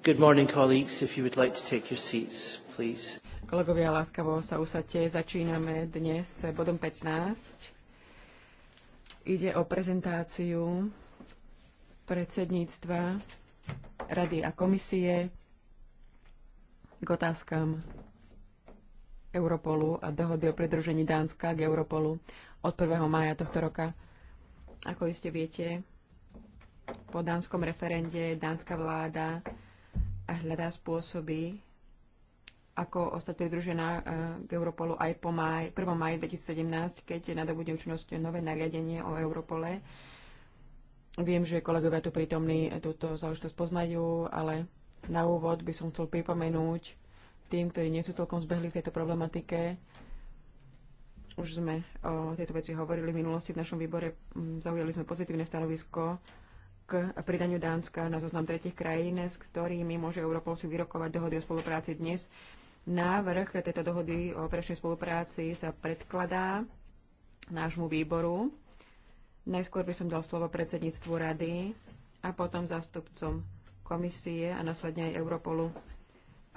Good morning, colleagues. If you would like to take your seats, please. Kolegovia, láskavo sa usadte. Začíname dnes bodom 15. Ide o prezentáciu predsedníctva Rady a komisie k otázkam Europolu a dohody o predružení Dánska k Europolu od 1. mája tohto roka. Ako iste viete, po dánskom referende dánska vláda hľadá spôsoby, ako ostať pridružená eh, k Europolu aj po maj, 1. maj 2017, keď nadobudne účinnosť nové nariadenie o Europole. Viem, že kolegovia tu prítomní túto záležitosť poznajú, ale na úvod by som chcel pripomenúť tým, ktorí nie sú toľkom zbehli v tejto problematike, už sme o tejto veci hovorili v minulosti v našom výbore, mm, zaujali sme pozitívne stanovisko k pridaniu Dánska na zoznam tretich krajín, s ktorými môže Europol si vyrokovať dohody o spolupráci dnes. Návrh tejto dohody o operačnej spolupráci sa predkladá nášmu výboru. Najskôr by som dal slovo predsedníctvu rady a potom zástupcom komisie a následne aj Europolu.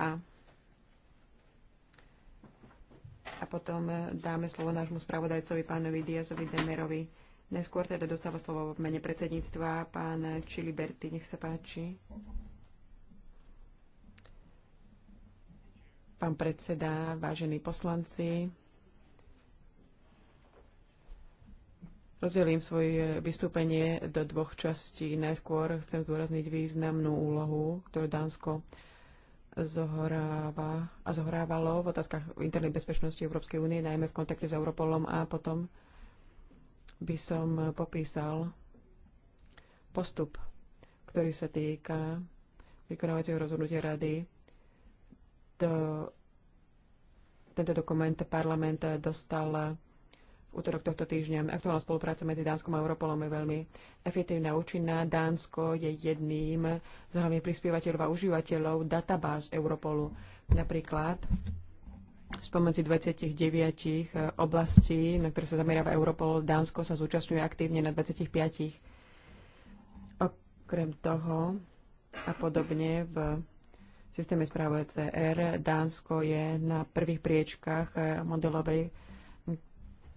A a potom dáme slovo nášmu spravodajcovi pánovi Diazovi Demerovi Neskôr teda dostáva slovo v mene predsedníctva pán Čiliberty. Nech sa páči. Pán predseda, vážení poslanci, rozdelím svoje vystúpenie do dvoch častí. Najskôr chcem zdôrazniť významnú úlohu, ktorú Dánsko zohráva a zohrávalo v otázkach internej bezpečnosti Európskej únie, najmä v kontakte s Europolom a potom by som popísal postup, ktorý sa týka vykonávacieho rozhodnutia rady. To, tento dokument parlament dostal v útorok tohto týždňa. Aktuálna spolupráca medzi Dánskom a Europolom je veľmi efektívna a účinná. Dánsko je jedným z hlavných prispievateľov a užívateľov databáz Europolu. Napríklad spomedzi 29 eh, oblastí, na ktoré sa zameráva Europol, Dánsko sa zúčastňuje aktívne na 25. Okrem toho a podobne v systéme správy e CR Dánsko je na prvých priečkách eh, modelovej,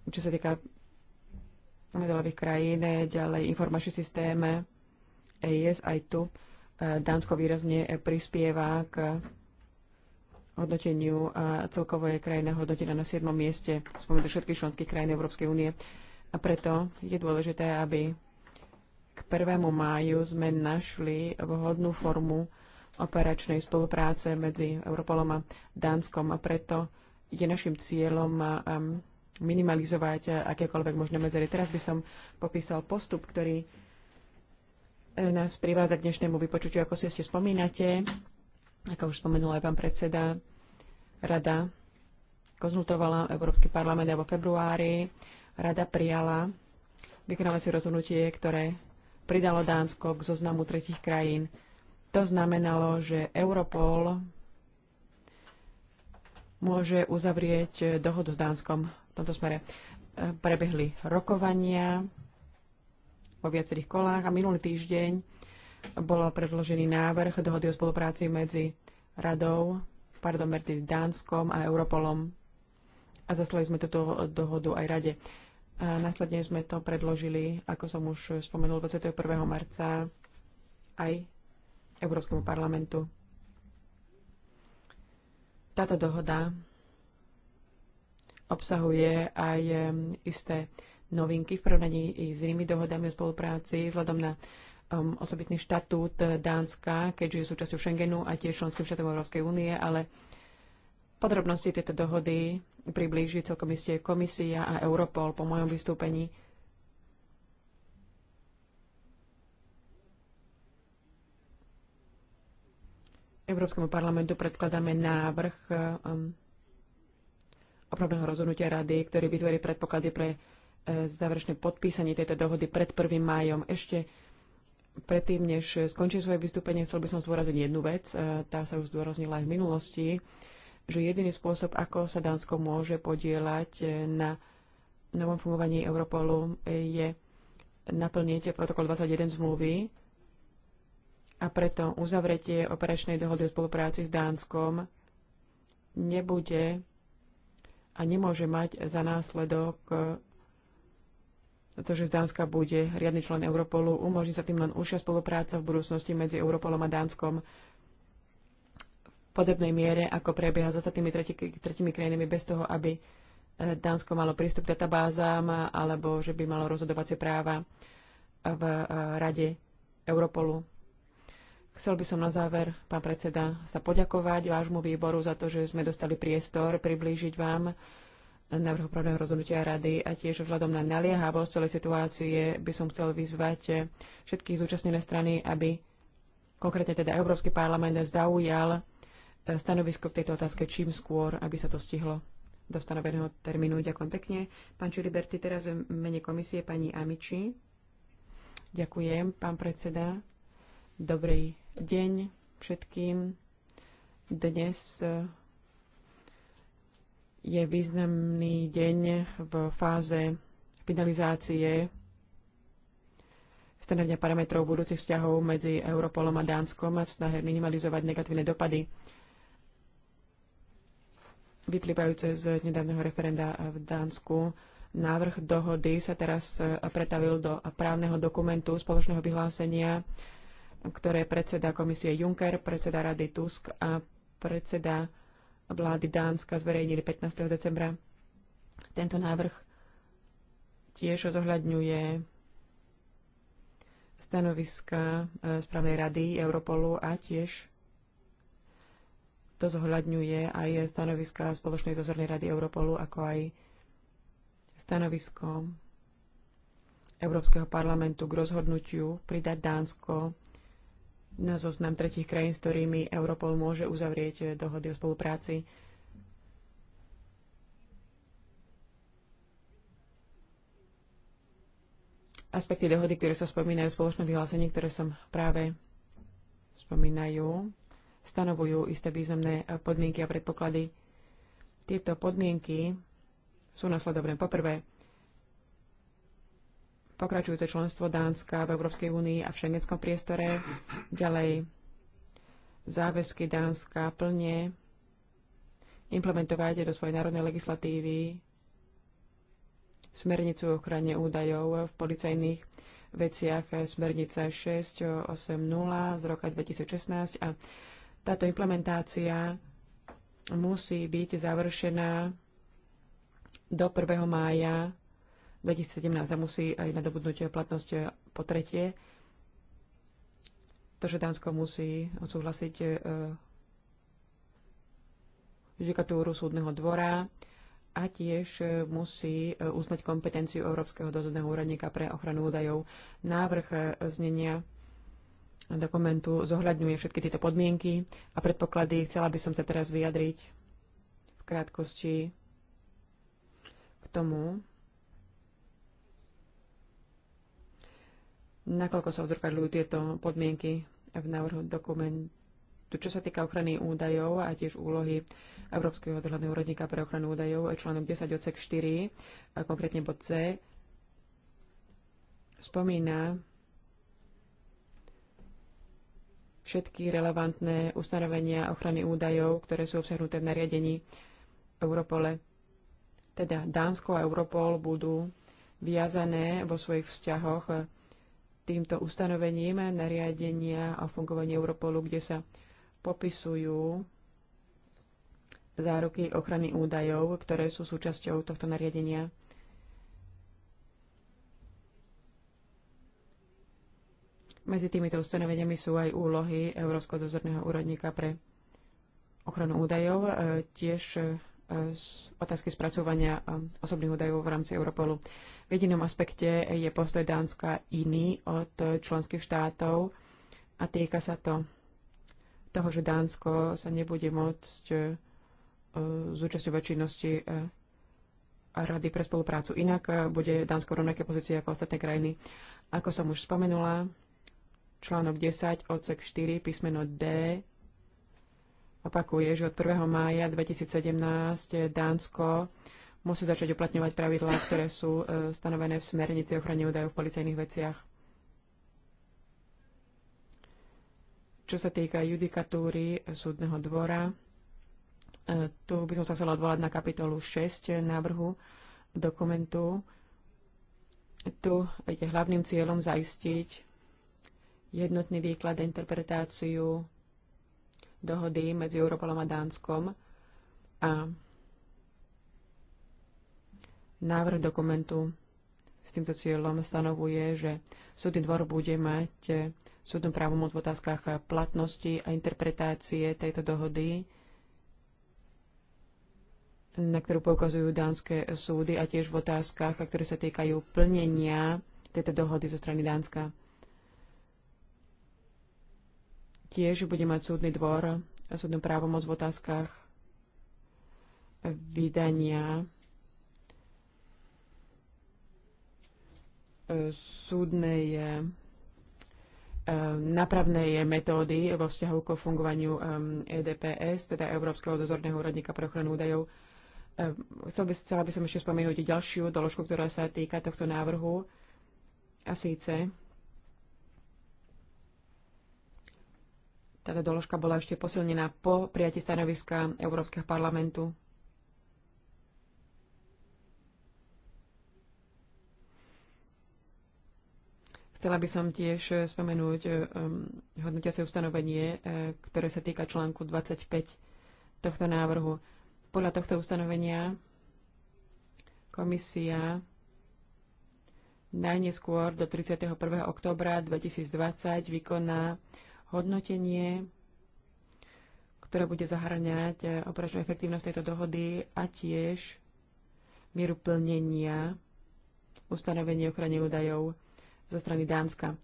čo sa týka modelových krajín, eh, ďalej informačný systém EIS, aj tu Dánsko výrazne prispieva k hodnoteniu a celkovo je krajina hodnotená na 7. mieste spomedzi všetkých členských krajín Európskej únie. A preto je dôležité, aby k 1. máju sme našli vhodnú formu operačnej spolupráce medzi Europolom a Dánskom a preto je našim cieľom um, minimalizovať akékoľvek možné medzery. Teraz by som popísal postup, ktorý nás privádza k dnešnému vypočutiu, ako si ešte spomínate ako už spomenul aj pán predseda, rada konzultovala Európsky parlament vo februári rada prijala vykonávacie rozhodnutie, ktoré pridalo Dánsko k zoznamu tretich krajín. To znamenalo, že Europol môže uzavrieť dohodu s Dánskom v tomto smere. Prebehli rokovania vo viacerých kolách a minulý týždeň bol predložený návrh dohody o spolupráci medzi radou, pardon, medzi Dánskom a Europolom. A zaslali sme túto dohodu aj rade. A následne sme to predložili, ako som už spomenul, 21. marca aj Európskemu parlamentu. Táto dohoda obsahuje aj isté novinky v porovnaní s inými dohodami o spolupráci vzhľadom na um, osobitný štatút Dánska, keďže je súčasťou Schengenu a tiež členským štátom Európskej únie, ale podrobnosti tejto dohody priblíži celkom isté komisia a Europol po mojom vystúpení. Európskemu parlamentu predkladáme návrh um, opravného rozhodnutia rady, ktorý vytvorí predpoklady pre e, záverečné podpísanie tejto dohody pred 1. májom. Ešte Predtým, než skončím svoje vystúpenie, chcel by som zdôrazniť jednu vec. E, tá sa už zdôraznila aj v minulosti, že jediný spôsob, ako sa Dánsko môže podielať e, na novom fungovaní Europolu, je naplnenie protokol 21 zmluvy a preto uzavretie operačnej dohody o spolupráci s Dánskom nebude a nemôže mať za následok to, že z Dánska bude riadny člen Europolu, umožní sa tým len užšia spolupráca v budúcnosti medzi Europolom a Dánskom v podobnej miere, ako prebieha s ostatnými tretí, tretími krajinami bez toho, aby e, Dánsko malo prístup k databázám alebo že by malo rozhodovacie práva v e, Rade Europolu. Chcel by som na záver, pán predseda, sa poďakovať vášmu výboru za to, že sme dostali priestor priblížiť vám návrhu právneho rozhodnutia rady a tiež vzhľadom na naliehavosť celej situácie by som chcel vyzvať všetky zúčastnené strany, aby konkrétne teda Európsky parlament zaujal e, stanovisko k tejto otázke čím skôr, aby sa to stihlo do stanoveného termínu. Ďakujem pekne. Pán Čiliberti, teraz v mene komisie pani Amiči. Ďakujem, pán predseda. Dobrý deň všetkým. Dnes e, je významný deň v fáze finalizácie stanovenia parametrov budúcich vzťahov medzi Europolom a Dánskom a v snahe minimalizovať negatívne dopady vyplývajúce z nedávneho referenda v Dánsku. Návrh dohody sa teraz pretavil do právneho dokumentu spoločného vyhlásenia, ktoré predseda komisie Juncker, predseda rady Tusk a predseda vlády Dánska zverejnili 15. decembra. Tento návrh tiež zohľadňuje stanoviska e, správnej rady Europolu a tiež to zohľadňuje aj stanoviska spoločnej dozornej rady Europolu, ako aj stanovisko Európskeho parlamentu k rozhodnutiu pridať Dánsko na zoznam tretich krajín, s ktorými Europol môže uzavrieť eh, dohody o spolupráci. Aspekty dohody, ktoré sa spomínajú v spoločnom vyhlásení, ktoré som práve spomínajú, stanovujú isté významné eh, podmienky a predpoklady. Tieto podmienky sú nasledovné. Poprvé, pokračujúce členstvo Dánska v Európskej únii a v šengenskom priestore, ďalej záväzky Dánska plne implementovať do svojej národnej legislatívy smernicu o ochrane údajov v policajných veciach smernica 680 z roka 2016 a táto implementácia musí byť završená do 1. mája 2017 a musí aj nadobudnúť platnosť po tretie. To, že Dánsko musí odsúhlasiť e, judikatúru súdneho dvora a tiež e, musí e, uznať kompetenciu Európskeho dozorného úradníka pre ochranu údajov. Návrh znenia dokumentu zohľadňuje všetky tieto podmienky a predpoklady. Chcela by som sa teraz vyjadriť v krátkosti k tomu, nakoľko sa odzrkadľujú tieto podmienky v návrhu dokumentu. Čo sa týka ochrany údajov a tiež úlohy Európskeho dohľadného úradníka pre ochranu údajov, článok 10 odsek 4, a konkrétne bod C, spomína všetky relevantné ustanovenia ochrany údajov, ktoré sú obsahnuté v nariadení Europole. Teda Dánsko a Europol budú viazané vo svojich vzťahoch týmto ustanovením nariadenia o fungovaní Europolu, kde sa popisujú záruky ochrany údajov, ktoré sú súčasťou tohto nariadenia. Medzi týmito ustanoveniami sú aj úlohy Európskeho dozorného úradníka pre ochranu údajov. E, tiež z otázky spracovania osobných údajov v rámci Europolu. V jedinom aspekte je postoj Dánska iný od členských štátov a týka sa to toho, že Dánsko sa nebude môcť e, zúčastňovať činnosti e, Rady pre spoluprácu. Inak e, bude Dánsko v rovnaké pozície ako ostatné krajiny. Ako som už spomenula, článok 10, odsek 4, písmeno D opakuje, že od 1. mája 2017 Dánsko musí začať uplatňovať pravidlá, ktoré sú e, stanovené v smernici ochrany údajov v policajných veciach. Čo sa týka judikatúry súdneho dvora, e, tu by som sa chcela odvolať na kapitolu 6 návrhu dokumentu. Tu je hlavným cieľom zaistiť jednotný výklad a interpretáciu dohody medzi Europolom a Dánskom a návrh dokumentu s týmto cieľom stanovuje, že súdny dvor bude mať súdnu právomoc v otázkach platnosti a interpretácie tejto dohody, na ktorú poukazujú dánske súdy a tiež v otázkach, ktoré sa týkajú plnenia tejto dohody zo strany Dánska. tiež bude mať súdny dvor a súdnu právomoc v otázkach vydania e, súdnej e, e, napravnej metódy vo vzťahu k fungovaniu EDPS, teda Európskeho dozorného úradníka pre ochranu údajov. Chcel by, chcela by som ešte spomenúť ďalšiu doložku, ktorá sa týka tohto návrhu a síce Táto doložka bola ešte posilnená po prijati stanoviska Európskeho parlamentu. Chcela by som tiež spomenúť um, hodnotiace ustanovenie, uh, ktoré sa týka článku 25 tohto návrhu. Podľa tohto ustanovenia komisia najneskôr do 31. oktobra 2020 vykoná hodnotenie, ktoré bude zahrňať eh, operačnú efektívnosť tejto dohody a tiež mieru plnenia ustanovenie ochrany údajov zo strany Dánska,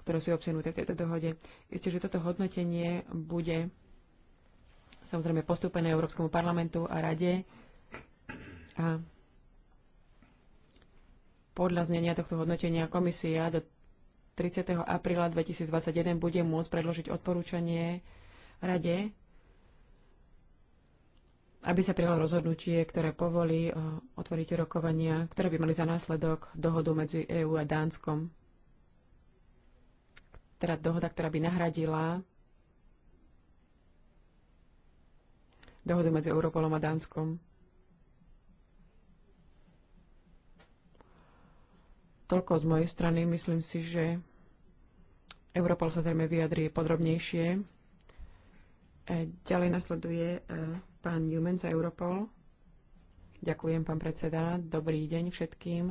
ktoré sú obsiahnuté v tejto dohode. Isté, že toto hodnotenie bude samozrejme postúpené Európskemu parlamentu a rade a podľa znenia tohto hodnotenia komisia do 30. apríla 2021 bude môcť predložiť odporúčanie rade, aby sa prijalo rozhodnutie, ktoré povolí eh, otvoriť rokovania, ktoré by mali za následok dohodu medzi EÚ a Dánskom. Teda dohoda, ktorá by nahradila dohodu medzi Europolom a Dánskom. Toľko z mojej strany. Myslím si, že Europol sa zrejme vyjadrí podrobnejšie. E, ďalej nasleduje e, pán Jumen za Europol. Ďakujem, pán predseda. Dobrý deň všetkým.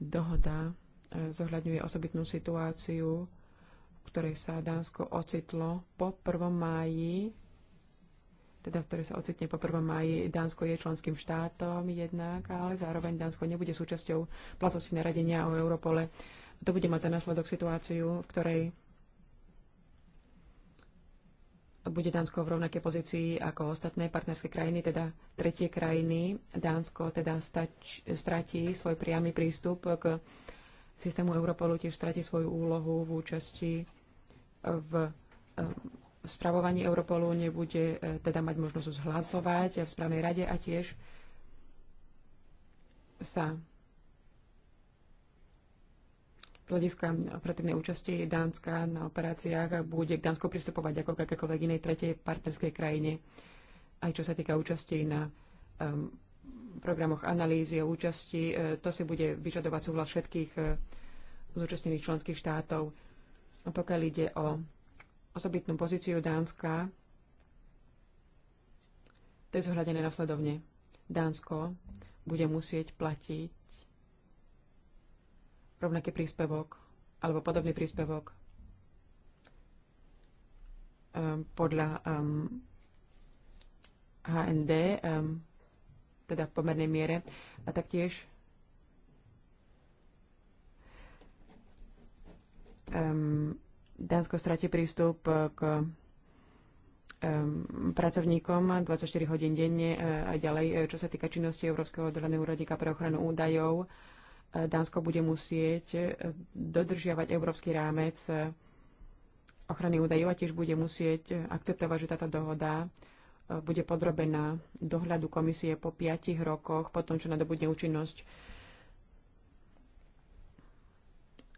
Dohoda e, zohľadňuje osobitnú situáciu, v ktorej sa Dánsko ocitlo po 1. máji teda ktoré sa ocitne po 1. maji. Dánsko je členským štátom jednak, ale zároveň Dánsko nebude súčasťou platnosti naradenia o Europole. To bude mať za následok situáciu, v ktorej bude Dánsko v rovnakej pozícii ako ostatné partnerské krajiny, teda tretie krajiny. Dánsko teda stač, stratí svoj priamy prístup k systému Europolu, tiež stratí svoju úlohu v účasti v spravovaní Europolu nebude e, teda mať možnosť zhlasovať v správnej rade a tiež sa z hľadiska operatívnej účasti Dánska na operáciách bude k Dánsku pristupovať ako k akékoľvek inej tretej partnerskej krajine, aj čo sa týka účasti na um, programoch analýzy a účasti. E, to si bude vyžadovať súhlas všetkých e, zúčastnených členských štátov. A pokiaľ ide o osobitnú pozíciu Dánska. To je zohľadené nasledovne. Dánsko bude musieť platiť rovnaký príspevok alebo podobný príspevok um, podľa um, ehm, HND, um, ehm, teda v pomernej miere, a taktiež um, Dánsko stratí prístup k pracovníkom 24 hodín denne e, a ďalej. E, čo sa týka činnosti Európskeho odhľadného úradníka pre ochranu údajov, e, Dánsko bude musieť dodržiavať európsky rámec ochrany údajov a tiež bude musieť akceptovať, že táto dohoda bude podrobená dohľadu komisie po 5 rokoch, po tom, čo nadobudne účinnosť.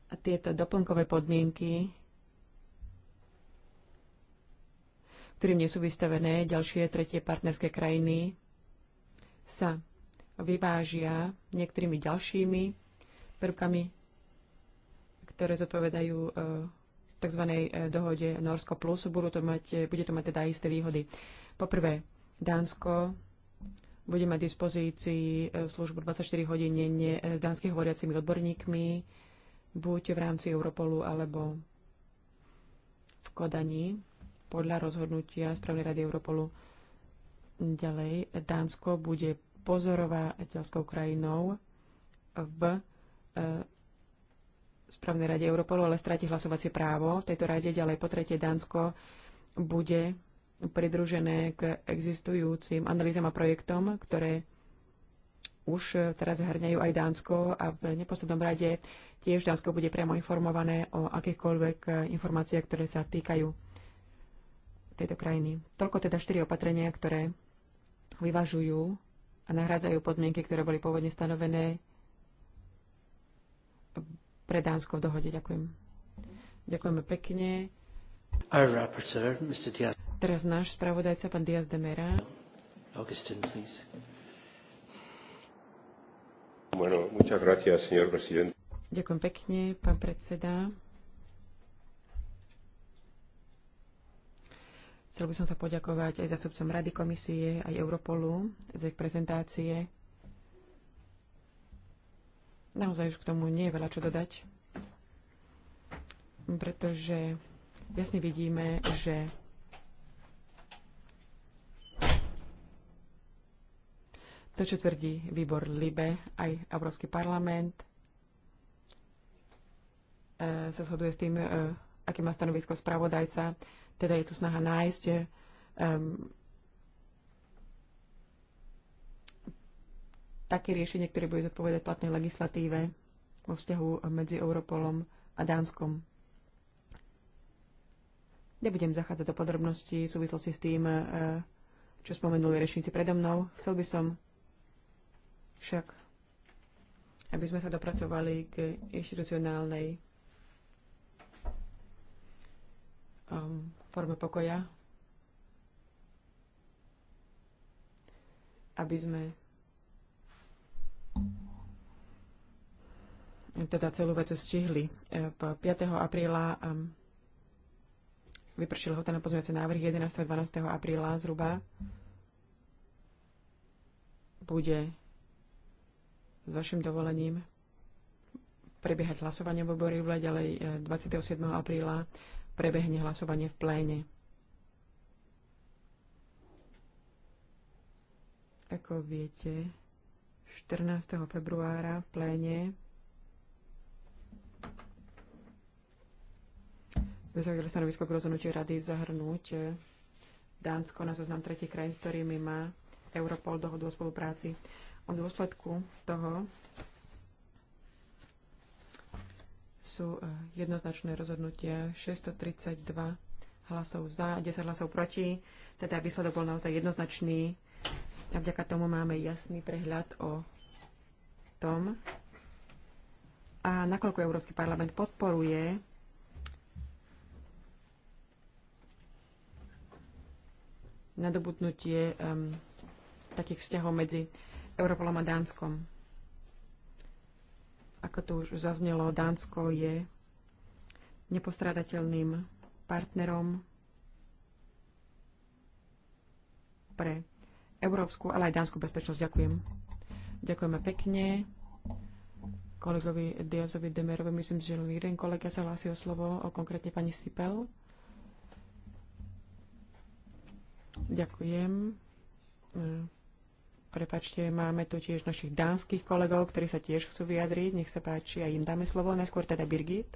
A tieto doplnkové podmienky ktorým nie sú vystavené ďalšie tretie partnerské krajiny, sa vyvážia niektorými ďalšími prvkami, ktoré zodpovedajú e, tzv. E, dohode Norsko plus. Budú to mať, e, bude to mať teda isté výhody. Poprvé, Dánsko bude mať dispozícii službu 24 hodín denne s dánsky hovoriacimi odborníkmi, buď v rámci Europolu alebo v Kodani podľa rozhodnutia správnej rady Europolu. Ďalej, Dánsko bude pozorovateľskou krajinou v e, správnej rade Europolu, ale stráti hlasovacie právo. V tejto rade ďalej po tretie Dánsko bude pridružené k existujúcim analýzam a projektom, ktoré už teraz zhrňajú aj Dánsko a v neposlednom rade tiež Dánsko bude priamo informované o akýchkoľvek informáciách, ktoré sa týkajú tejto krajiny. Toľko teda štyri opatrenia, ktoré vyvažujú a nahrádzajú podmienky, ktoré boli pôvodne stanovené pre Dánsko v dohode. Ďakujem. Ďakujeme pekne. Our rapporteur, Mr. Diaz. Teraz náš spravodajca, pán Diaz de Mera. Augustin, please. Bueno, muchas gracias, señor presidente. Ďakujem pekne, pán predseda. Chcel by som sa poďakovať aj zastupcom Rady komisie, aj Europolu za ich prezentácie. Naozaj už k tomu nie je veľa čo dodať, pretože jasne vidíme, že to, čo tvrdí výbor LIBE, aj Európsky parlament, e, sa shoduje s tým, e, aké má stanovisko spravodajca teda je tu snaha nájsť um, také riešenie, ktoré bude zodpovedať platnej legislatíve vo vzťahu medzi Europolom a Dánskom. Nebudem zachádzať do podrobností v súvislosti s tým, eh, čo spomenuli rečníci predo mnou. Chcel by som však, aby sme sa dopracovali k inštitucionálnej um, forme pokoja, aby sme teda celú vec stihli. 5. E, apríla um, vypršil ho na pozmeňovací návrh 11. a 12. apríla zhruba bude s vašim dovolením prebiehať hlasovanie vo Borivle, ďalej 27. apríla prebehne hlasovanie v pléne. Ako viete, 14. februára v pléne sme zaujali stanovisko k rozhodnutiu rady zahrnúť Dánsko na zoznam tretí krajín, s ktorými má Europol dohodu o spolupráci. O dôsledku toho sú e, jednoznačné rozhodnutia 632 hlasov za, a 10 hlasov proti, teda výsledok bol naozaj jednoznačný a vďaka tomu máme jasný prehľad o tom, a nakoľko Európsky parlament podporuje nadobudnutie um, takých vzťahov medzi Európolom a Dánskom. Ako to už zaznelo, Dánsko je nepostradateľným partnerom pre európsku, ale aj dánsku bezpečnosť. Ďakujem. Ďakujeme pekne. Kolegovi Diazovi Demerovi, myslím, že jeden kolega sa hlási o slovo, o konkrétne pani Sipel. Ďakujem Prepačte, máme tu tiež našich dánskych kolegov, ktorí sa tiež chcú vyjadriť. Nech sa páči a im dáme slovo. Najskôr teda Birgit.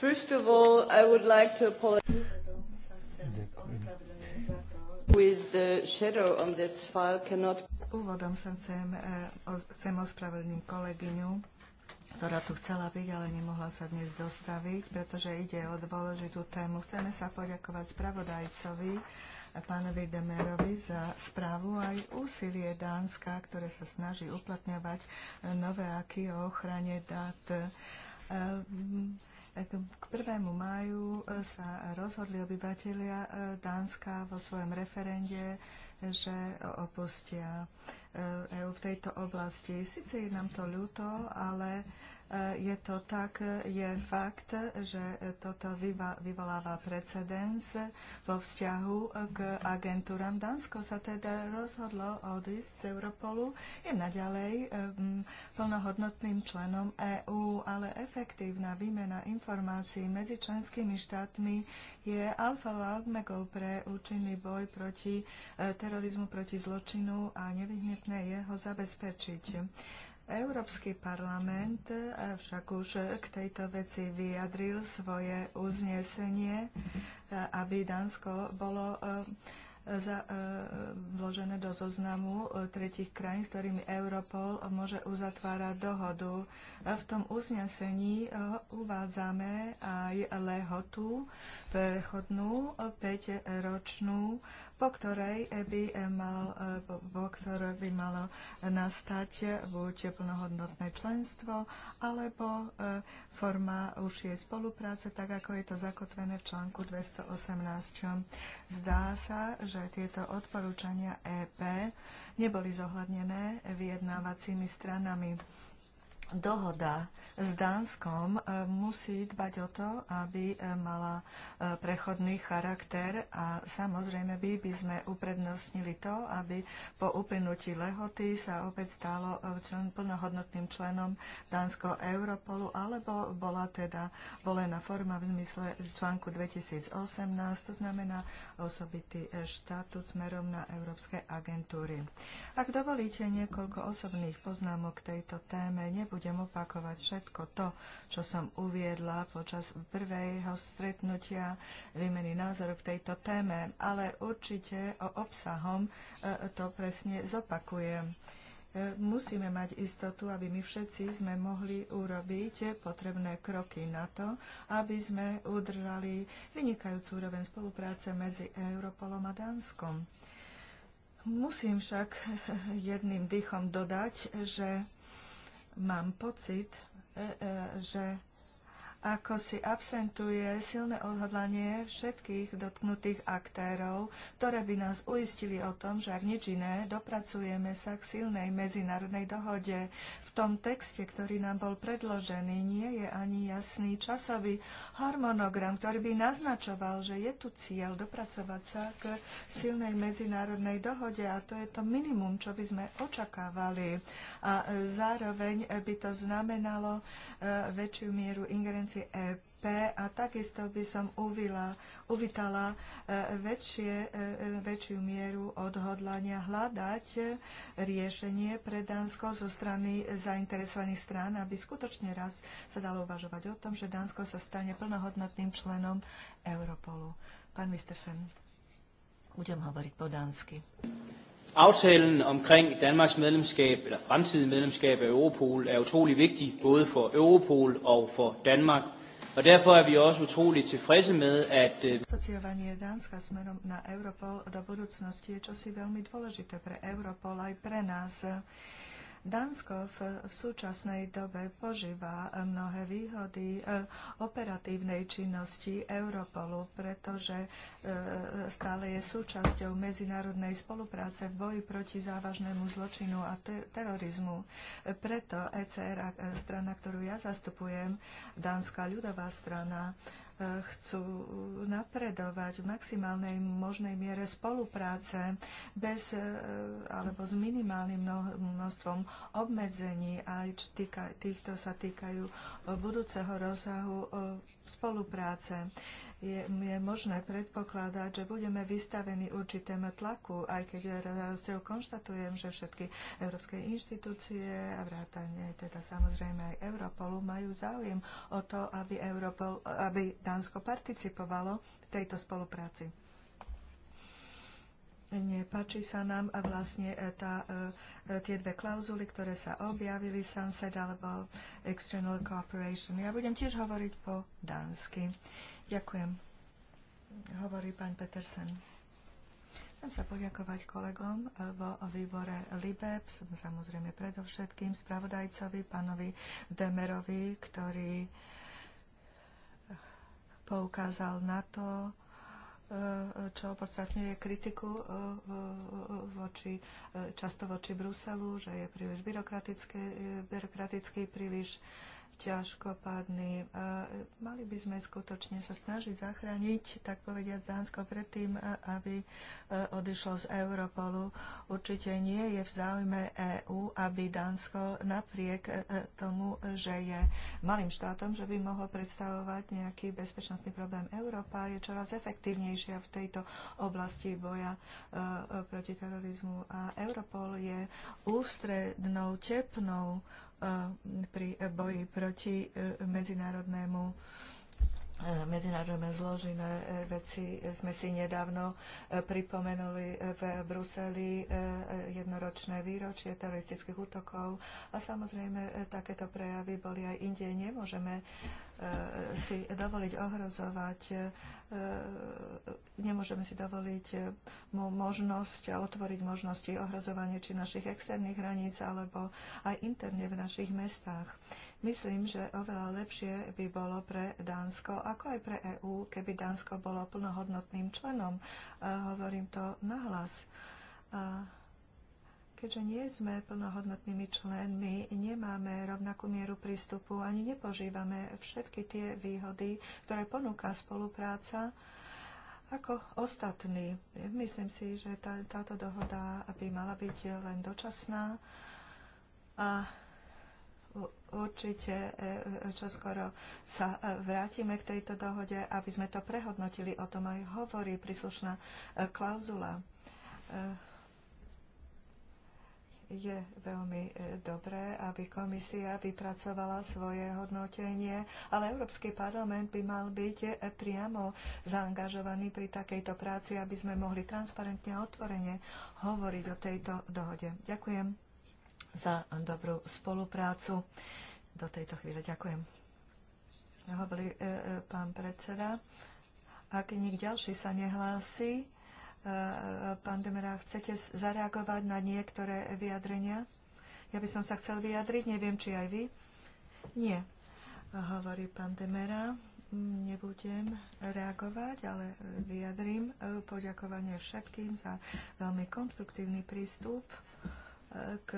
First of all, I would like to Úvodom sa chcem, e, chcem ospravedlniť kolegyňu, ktorá tu chcela byť, ale nemohla sa dnes dostaviť, pretože ide o dôležitú tému. Chceme sa poďakovať spravodajcovi, pánovi Demerovi za správu aj úsilie Dánska, ktoré sa snaží uplatňovať nové aky o ochrane dát. Ehm, ehm, k 1. máju e, sa rozhodli obyvateľia e, Dánska vo svojom referende, že opustia EU e v tejto oblasti. Sice je nám to ľúto, ale Eh, je to tak, je fakt, že toto vyvoláva precedens vo vzťahu k agentúram. Dánsko sa teda rozhodlo odísť z Europolu. Je naďalej eh, plnohodnotným členom EÚ, ale efektívna výmena informácií medzi členskými štátmi je alfa a omegou pre účinný boj proti eh, terorizmu, proti zločinu a nevyhnutné jeho zabezpečiť. Európsky parlament však už k tejto veci vyjadril svoje uznesenie, aby Dánsko bolo e, za, e, vložené do zoznamu e, tretich krajín, s ktorými Europol môže uzatvárať dohodu. V tom uznesení uvádzame aj lehotu prechodnú 5-ročnú po ktorej by, e, mal, e, po ktorej by malo nastať buď plnohodnotné členstvo, alebo e, forma užšej spolupráce, tak ako je to zakotvené v článku 218. Zdá sa, že tieto odporúčania EP neboli zohľadnené vyjednávacími stranami dohoda s Dánskom e, musí dbať o to, aby e, mala e, prechodný charakter a samozrejme by, by sme uprednostnili to, aby po uplynutí lehoty sa opäť stalo člen, plnohodnotným členom Dánsko Europolu, alebo bola teda volená forma v zmysle článku 2018, to znamená osobitý štatút smerom na európske agentúry. Ak dovolíte niekoľko osobných poznámok k tejto téme, nebude budem opakovať všetko to, čo som uviedla počas prvého stretnutia výmeny názorov k tejto téme, ale určite o obsahom e, to presne zopakujem e, musíme mať istotu, aby my všetci sme mohli urobiť potrebné kroky na to, aby sme udržali vynikajúcu úroveň spolupráce medzi Europolom a Dánskom. Musím však jedným dýchom dodať, že mám pocit, e, e, že ako si absentuje silné odhodlanie všetkých dotknutých aktérov, ktoré by nás uistili o tom, že ak nič iné, dopracujeme sa k silnej medzinárodnej dohode. V tom texte, ktorý nám bol predložený, nie je ani jasný časový harmonogram, ktorý by naznačoval, že je tu cieľ dopracovať sa k silnej medzinárodnej dohode a to je to minimum, čo by sme očakávali. A zároveň by to znamenalo e, väčšiu mieru ingerencie rámci EP a takisto by som uvila, uvítala e, väčšie, e, e, väčšiu mieru odhodlania hľadať riešenie pre Dánsko zo strany zainteresovaných strán, aby skutočne raz sa dalo uvažovať o tom, že Dánsko sa stane plnohodnotným členom Europolu. Pán Mistersen, budem hovoriť po dánsky. Aftalen omkring Danmarks medlemskab, eller fremtidige medlemskab af Europol, er utrolig vigtig, både for Europol og for Danmark. Og derfor er vi også utrolig tilfredse med, at... Øh, Associovanie Dánska smerom na Europol do budúcnosti je čosi veľmi dôležité pre Europol aj pre nás. Dánsko v, v súčasnej dobe požíva eh, mnohé výhody eh, operatívnej činnosti Europolu, pretože eh, stále je súčasťou medzinárodnej spolupráce v boji proti závažnému zločinu a ter- terorizmu. Preto ECR, strana, ktorú ja zastupujem, Dánska ľudová strana, chcú napredovať v maximálnej možnej miere spolupráce bez, e, alebo s minimálnym množstvom obmedzení aj týchto sa týkajú budúceho rozsahu e, spolupráce je, je možné predpokladať, že budeme vystavení určitému tlaku, aj keď rozdiel konštatujem, že všetky európske inštitúcie a vrátane teda samozrejme aj Europolu majú záujem o to, aby, Europol, aby Dánsko participovalo v tejto spolupráci nepáči sa nám a vlastne e, tá, e, e, tie dve klauzuly, ktoré sa objavili, sunset alebo external cooperation. Ja budem tiež hovoriť po dánsky. Ďakujem, hovorí pán Petersen. Chcem sa poďakovať kolegom vo výbore LIBE, samozrejme predovšetkým spravodajcovi, pánovi Demerovi, ktorý poukázal na to, čo podstatňuje kritiku voči, často voči Bruselu, že je príliš byrokratický, byrokratický príliš ťažkopádny. E, mali by sme skutočne sa snažiť zachrániť, tak povediať, Dánsko predtým, aby e, odišlo z Europolu. Určite nie je v záujme EÚ, aby Dánsko napriek e, tomu, že je malým štátom, že by mohol predstavovať nejaký bezpečnostný problém. Európa je čoraz efektívnejšia v tejto oblasti boja proti terorizmu a Europol je ústrednou, tepnou pri boji proti e, medzinárodnému E, medzinárodné zložené e, veci sme si nedávno e, pripomenuli v Bruseli jednoročné výročie teroristických útokov a samozrejme takéto prejavy boli aj inde. Nemôžeme si dovoliť ohrozovať, nemôžeme si dovoliť možnosť a otvoriť možnosti ohrozovania či našich externých hraníc alebo aj interne v našich mestách. Myslím, že oveľa lepšie by bolo pre Dánsko, ako aj pre EÚ, keby Dánsko bolo plnohodnotným členom. E, hovorím to nahlas. E, keďže nie sme plnohodnotnými členmi, nemáme rovnakú mieru prístupu ani nepožívame všetky tie výhody, ktoré ponúka spolupráca ako ostatní. Myslím si, že tá, táto dohoda by mala byť len dočasná a určite e, e, čoskoro sa e, vrátime k tejto dohode, aby sme to prehodnotili. O tom aj hovorí príslušná klauzula. Je veľmi dobré, aby komisia vypracovala svoje hodnotenie, ale Európsky parlament by mal byť priamo zaangažovaný pri takejto práci, aby sme mohli transparentne a otvorene hovoriť o tejto dohode. Ďakujem za dobrú spoluprácu. Do tejto chvíle ďakujem. Hovorí e, e, pán predseda. Ak nik ďalší sa nehlási, e, e pán Demera, chcete zareagovať na niektoré vyjadrenia? Ja by som sa chcel vyjadriť, neviem, či aj vy. Nie, hovorí pán Demera nebudem reagovať, ale vyjadrím e, poďakovanie všetkým za veľmi konstruktívny prístup e, k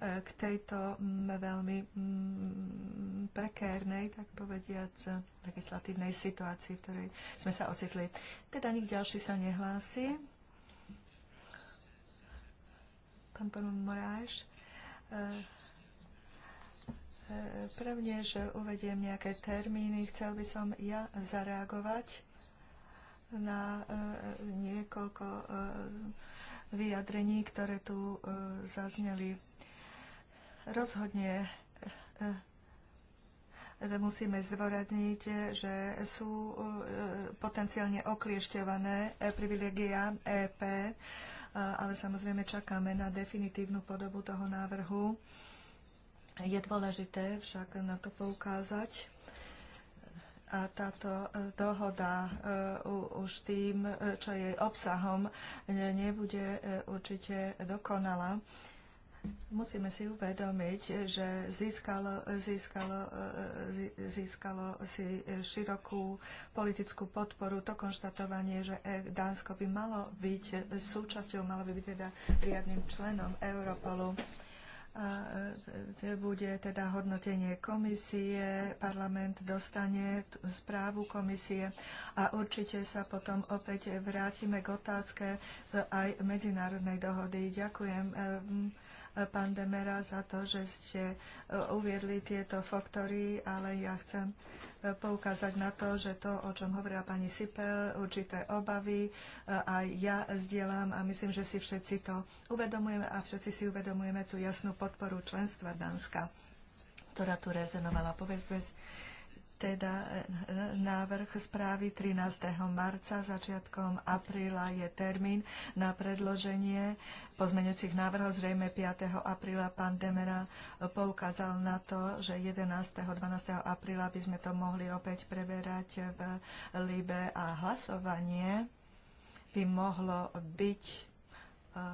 k tejto mm, veľmi mm, prekérnej, tak povediac, legislatívnej situácii, v ktorej sme sa ocitli. Teda nik ďalší sa nehlási. Pán pán Moráš, e, e, prvne, že uvediem nejaké termíny, chcel by som ja zareagovať na e, niekoľko vyjadrení, ktoré tu zazneli. Rozhodne e, e, musíme zdôradniť, že sú e, potenciálne okliešťované privilegia EP, ale samozrejme čakáme na definitívnu podobu toho návrhu. Je dôležité však na to poukázať. A táto dohoda už tým, čo jej obsahom, nebude určite dokonalá Musíme si uvedomiť, že získalo, získalo, e, e, získalo si širokú politickú podporu to konštatovanie, že e, Dánsko by malo byť súčasťou, malo by byť teda riadnym členom Europolu. A bude teda hodnotenie komisie, parlament dostane správu komisie a určite sa potom opäť vrátime k otázke aj medzinárodnej dohody. Ďakujem pán Demera, za to, že ste e, uviedli tieto faktory, ale ja chcem e, poukázať na to, že to, o čom hovorila pani Sipel, určité obavy, e, aj ja zdieľam a myslím, že si všetci to uvedomujeme a všetci si uvedomujeme tú jasnú podporu členstva Dánska, ktorá tu rezonovala. Povedz bez teda e, návrh správy 13. marca, začiatkom apríla je termín na predloženie pozmeňujúcich návrhov. Zrejme 5. apríla pán Demera poukázal na to, že 11. 12. apríla by sme to mohli opäť preberať v Libe a hlasovanie by mohlo byť e,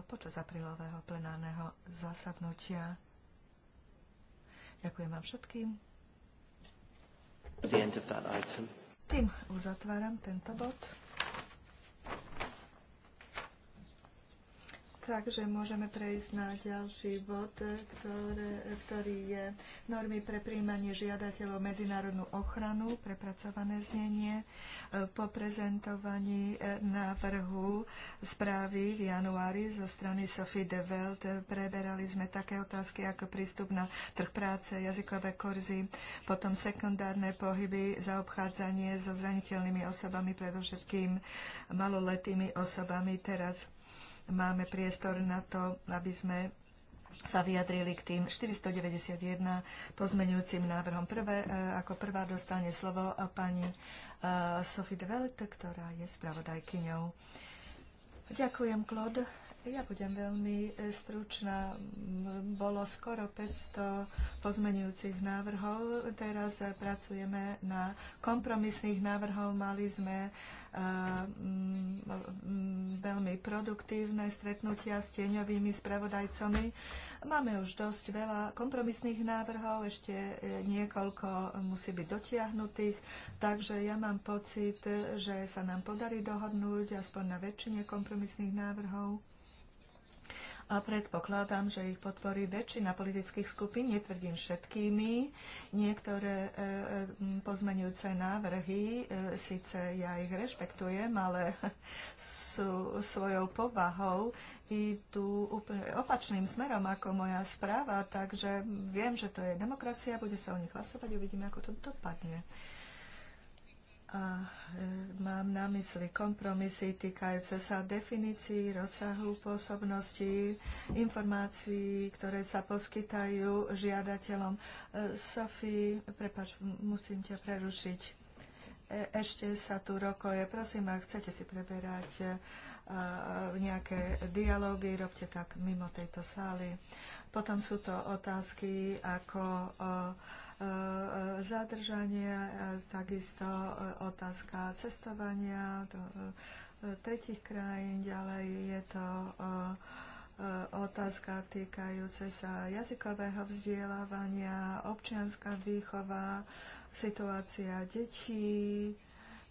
počas aprílového plenárneho zasadnutia. Ďakujem vám všetkým. Tým uzatváram tento bod. Takže môžeme prejsť na ďalší bod, ktoré, ktorý je normy pre príjmanie žiadateľov medzinárodnú ochranu, prepracované znenie. E, po prezentovaní e, návrhu správy v januári zo strany Sophie de Welt preberali sme také otázky ako prístup na trh práce, jazykové kurzy, potom sekundárne pohyby, zaobchádzanie so zraniteľnými osobami, predovšetkým maloletými osobami teraz máme priestor na to, aby sme sa vyjadrili k tým 491 pozmeňujúcim návrhom. Prvé, e, ako prvá dostane slovo pani e, Sophie de Welt, ktorá je spravodajkyňou. Ďakujem, Claude. Ja budem veľmi e, stručná. Bolo skoro 500 pozmenujúcich návrhov. Teraz pracujeme na kompromisných návrhov. Mali sme produktívne stretnutia s tieňovými spravodajcami. Máme už dosť veľa kompromisných návrhov, ešte e, niekoľko musí byť dotiahnutých, takže ja mám pocit, že sa nám podarí dohodnúť aspoň na väčšine kompromisných návrhov a predpokladám, že ich podporí väčšina politických skupín, netvrdím všetkými. Niektoré e, e, pozmenujúce návrhy, e, síce ja ich rešpektujem, ale sú svojou povahou idú úplne opačným smerom ako moja správa, takže viem, že to je demokracia, bude sa o nich hlasovať, uvidíme, ako to dopadne a e, mám na mysli kompromisy týkajúce sa definícií, rozsahu pôsobnosti, informácií, ktoré sa poskytajú žiadateľom. E, Sofie, prepač, musím ťa prerušiť. E, ešte sa tu rokoje. Prosím, ak chcete si preberať nejaké dialógy, robte tak mimo tejto sály. Potom sú to otázky ako zadržania, takisto e, otázka cestovania do e, tretich krajín, ďalej je to e, otázka týkajúce sa jazykového vzdelávania, občianská výchova, situácia detí,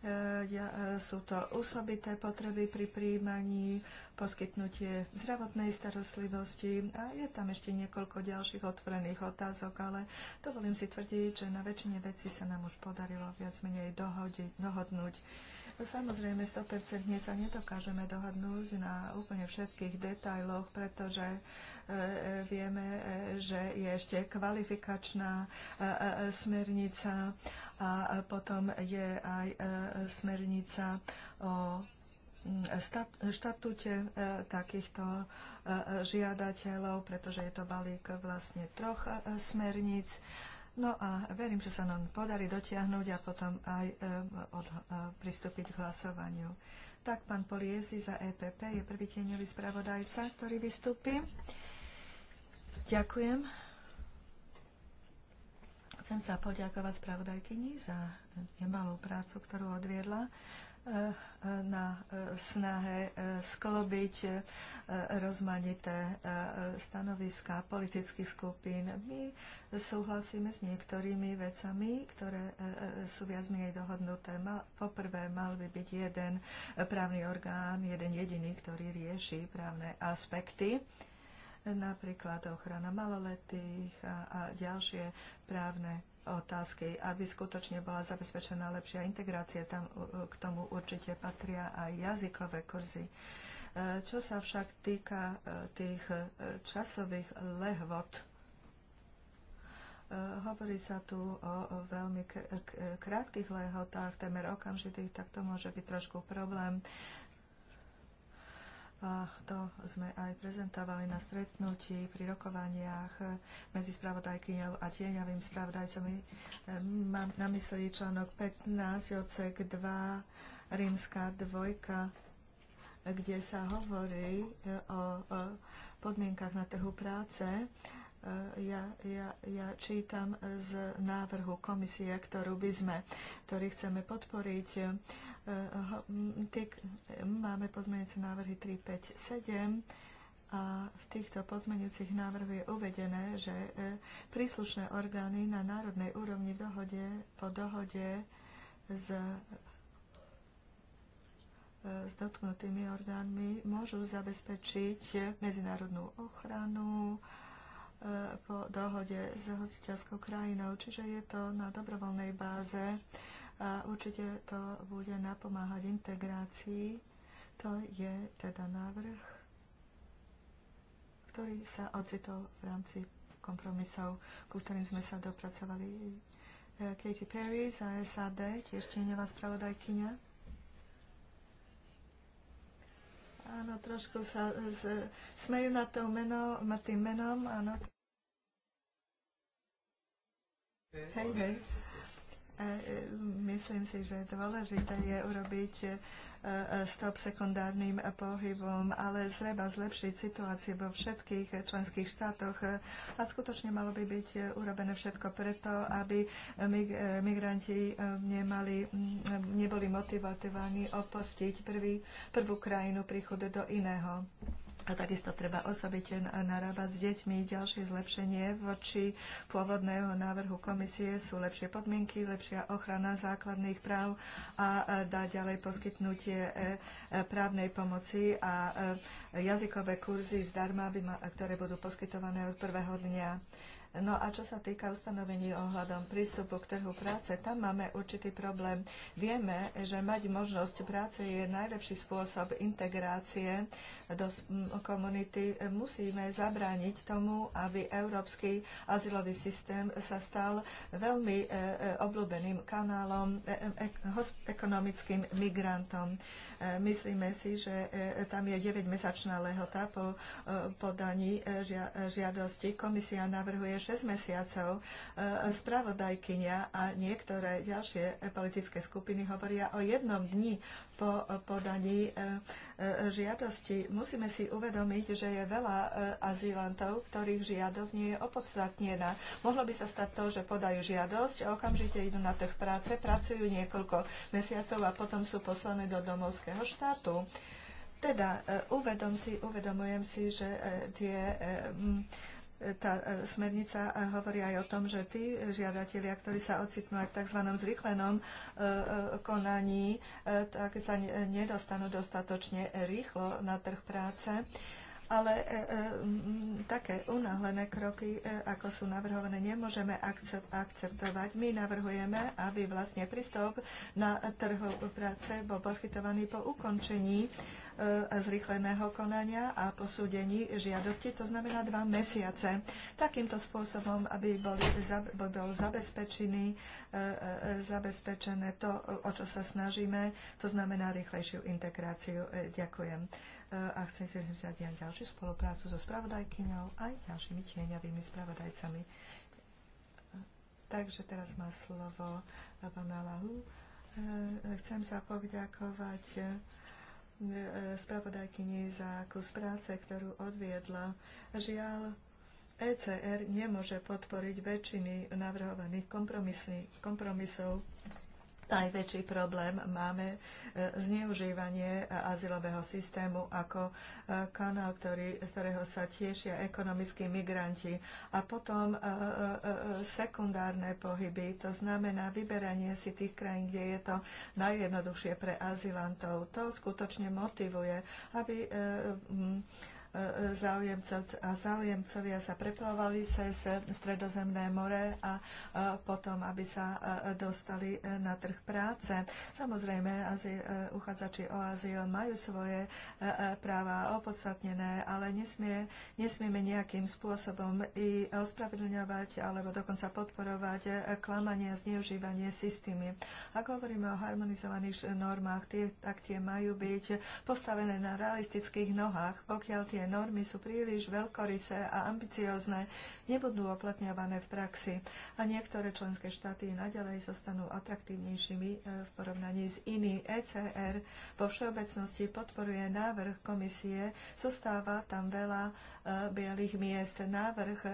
E, e, sú to osobité potreby pri príjmaní, poskytnutie zdravotnej starostlivosti a je tam ešte niekoľko ďalších otvorených otázok, ale dovolím si tvrdiť, že na väčšine vecí sa nám už podarilo viac menej dohodiť, dohodnúť. Samozrejme, 100% sa nedokážeme dohodnúť na úplne všetkých detailoch, pretože Vieme, že je ešte kvalifikačná e, e, smernica a potom je aj e, smernica o štatúte takýchto žiadateľov, pretože je to balík vlastne troch smerníc. No a verím, že sa nám podarí dotiahnuť a potom aj od, pristúpiť k hlasovaniu. Tak pán Poliezi za EPP je prvý tieňový spravodajca, ktorý vystúpi. Ďakujem. Chcem sa poďakovať spravodajkyni za nemalú prácu, ktorú odviedla e, e, na e, snahe sklobiť rozmanité stanoviská politických skupín. My súhlasíme s niektorými vecami, ktoré sú viac menej dohodnuté. Poprvé, mal by byť jeden právny orgán, jeden jediný, ktorý rieši právne aspekty napríklad ochrana maloletých a, a ďalšie právne otázky, aby skutočne bola zabezpečená lepšia integrácia. Tam k tomu určite patria aj jazykové kurzy. E, čo sa však týka e, tých e, časových lehvot, hovorí sa tu o veľmi krátkých lehotách, témer okamžitých, tak to môže byť trošku problém. A to sme aj prezentovali na stretnutí pri rokovaniach medzi spravodajkyňou a tieňovým spravodajcami. Ehm, mám na mysli článok 15, odsek 2, rímska dvojka, kde sa hovorí e, o podmienkach na trhu práce ja, ja, ja čítam z návrhu komisie, ktorú by sme, ktorý chceme podporiť. E, máme pozmeňujúce návrhy 3, 5, 7 a v týchto pozmeňujúcich návrhu je uvedené, že e, príslušné orgány na národnej úrovni v dohode, po dohode s, e, s dotknutými orgánmi môžu zabezpečiť medzinárodnú ochranu, E, po dohode s hostiteľskou krajinou, čiže je to na dobrovoľnej báze a určite to bude napomáhať integrácii. To je teda návrh, ktorý sa ocitol v rámci kompromisov, ku ktorým sme sa dopracovali. E, Katy Perry za SAD, tiež tieňová spravodajkyňa. Áno, trošku sa e, z, smejú na to meno, nad tým menom, áno. Hej, hej. E, myslím si, že dôležité je urobiť e, e, stop sekundárnym pohybom, ale zreba zlepšiť situáciu vo všetkých členských štátoch. A skutočne malo by byť urobené všetko preto, aby migranti nemali, neboli motivovaní opustiť prvý, prvú krajinu príchodu do iného. A takisto treba osobite narábať s deťmi. Ďalšie zlepšenie voči pôvodného návrhu komisie sú lepšie podmienky, lepšia ochrana základných práv a e, dá ďalej poskytnutie e, e, právnej pomoci a jazykové kurzy zdarma, ktoré budú poskytované od prvého dňa No a čo sa týka ustanovení ohľadom prístupu k trhu práce, tam máme určitý problém. Vieme, že mať možnosť práce je najlepší spôsob integrácie do komunity. Musíme zabrániť tomu, aby európsky azylový systém sa stal veľmi e, e, obľúbeným kanálom e, ekonomickým migrantom. Myslíme si, že tam je 9-mesačná lehota po podaní žiadosti. Komisia navrhuje 6 mesiacov e, spravodajkynia a niektoré ďalšie politické skupiny hovoria o jednom dni po podaní e, e, žiadosti. Musíme si uvedomiť, že je veľa azylantov, ktorých žiadosť nie je opodstatnená. Mohlo by sa stať to, že podajú žiadosť, okamžite idú na trh práce, pracujú niekoľko mesiacov a potom sú poslané do domovského štátu. Teda uvedom si, uvedomujem si, že tie tá e, smernica e, hovorí aj o tom, že tí žiadatelia, ktorí sa ocitnú aj v tzv. zrychlenom e, konaní, tak sa nedostanú dostatočne rýchlo na trh práce. Ale také unáhlené kroky, ako sú navrhované, nemôžeme akceptovať. My navrhujeme, aby vlastne prístup na trhu práce bol poskytovaný po ukončení E, zrýchleného konania a posúdení žiadosti, to znamená dva mesiace. Takýmto spôsobom, aby boli, by bol zabezpečený, e, e, zabezpečené to, o čo sa snažíme, to znamená rýchlejšiu integráciu. Ďakujem. A chcem si vziať aj ďalšiu spoluprácu so spravodajkyňou aj ďalšími tieňavými spravodajcami. Takže teraz má slovo pán Lahu. Chcem sa poďakovať spravodajkyni za kus práce, ktorú odviedla. Žiaľ, ECR nemôže podporiť väčšiny navrhovaných kompromisov. Najväčší problém máme e, zneužívanie e, azylového systému ako e, kanál, ktorý, z ktorého sa tiešia ekonomickí migranti. A potom sekundárne pohyby, to znamená vyberanie si tých krajín, kde je to najjednoduchšie pre azylantov. To skutočne motivuje, aby záujemcov a záujemcovia sa preplávali cez stredozemné more a e, potom, aby sa e, dostali e, na trh práce. Samozrejme, uchádzači o azyl majú svoje práva opodstatnené, ale nesmie, nesmieme nejakým spôsobom i ospravedlňovať alebo dokonca podporovať klamanie a zneužívanie systémy. Ak hovoríme o harmonizovaných normách, tie, tak tie majú byť postavené na realistických nohách. Pokiaľ tie normy sú príliš veľkorysé a ambiciozne, nebudú oplatňované v praxi a niektoré členské štáty naďalej zostanú atraktívnejšími e, v porovnaní s iný. ECR vo všeobecnosti podporuje návrh komisie, zostáva tam veľa e, bielých miest. Návrh e,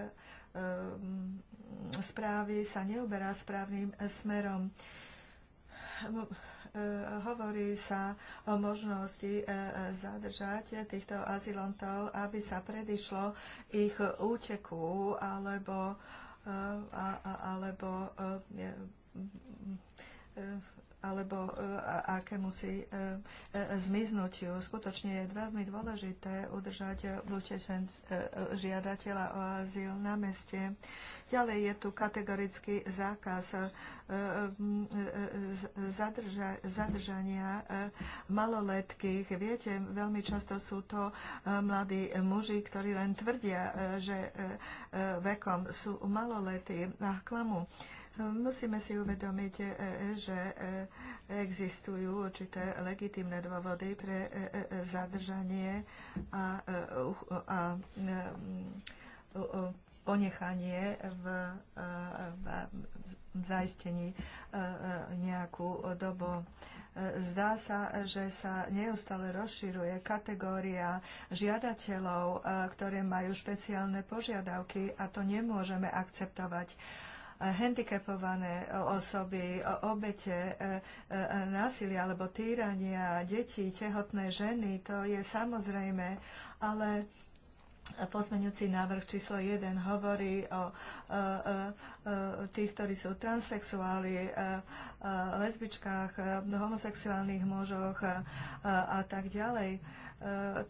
správy sa neuberá správnym smerom E, hovorí sa o možnosti e, zadržať týchto azylantov, aby sa predišlo ich úteku alebo, e, alebo alebo e, aké musí e, e, zmiznúť. Skutočne je veľmi dôležité udržať utečen žiadateľa o azyl na meste. Ďalej je tu kategorický zákaz zadržania maloletkých. Viete, veľmi často sú to mladí muži, ktorí len tvrdia, že vekom sú maloletí a klamú. Musíme si uvedomiť, e, e, že e, existujú určité legitimné dôvody pre zadržanie a, a, a ponechanie v, v, v zaistení nejakú dobu. Zdá sa, že sa neustále rozširuje kategória žiadateľov, ktoré majú špeciálne požiadavky a to nemôžeme akceptovať handicapované osoby, obete e, e, násilia alebo týrania detí, tehotné ženy, to je samozrejme, ale pozmeňujúci návrh číslo 1 hovorí o, e, tých, ktorí sú transexuáli, lesbičkách, homosexuálnych mužoch a tak ďalej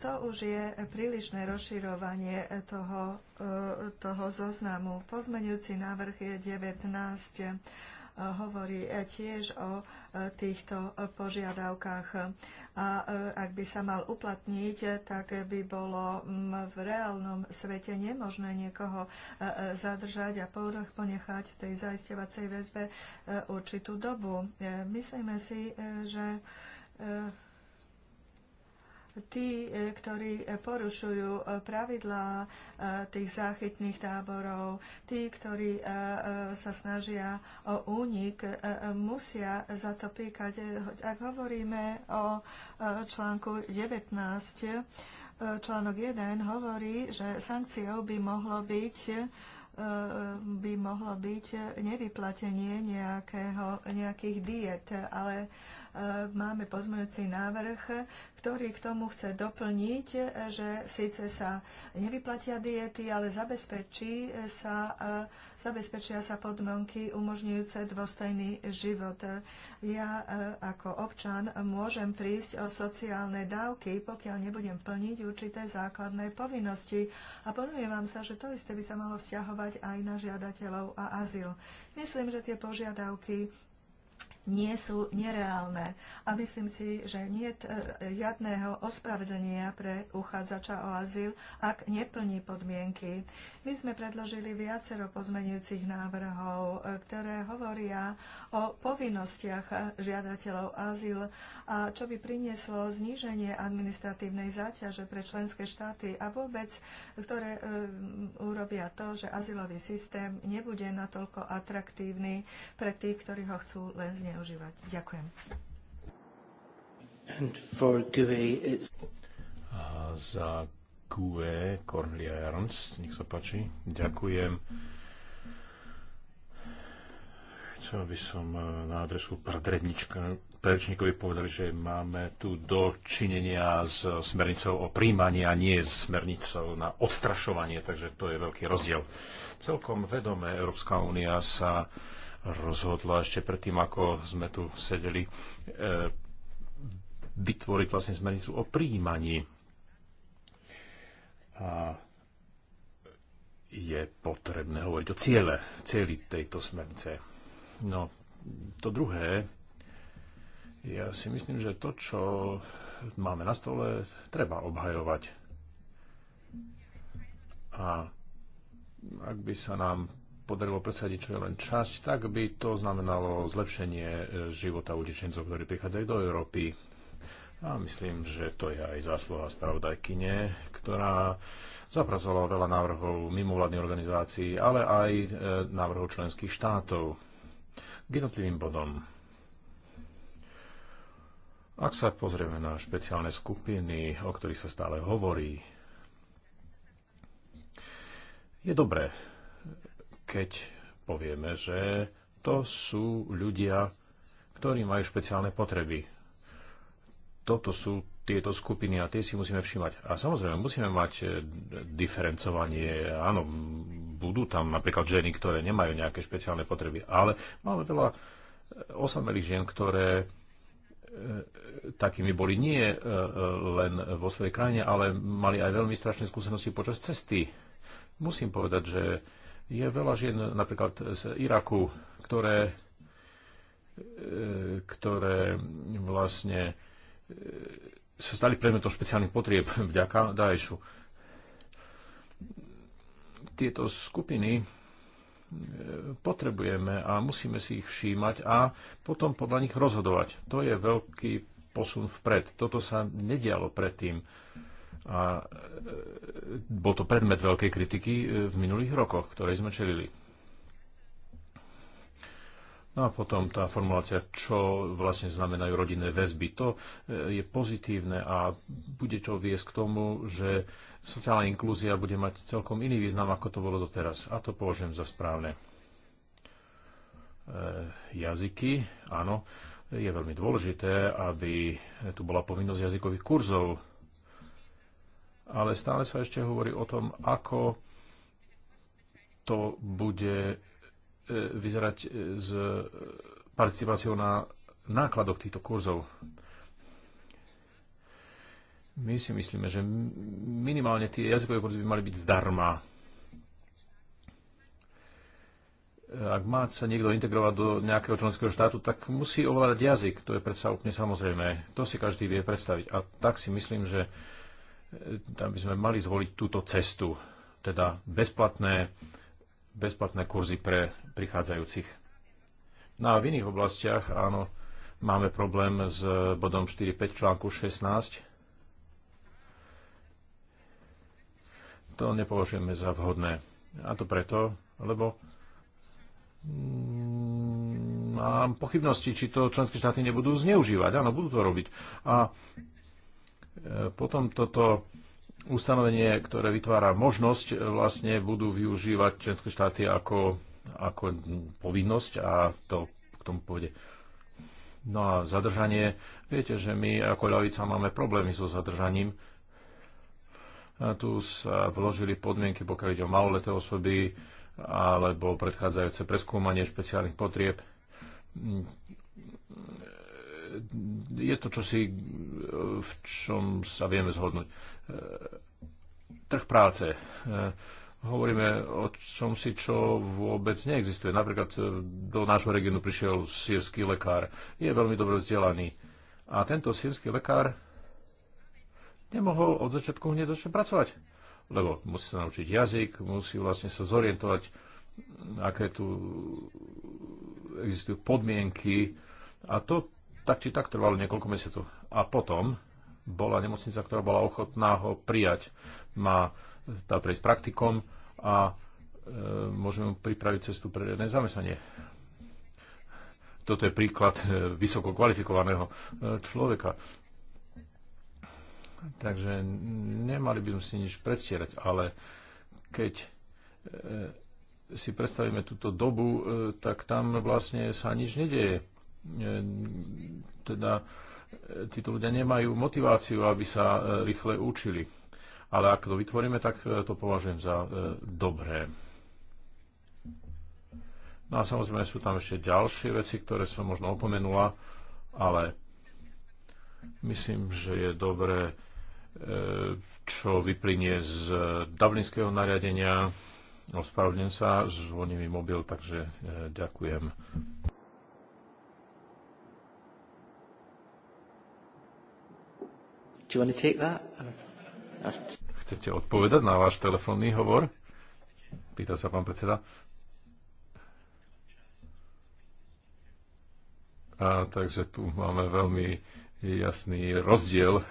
to už je prílišné rozširovanie toho, e, toho zoznamu. Pozmenujúci návrh je 19 e, hovorí tiež o e, týchto požiadavkách. A ak by sa mal uplatniť, tak by bolo v reálnom svete nemožné niekoho zadržať a ponechať v tej zaistevacej väzbe určitú dobu. Myslíme si, že tí, e, ktorí e, porušujú e, pravidlá tých záchytných táborov, tí, ktorí sa snažia o únik, musia za to píkať. Ak hovoríme o článku 19, článok 1 hovorí, že sankciou by mohlo byť by mohlo byť nevyplatenie nejakého, nejakých diet, ale E, máme pozmujúci návrh, ktorý k tomu chce doplniť, e, že síce sa nevyplatia diety, ale zabezpečí sa, e, zabezpečia sa podmienky umožňujúce dôstojný život. Ja ako občan môžem prísť o sociálne dávky, pokiaľ nebudem plniť určité základné povinnosti. A vám sa, že to isté by sa malo vzťahovať aj na žiadateľov a azyl. Myslím, že tie požiadavky nie sú nereálne. A myslím si, že nie je žiadného ospravedlenia pre uchádzača o azyl, ak neplní podmienky. My sme predložili viacero pozmenujúcich návrhov, e, ktoré hovoria o povinnostiach žiadateľov azyl a čo by prinieslo zníženie administratívnej záťaže pre členské štáty a vôbec, ktoré e, urobia to, že azylový systém nebude natoľko atraktívny pre tých, ktorí ho chcú len zneužiť zneužívať. Ďakujem. And for GUE, it's... A za GUE Cornelia Ernst, nech sa páči. Ďakujem. Chcel by som e, na adresu predrečníkovi povedal, že máme tu dočinenia s smernicou o príjmaní a nie s smernicou na odstrašovanie, takže to je veľký rozdiel. Celkom vedome Európska únia sa rozhodla ešte predtým, ako sme tu sedeli, e, vytvoriť vlastne smernicu o príjmaní. A je potrebné hovoriť o ciele, cieli tejto smernice. No, to druhé, ja si myslím, že to, čo máme na stole, treba obhajovať. A ak by sa nám podarilo presadiť čo je len časť, tak by to znamenalo zlepšenie e, života utečencov, ktorí prichádzajú do Európy. A myslím, že to je aj zásluha spravodajkyne, ktorá zapracovala veľa návrhov mimovládnych organizácií, ale aj e, návrhov členských štátov k jednotlivým bodom. Ak sa pozrieme na špeciálne skupiny, o ktorých sa stále hovorí, je dobré, keď povieme, že to sú ľudia, ktorí majú špeciálne potreby. Toto sú tieto skupiny a tie si musíme všímať. A samozrejme, musíme mať e, diferencovanie. Áno, budú tam napríklad ženy, ktoré nemajú nejaké špeciálne potreby, ale máme veľa e, osamelých žien, ktoré e, takými boli nie len vo svojej krajine, ale mali aj veľmi strašné skúsenosti počas cesty. Musím povedať, že je veľa žien napríklad z Iraku, ktoré, e, ktoré vlastne e, sa stali predmetom špeciálnych potrieb vďaka Daešu. Tieto skupiny e, potrebujeme a musíme si ich všímať a potom podľa nich rozhodovať. To je veľký posun vpred. Toto sa nedialo predtým. A e, bol to predmet veľkej kritiky e, v minulých rokoch, ktoré sme čelili. No a potom tá formulácia, čo vlastne znamenajú rodinné väzby, to e, je pozitívne a bude to viesť k tomu, že sociálna inklúzia bude mať celkom iný význam, ako to bolo doteraz. A to považujem za správne. E, jazyky, áno, je veľmi dôležité, aby tu bola povinnosť jazykových kurzov ale stále sa ešte hovorí o tom, ako to bude e, vyzerať e, s participáciou na nákladoch týchto kurzov. My si myslíme, že minimálne tie jazykové kurzy by mali byť zdarma. E, ak má sa niekto integrovať do nejakého členského štátu, tak musí ovládať jazyk. To je predsa úplne samozrejme. To si každý vie predstaviť. A tak si myslím, že E, tam by sme mali zvoliť túto cestu, teda bezplatné, bezplatné kurzy pre prichádzajúcich. No a v iných oblastiach, áno, máme problém s bodom 4.5 článku 16. To nepovažujeme za vhodné. A to preto, lebo mm, mám pochybnosti, či to členské štáty nebudú zneužívať. Áno, budú to robiť. A potom toto ustanovenie, ktoré vytvára možnosť, vlastne budú využívať členské štáty ako, ako povinnosť a to k tomu pôjde. No a zadržanie, viete, že my ako ľavica máme problémy so zadržaním. A tu sa vložili podmienky, pokiaľ ide o maloleté osoby alebo predchádzajúce preskúmanie špeciálnych potrieb je to čosi, e, v čom sa vieme zhodnúť. E, trh práce. E, hovoríme o čom si, čo vôbec neexistuje. Napríklad do nášho regiónu prišiel sírsky lekár. Je veľmi dobre vzdelaný. A tento sírsky lekár nemohol od začiatku hneď začať pracovať. Lebo musí sa naučiť jazyk, musí vlastne sa zorientovať, aké tu existujú podmienky. A to tak či tak trvalo niekoľko mesiacov. A potom bola nemocnica, ktorá bola ochotná ho prijať. Má tá prejsť praktikom a e, môžeme mu pripraviť cestu pre riadne zamestnanie. Toto je príklad e, vysoko kvalifikovaného e, človeka. Takže nemali by sme si nič predstierať, ale keď e, si predstavíme túto dobu, e, tak tam vlastne sa nič nedieje. E, teda e, títo ľudia nemajú motiváciu, aby sa e, rýchle učili. Ale ak to vytvoríme, tak to považujem za dobré. No a samozrejme sú tam ešte ďalšie veci, ktoré som možno opomenula, ale myslím, že je dobré, čo vyplynie z dublinského nariadenia. Ospravedlňujem sa, zvoní mi mobil, takže ďakujem. Do you want to take that? Chcete odpovedať na váš telefónny hovor? Pýta sa pán predseda. A, takže tu máme veľmi jasný rozdiel e,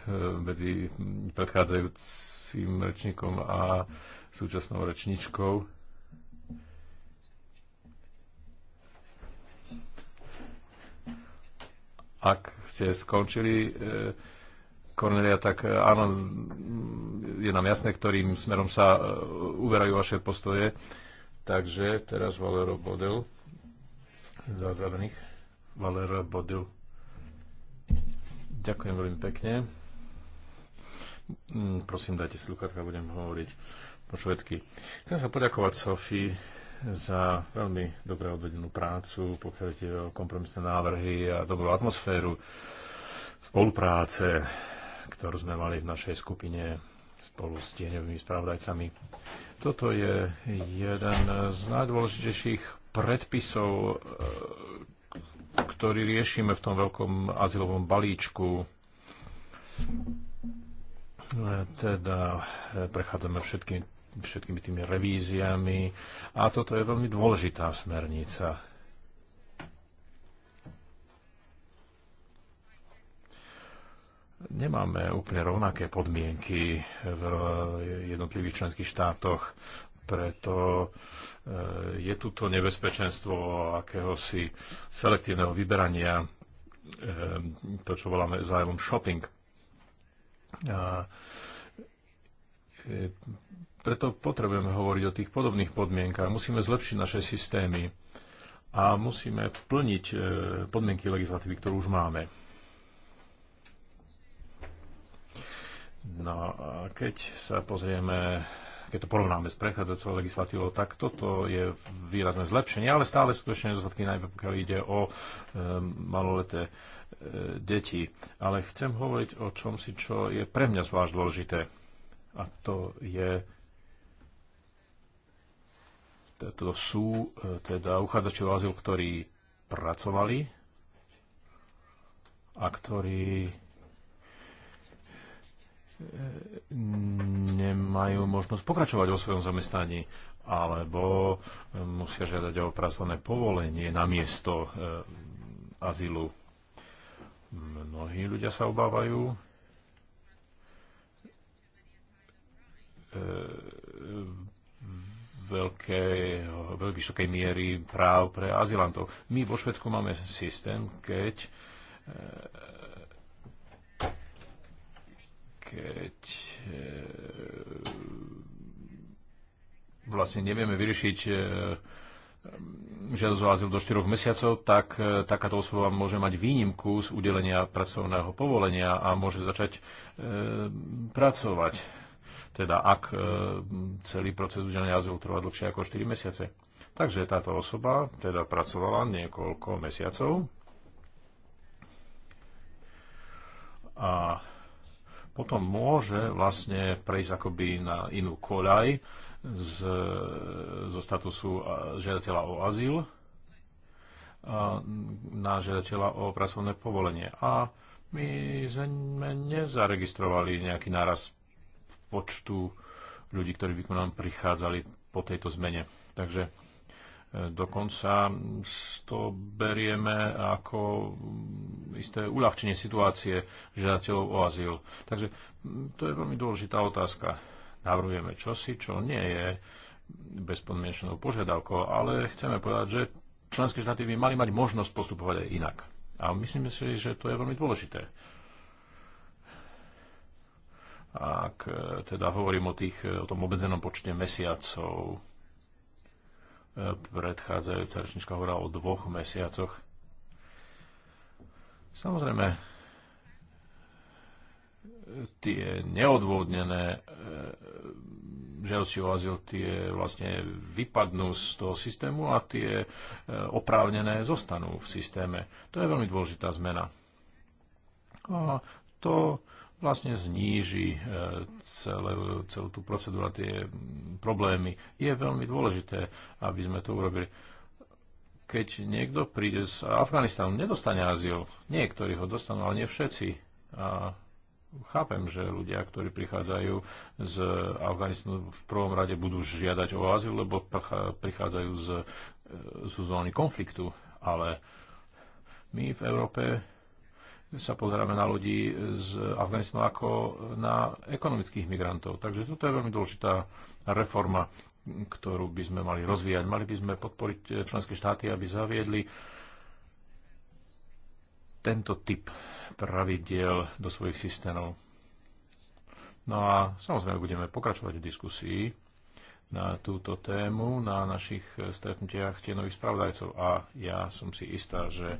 medzi predchádzajúcim rečníkom a súčasnou rečníčkou. Ak ste skončili e, Kornelia, tak eh, áno, je nám jasné, ktorým smerom sa eh, uverajú vaše postoje. Takže teraz Valero Bodil za zelených. Valero Bodil. Ďakujem veľmi pekne. Mm, prosím, dajte si sluchatka, budem hovoriť po švedsky. Chcem sa poďakovať Sofii za veľmi dobre odvedenú prácu, pokiaľ tie o kompromisné návrhy a dobrú atmosféru spolupráce ktorú sme mali v našej skupine spolu s tieňovými spravodajcami. Toto je jeden z najdôležitejších predpisov, e, ktorý riešime v tom veľkom azylovom balíčku. E, teda e, prechádzame všetkými všetkými tými revíziami a toto je veľmi dôležitá smernica. nemáme úplne rovnaké podmienky v jednotlivých členských štátoch, preto e, je tu to nebezpečenstvo akéhosi selektívneho vyberania, e, to, čo voláme zájom shopping. A e, preto potrebujeme hovoriť o tých podobných podmienkach. Musíme zlepšiť naše systémy a musíme plniť podmienky legislatívy, ktorú už máme. No a keď sa pozrieme, keď to porovnáme s prechádzacou legislatívou, tak toto je výrazné zlepšenie, ale stále skutočne rozhodky najmä pokiaľ ide o e, maloleté e, deti. Ale chcem hovoriť o čom si, čo je pre mňa zvlášť dôležité. A to je to sú e, teda uchádzači o azyl, ktorí pracovali a ktorí nemajú možnosť pokračovať vo svojom zamestnaní alebo e, musia žiadať o pracovné povolenie na miesto e, azylu. Mnohí ľudia sa obávajú Veľké, veľké vysokej miery práv pre azylantov. My vo Švedsku máme systém, keď e, keď e, vlastne nevieme vyriešiť e, žiadosť o azyl do 4 mesiacov, tak e, takáto osoba môže mať výnimku z udelenia pracovného povolenia a môže začať e, pracovať. Teda ak e, celý proces udelenia azylu trvá dlhšie ako 4 mesiace. Takže táto osoba teda pracovala niekoľko mesiacov a potom môže vlastne prejsť akoby na inú koľaj z, zo statusu eh, žiadateľa o azyl na žiadateľa o pracovné povolenie. A my sme nezaregistrovali nejaký náraz počtu ľudí, ktorí by k nám prichádzali po tejto zmene. Takže Dokonca to berieme ako isté uľahčenie situácie žiadateľov o azyl. Takže to je veľmi dôležitá otázka. Navrhujeme čosi, čo nie je bezpodmienečnou požiadavkou, ale chceme povedať, že členské štáty by mali mať možnosť postupovať aj inak. A myslím si, že to je veľmi dôležité. Ak eh, teda hovorím o, tých, eh, o tom obmedzenom počte mesiacov, Predchádzajúca rečnička hovorila o dvoch mesiacoch. Samozrejme, tie neodvodnené e, žiadosti o azyl tie vlastne vypadnú z toho systému a tie e, oprávnené zostanú v systéme. To je veľmi dôležitá zmena. A to vlastne zníži e, celé, celú tú procedúru a tie problémy. Je veľmi dôležité, aby sme to urobili. Keď niekto príde z Afganistanu, nedostane azyl. Niektorí ho dostanú, ale nie všetci. A chápem, že ľudia, ktorí prichádzajú z Afganistanu, v prvom rade budú žiadať o azyl, lebo prichádzajú z, e, z zóny konfliktu. Ale my v Európe sa pozeráme na ľudí z Afganistanu ako na ekonomických migrantov. Takže toto je veľmi dôležitá reforma, ktorú by sme mali rozvíjať. Mali by sme podporiť členské štáty, aby zaviedli tento typ pravidiel do svojich systémov. No a samozrejme budeme pokračovať v diskusii na túto tému na našich stretnutiach tienových spravodajcov a ja som si istá, že e,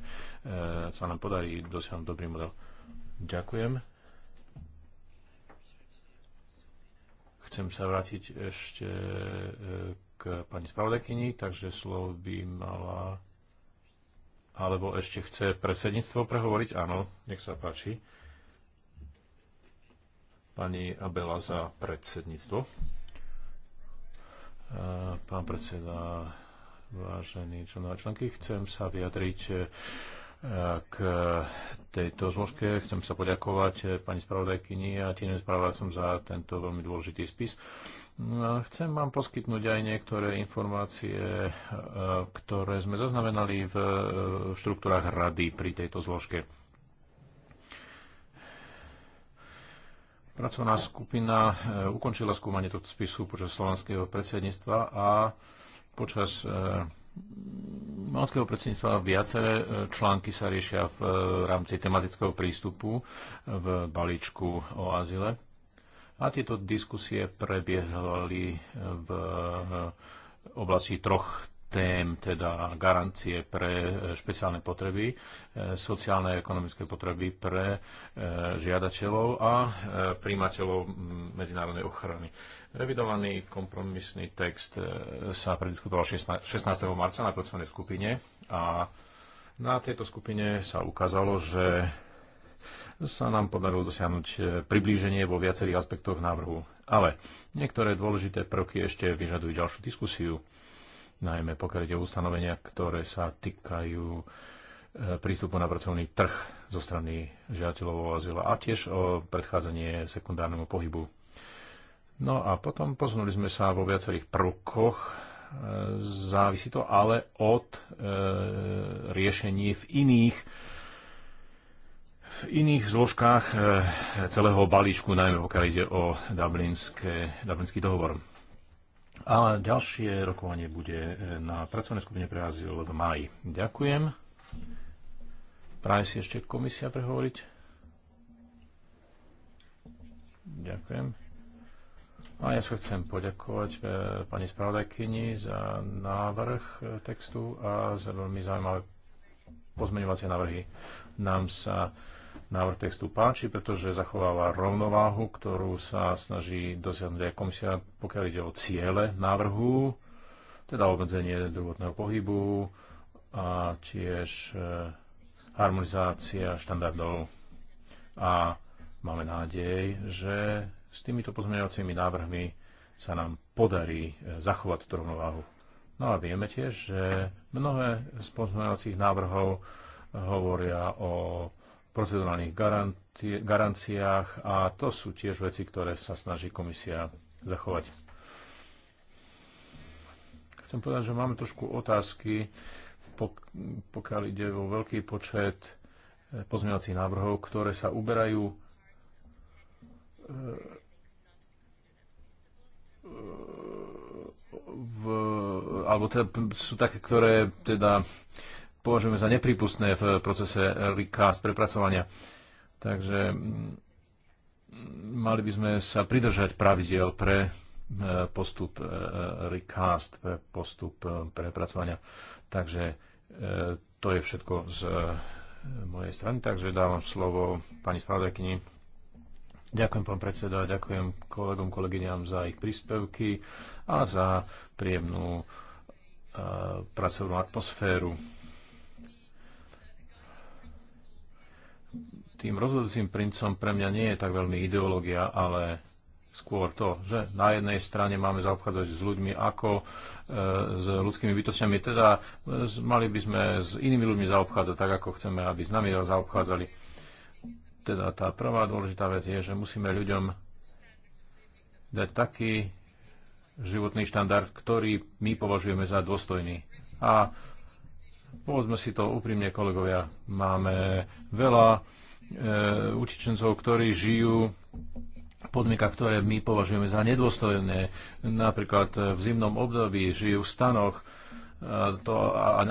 sa nám podarí dosiahnuť dobrý model. Ďakujem. Chcem sa vrátiť ešte e, k pani spravodajkyni, takže slovo by mala alebo ešte chce predsedníctvo prehovoriť? Áno, nech sa páči. Pani Abela za predsedníctvo. Eh, pán predseda, vážení členovia členky, chcem sa vyjadriť eh, k tejto zložke. Chcem sa poďakovať eh, pani spravodajkyni a tým spravodajcom za tento veľmi dôležitý spis. No chcem vám poskytnúť aj niektoré informácie, ktoré sme zaznamenali v štruktúrach rady pri tejto zložke. Pracovná skupina e, ukončila skúmanie tohto spisu počas slovenského predsedníctva a počas e, malského predsedníctva viaceré e, články sa riešia v rámci tematického prístupu v balíčku o azile. A tieto diskusie prebiehali v oblasti troch tém, teda garancie pre e, špeciálne potreby, e, sociálne a ekonomické potreby pre e, žiadateľov a príjimateľov medzinárodnej ochrany. Revidovaný kompromisný text sa prediskutoval 16. marca na pracovnej skupine a na tejto skupine sa ukázalo, že sa nám podarilo dosiahnuť priblíženie vo viacerých aspektoch návrhu. Ale niektoré dôležité prvky ešte vyžadujú ďalšiu diskusiu najmä pokiaľ ide o ustanovenia, ktoré sa týkajú e, prístupu na pracovný trh zo strany žiateľov o azyl a tiež o predchádzanie sekundárnemu pohybu. No a potom posunuli sme sa vo viacerých prvkoch. E, závisí to ale od e, riešení v iných v iných zložkách e, celého balíčku, najmä pokiaľ ide o Dublinské, Dublinský dohovor. Ale ďalšie rokovanie bude e, na pracovnej skupine pre azyl v máji. Ďakujem. Práve si ešte komisia prehovoriť. Ďakujem. A no, ja sa chcem poďakovať e, pani spravodajkyni za návrh e, textu a za veľmi zaujímavé pozmeňovacie návrhy. Nám sa návrh textu páči, pretože zachováva rovnováhu, ktorú sa snaží dosiahnuť aj komisia, pokiaľ ide o ciele návrhu, teda obmedzenie druhotného pohybu a tiež eh, harmonizácia štandardov. A máme nádej, že s týmito pozmeňovacími návrhmi sa nám podarí eh, zachovať túto rovnováhu. No a vieme tiež, že mnohé z pozmeňovacích návrhov hovoria o procedurálnych garanciách a to sú tiež veci, ktoré sa snaží komisia zachovať. Chcem povedať, že máme trošku otázky, pokiaľ ide o veľký počet eh, pozmeňovacích návrhov, ktoré sa uberajú eh, v, alebo teda sú také, ktoré teda považujeme za nepripustné v procese recast prepracovania. Takže mm, mali by sme sa pridržať pravidel pre e, postup e, recast, pre postup e, prepracovania. Takže to je všetko z mojej strany, takže dávam slovo pani spravodajkyni. Ďakujem, pán predseda, ďakujem kolegom, kolegyňam za ich príspevky a za príjemnú pracovnú atmosféru. tým rozhodujúcim princom pre mňa nie je tak veľmi ideológia, ale skôr to, že na jednej strane máme zaobchádzať s ľuďmi ako e, s ľudskými bytostiami, teda mali by sme s inými ľuďmi zaobchádzať tak, ako chceme, aby s nami zaobchádzali. Teda tá prvá dôležitá vec je, že musíme ľuďom dať taký životný štandard, ktorý my považujeme za dôstojný. A povedzme si to úprimne, kolegovia, máme veľa E, utečencov, ktorí žijú v podmienkach, ktoré my považujeme za nedôstojné. Napríklad e, v zimnom období žijú v stanoch, e, to,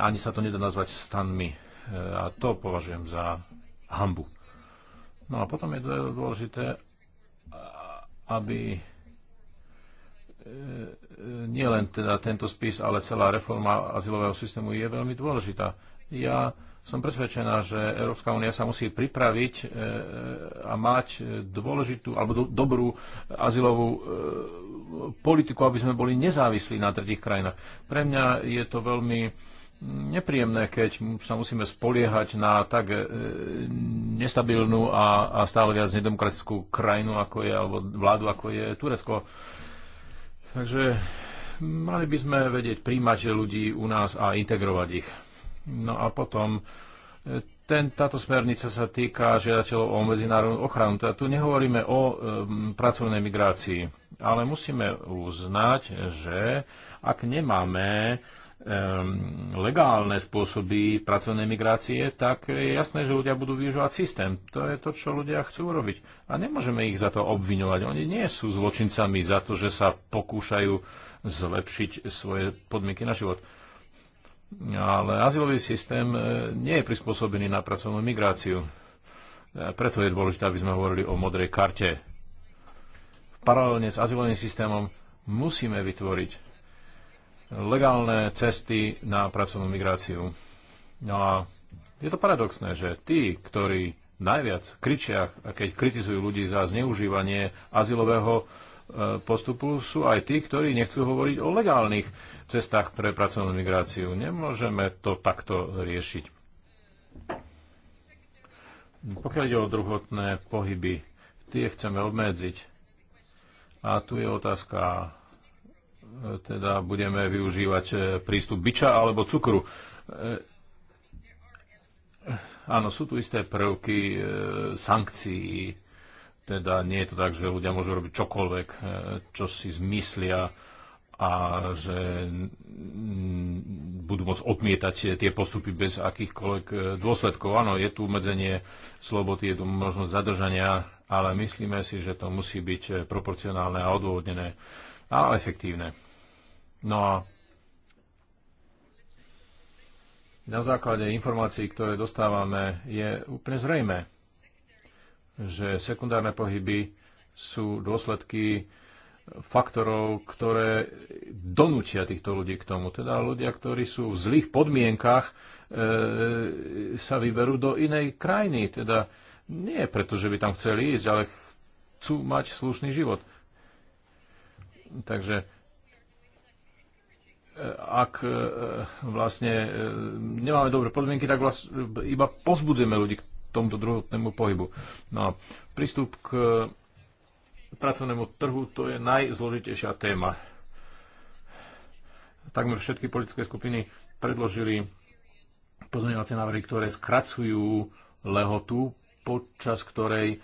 ani sa to nedá nazvať stanmi. A to považujem za hambu. No a potom je dôležité, aby nielen teda tento spis, ale celá reforma azylového systému je veľmi dôležitá. Ja som presvedčená, že Európska únia sa musí pripraviť e, e, a mať dôležitú alebo do, dobrú azylovú e, politiku, aby sme boli nezávislí na tretich krajinách. Pre mňa je to veľmi nepríjemné, keď sa musíme spoliehať na tak nestabilnú a, a stále viac nedemokratickú krajinu, ako je, alebo vládu, ako je Turecko. Takže mali by sme vedieť príjmať ľudí u nás a integrovať ich. No a potom e, ten, táto smernica sa týka žiadateľov o medzinárodnú ochranu. Teda tu nehovoríme o um, pracovnej migrácii, ale musíme uznať, že ak nemáme um, legálne spôsoby pracovnej migrácie, tak je jasné, že ľudia budú využívať systém. To je to, čo ľudia chcú robiť. A nemôžeme ich za to obviňovať. Oni nie sú zločincami za to, že sa pokúšajú zlepšiť svoje podmienky na život. Ale azylový systém e, nie je prispôsobený na pracovnú migráciu. E, preto je dôležité, aby sme hovorili o modrej karte. Paralelne s azylovým systémom musíme vytvoriť legálne cesty na pracovnú migráciu. No a je to paradoxné, že tí, ktorí najviac kričia keď kritizujú ľudí za zneužívanie azylového e, postupu, sú aj tí, ktorí nechcú hovoriť o legálnych cestách pre pracovnú migráciu. Nemôžeme to takto riešiť. Pokiaľ ide o druhotné pohyby, tie chceme obmedziť. A tu je otázka, teda budeme využívať e, prístup byča alebo cukru. E, áno, sú tu isté prvky e, sankcií, teda nie je to tak, že ľudia môžu robiť čokoľvek, čo si zmyslia, a že budú môcť odmietať tie postupy bez akýchkoľvek e, dôsledkov. Áno, je tu obmedzenie slobody, je tu možnosť zadržania, ale myslíme si, že to musí byť e, proporcionálne a odôvodnené a efektívne. No a na základe informácií, ktoré dostávame, je úplne zrejme, že sekundárne pohyby sú dôsledky faktorov, ktoré donútia týchto ľudí k tomu. Teda ľudia, ktorí sú v zlých podmienkach, e, sa vyberú do inej krajiny. Teda nie preto, že by tam chceli ísť, ale chcú mať slušný život. Takže e, ak e, vlastne e, nemáme dobré podmienky, tak vlastne iba pozbudzujeme ľudí k tomuto druhotnému pohybu. No, prístup k pracovnému trhu to je najzložitejšia téma. Takmer všetky politické skupiny predložili pozmeňovacie návrhy, ktoré skracujú lehotu, počas ktorej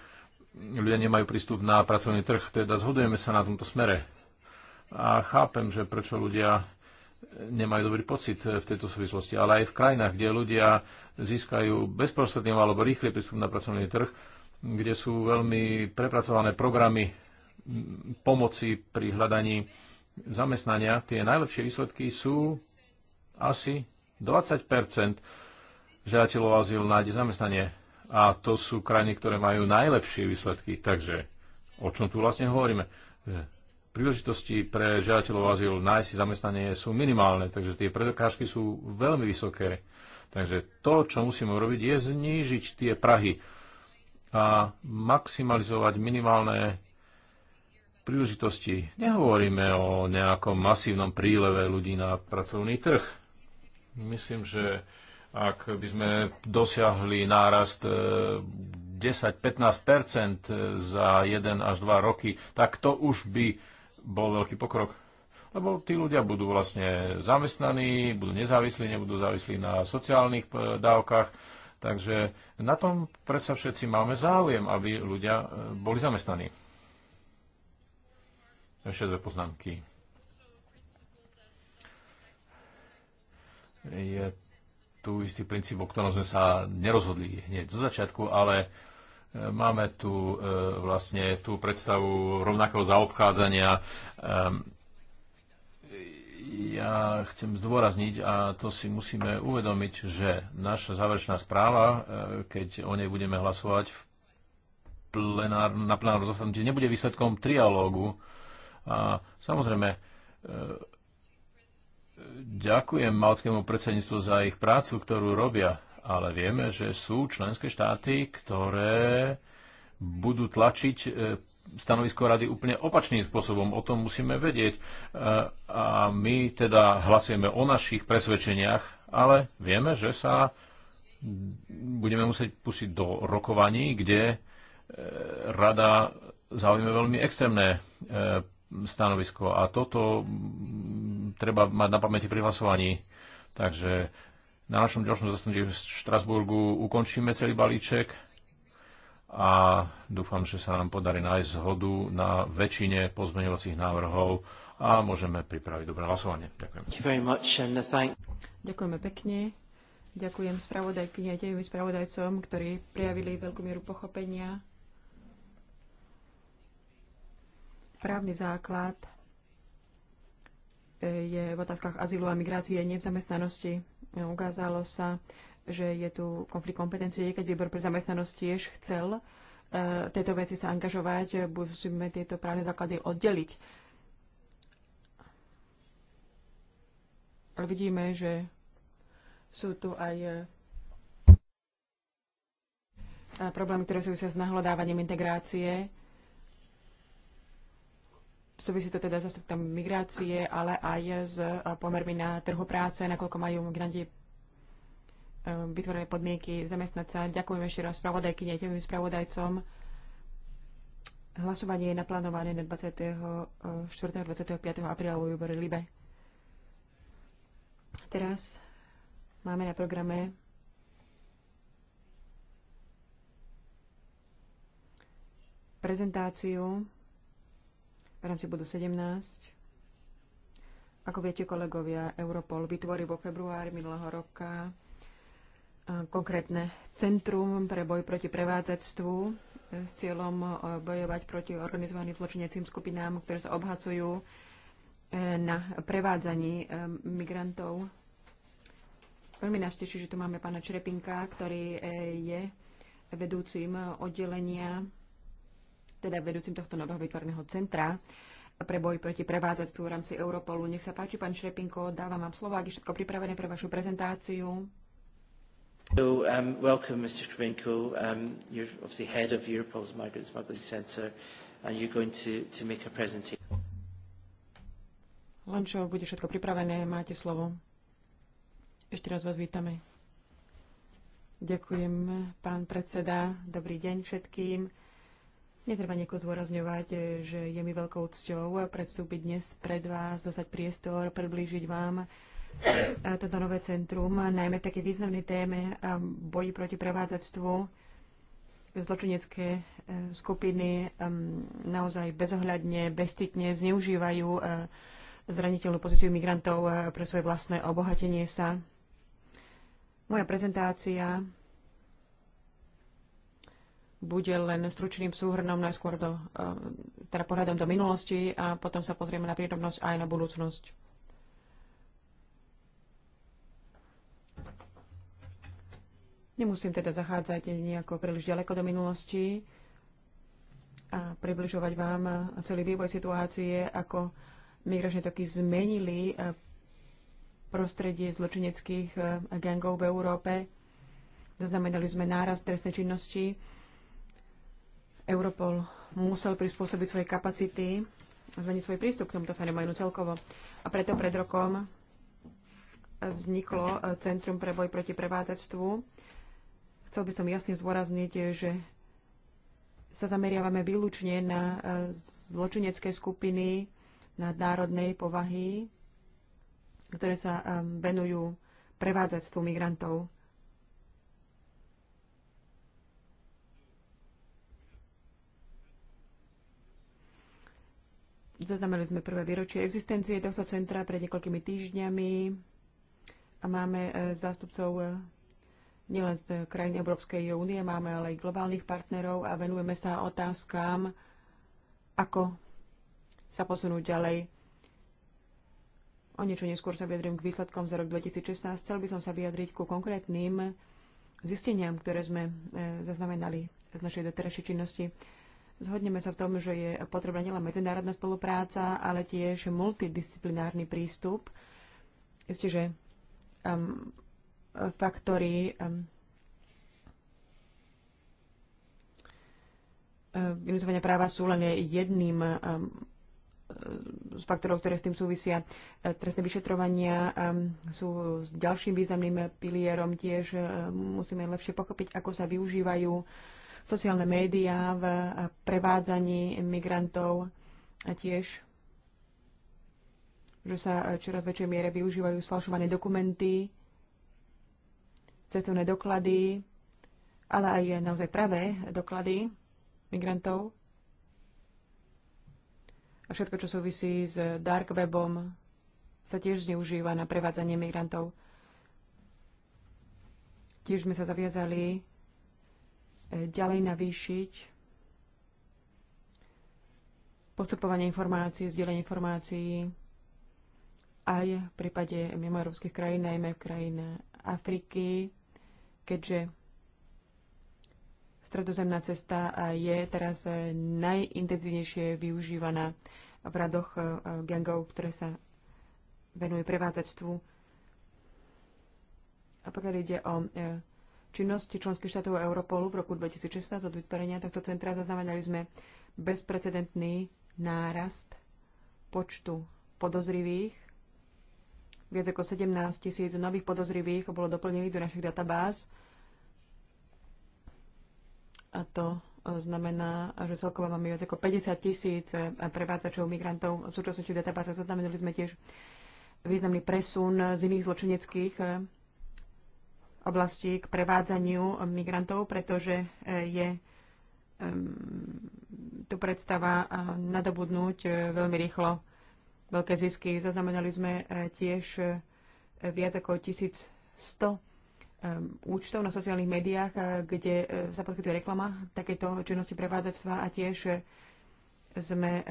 ľudia nemajú prístup na pracovný trh. Teda zhodujeme sa na tomto smere. A chápem, že prečo ľudia nemajú dobrý pocit v tejto súvislosti, ale aj v krajinách, kde ľudia získajú bezprostredný alebo rýchly prístup na pracovný trh, kde sú veľmi prepracované programy pomoci pri hľadaní zamestnania, tie najlepšie výsledky sú asi 20 žiadateľov azyl nájde zamestnanie. A to sú krajiny, ktoré majú najlepšie výsledky. Takže o čom tu vlastne hovoríme? E, príležitosti pre žiadateľov azyl nájsť zamestnanie sú minimálne, takže tie prekážky sú veľmi vysoké. Takže to, čo musíme urobiť, je znížiť tie prahy a maximalizovať minimálne príležitosti. Nehovoríme o nejakom masívnom príleve ľudí na pracovný trh. Myslím, že ak by sme dosiahli nárast 10-15 e, za 1 až 2 roky, tak to už by bol veľký pokrok. Lebo tí ľudia budú vlastne zamestnaní, budú nezávislí, nebudú závislí na sociálnych e, dávkach. Takže na tom predsa všetci máme záujem, aby ľudia e, boli zamestnaní. Ešte dve poznámky. Je tu istý princíp, o ktorom sme sa nerozhodli hneď zo začiatku, ale e, máme tu e, vlastne tú predstavu rovnakého zaobchádzania. Ehm, ja chcem zdôrazniť, a to si musíme uvedomiť, že naša záverečná správa, e, keď o nej budeme hlasovať v plenár, na plenárnom zasadnutí, nebude výsledkom trialógu, a samozrejme, e, ďakujem malckému predsedníctvu za ich prácu, ktorú robia, ale vieme, že sú členské štáty, ktoré budú tlačiť e, stanovisko rady úplne opačným spôsobom. O tom musíme vedieť. E, a my teda hlasujeme o našich presvedčeniach, ale vieme, že sa budeme musieť pustiť do rokovaní, kde rada zaujíme veľmi extrémne stanovisko. A toto mm, treba mať na pamäti pri hlasovaní. Takže na našom ďalšom zastanutí v Štrasburgu ukončíme celý balíček a dúfam, že sa nám podarí nájsť zhodu na väčšine pozmeňovacích návrhov a môžeme pripraviť dobré hlasovanie. Ďakujem. Ďakujeme pekne. Ďakujem spravodajkyni a tejovým spravodajcom, ktorí prijavili veľkú mieru pochopenia Právny základ e, je v otázkach azylu a migrácie, nie v zamestnanosti. E, ukázalo sa, že je tu konflikt kompetencií, keď výbor pre zamestnanosť tiež chcel e, tieto veci sa angažovať, musíme tieto právne základy oddeliť. Ale vidíme, že sú tu aj problémy, ktoré súvisia s nahľadávaním integrácie Súvisí to teda s aspektom migrácie, ale aj s e, pomermi na trhu práce, nakoľko majú migranti e, vytvorené podmienky zamestnať sa. Ďakujem ešte raz spravodajky, neťovým spravodajcom. Hlasovanie je naplánované na 24. E, a 25. apríla vo výbore Libe. Teraz máme na programe prezentáciu v rámci bodu 17. Ako viete, kolegovia, Europol vytvorí vo februári minulého roka e, konkrétne centrum pre boj proti prevádzactvu s cieľom e, bojovať proti organizovaným zločineckým skupinám, ktoré sa obhacujú e, na prevádzaní migrantov. Veľmi nás teší, že tu máme pána Črepinka, ktorý je vedúcim oddelenia teda vedúcim tohto nového vytvorného centra pre boj proti prevádzactvu v rámci Europolu. Nech sa páči, pán Šrepinko, dávam vám slovo, ak je všetko pripravené pre vašu prezentáciu. So, um, welcome, Mr. Krivenko. Um, you're obviously head of Europol's Migrant Smuggling Center, and you're going to, to make a presentation. Len bude všetko pripravené, máte slovo. Ešte raz vás vítame. Ďakujem, pán predseda. Dobrý deň všetkým. Netreba nieko zdôrazňovať, že je mi veľkou cťou predstúpiť dnes pred vás, dostať priestor, priblížiť vám eh, toto nové centrum, najmä také významnej téme eh, boji proti prevádzactvu, zločinecké eh, skupiny naozaj bezohľadne, bestitne zneužívajú zraniteľnú pozíciu migrantov pre svoje vlastné obohatenie sa. Moja prezentácia bude len stručným súhrnom najskôr do, eh, teda pohľadom do minulosti a potom sa pozrieme na prírodnosť aj na budúcnosť. Nemusím teda zachádzať nejako príliš ďaleko do minulosti a približovať vám celý vývoj situácie, ako migračné toky zmenili eh, prostredie zločineckých eh, gangov v Európe. Zaznamenali sme nárast trestnej činnosti, Europol musel prispôsobiť svoje kapacity a zmeniť svoj prístup k tomuto fenoménu celkovo. A preto pred rokom vzniklo eh, Centrum pre boj proti prevádzačstvu. Chcel by som jasne zvorazniť, že sa zameriavame výlučne na eh, zločinecké skupiny nadnárodnej povahy, ktoré sa eh, venujú prevádzačstvu migrantov. Zaznamenali sme prvé výročie existencie tohto centra pred niekoľkými týždňami a máme e, zástupcov e, nielen z krajín Európskej únie, máme ale aj globálnych partnerov a venujeme sa otázkam, ako sa posunúť ďalej. O niečo neskôr sa vyjadrím k výsledkom za rok 2016. Chcel by som sa vyjadriť ku konkrétnym zisteniam, ktoré sme e, zaznamenali z našej doterajšej činnosti. Zhodneme sa v tom, že je potrebná nielen medzinárodná spolupráca, ale tiež multidisciplinárny prístup. Isté, že um, faktory um, um vynúcovania práva sú len jedným um, z faktorov, ktoré s tým súvisia. E, trestné vyšetrovania um, sú s ďalším významným pilierom tiež. E, musíme lepšie pochopiť, ako sa využívajú sociálne médiá v prevádzaní migrantov a tiež že sa čoraz väčšej miere využívajú sfalšované dokumenty, cestovné doklady, ale aj naozaj pravé doklady migrantov a všetko, čo súvisí s dark webom, sa tiež zneužíva na prevádzanie migrantov. Tiež sme sa zaviazali E, ďalej navýšiť postupovanie informácií, zdieľanie informácií aj v prípade mimo európskych krajín, najmä krajine Afriky, keďže stredozemná cesta je teraz najintenzívnejšie využívaná v radoch e, gangov, ktoré sa venuje prevádzačstvu. A pokiaľ ide o e, činnosti členských štátov Europolu v roku 2016 od vytvorenia tohto centra zaznamenali sme bezprecedentný nárast počtu podozrivých. Viac ako 17 tisíc nových podozrivých bolo doplnených do našich databáz. A to e, znamená, že celkovo máme viac ako 50 tisíc e, prevádzačov migrantov. V súčasnosti v zaznamenali sme tiež významný presun z iných zločineckých e, oblasti k prevádzaniu migrantov, pretože e, je tu predstava nadobudnúť e, veľmi rýchlo veľké zisky. Zaznamenali sme e, tiež viac ako 1100 účtov na sociálnych médiách, kde sa poskytuje reklama takéto činnosti prevádzactva a tiež sme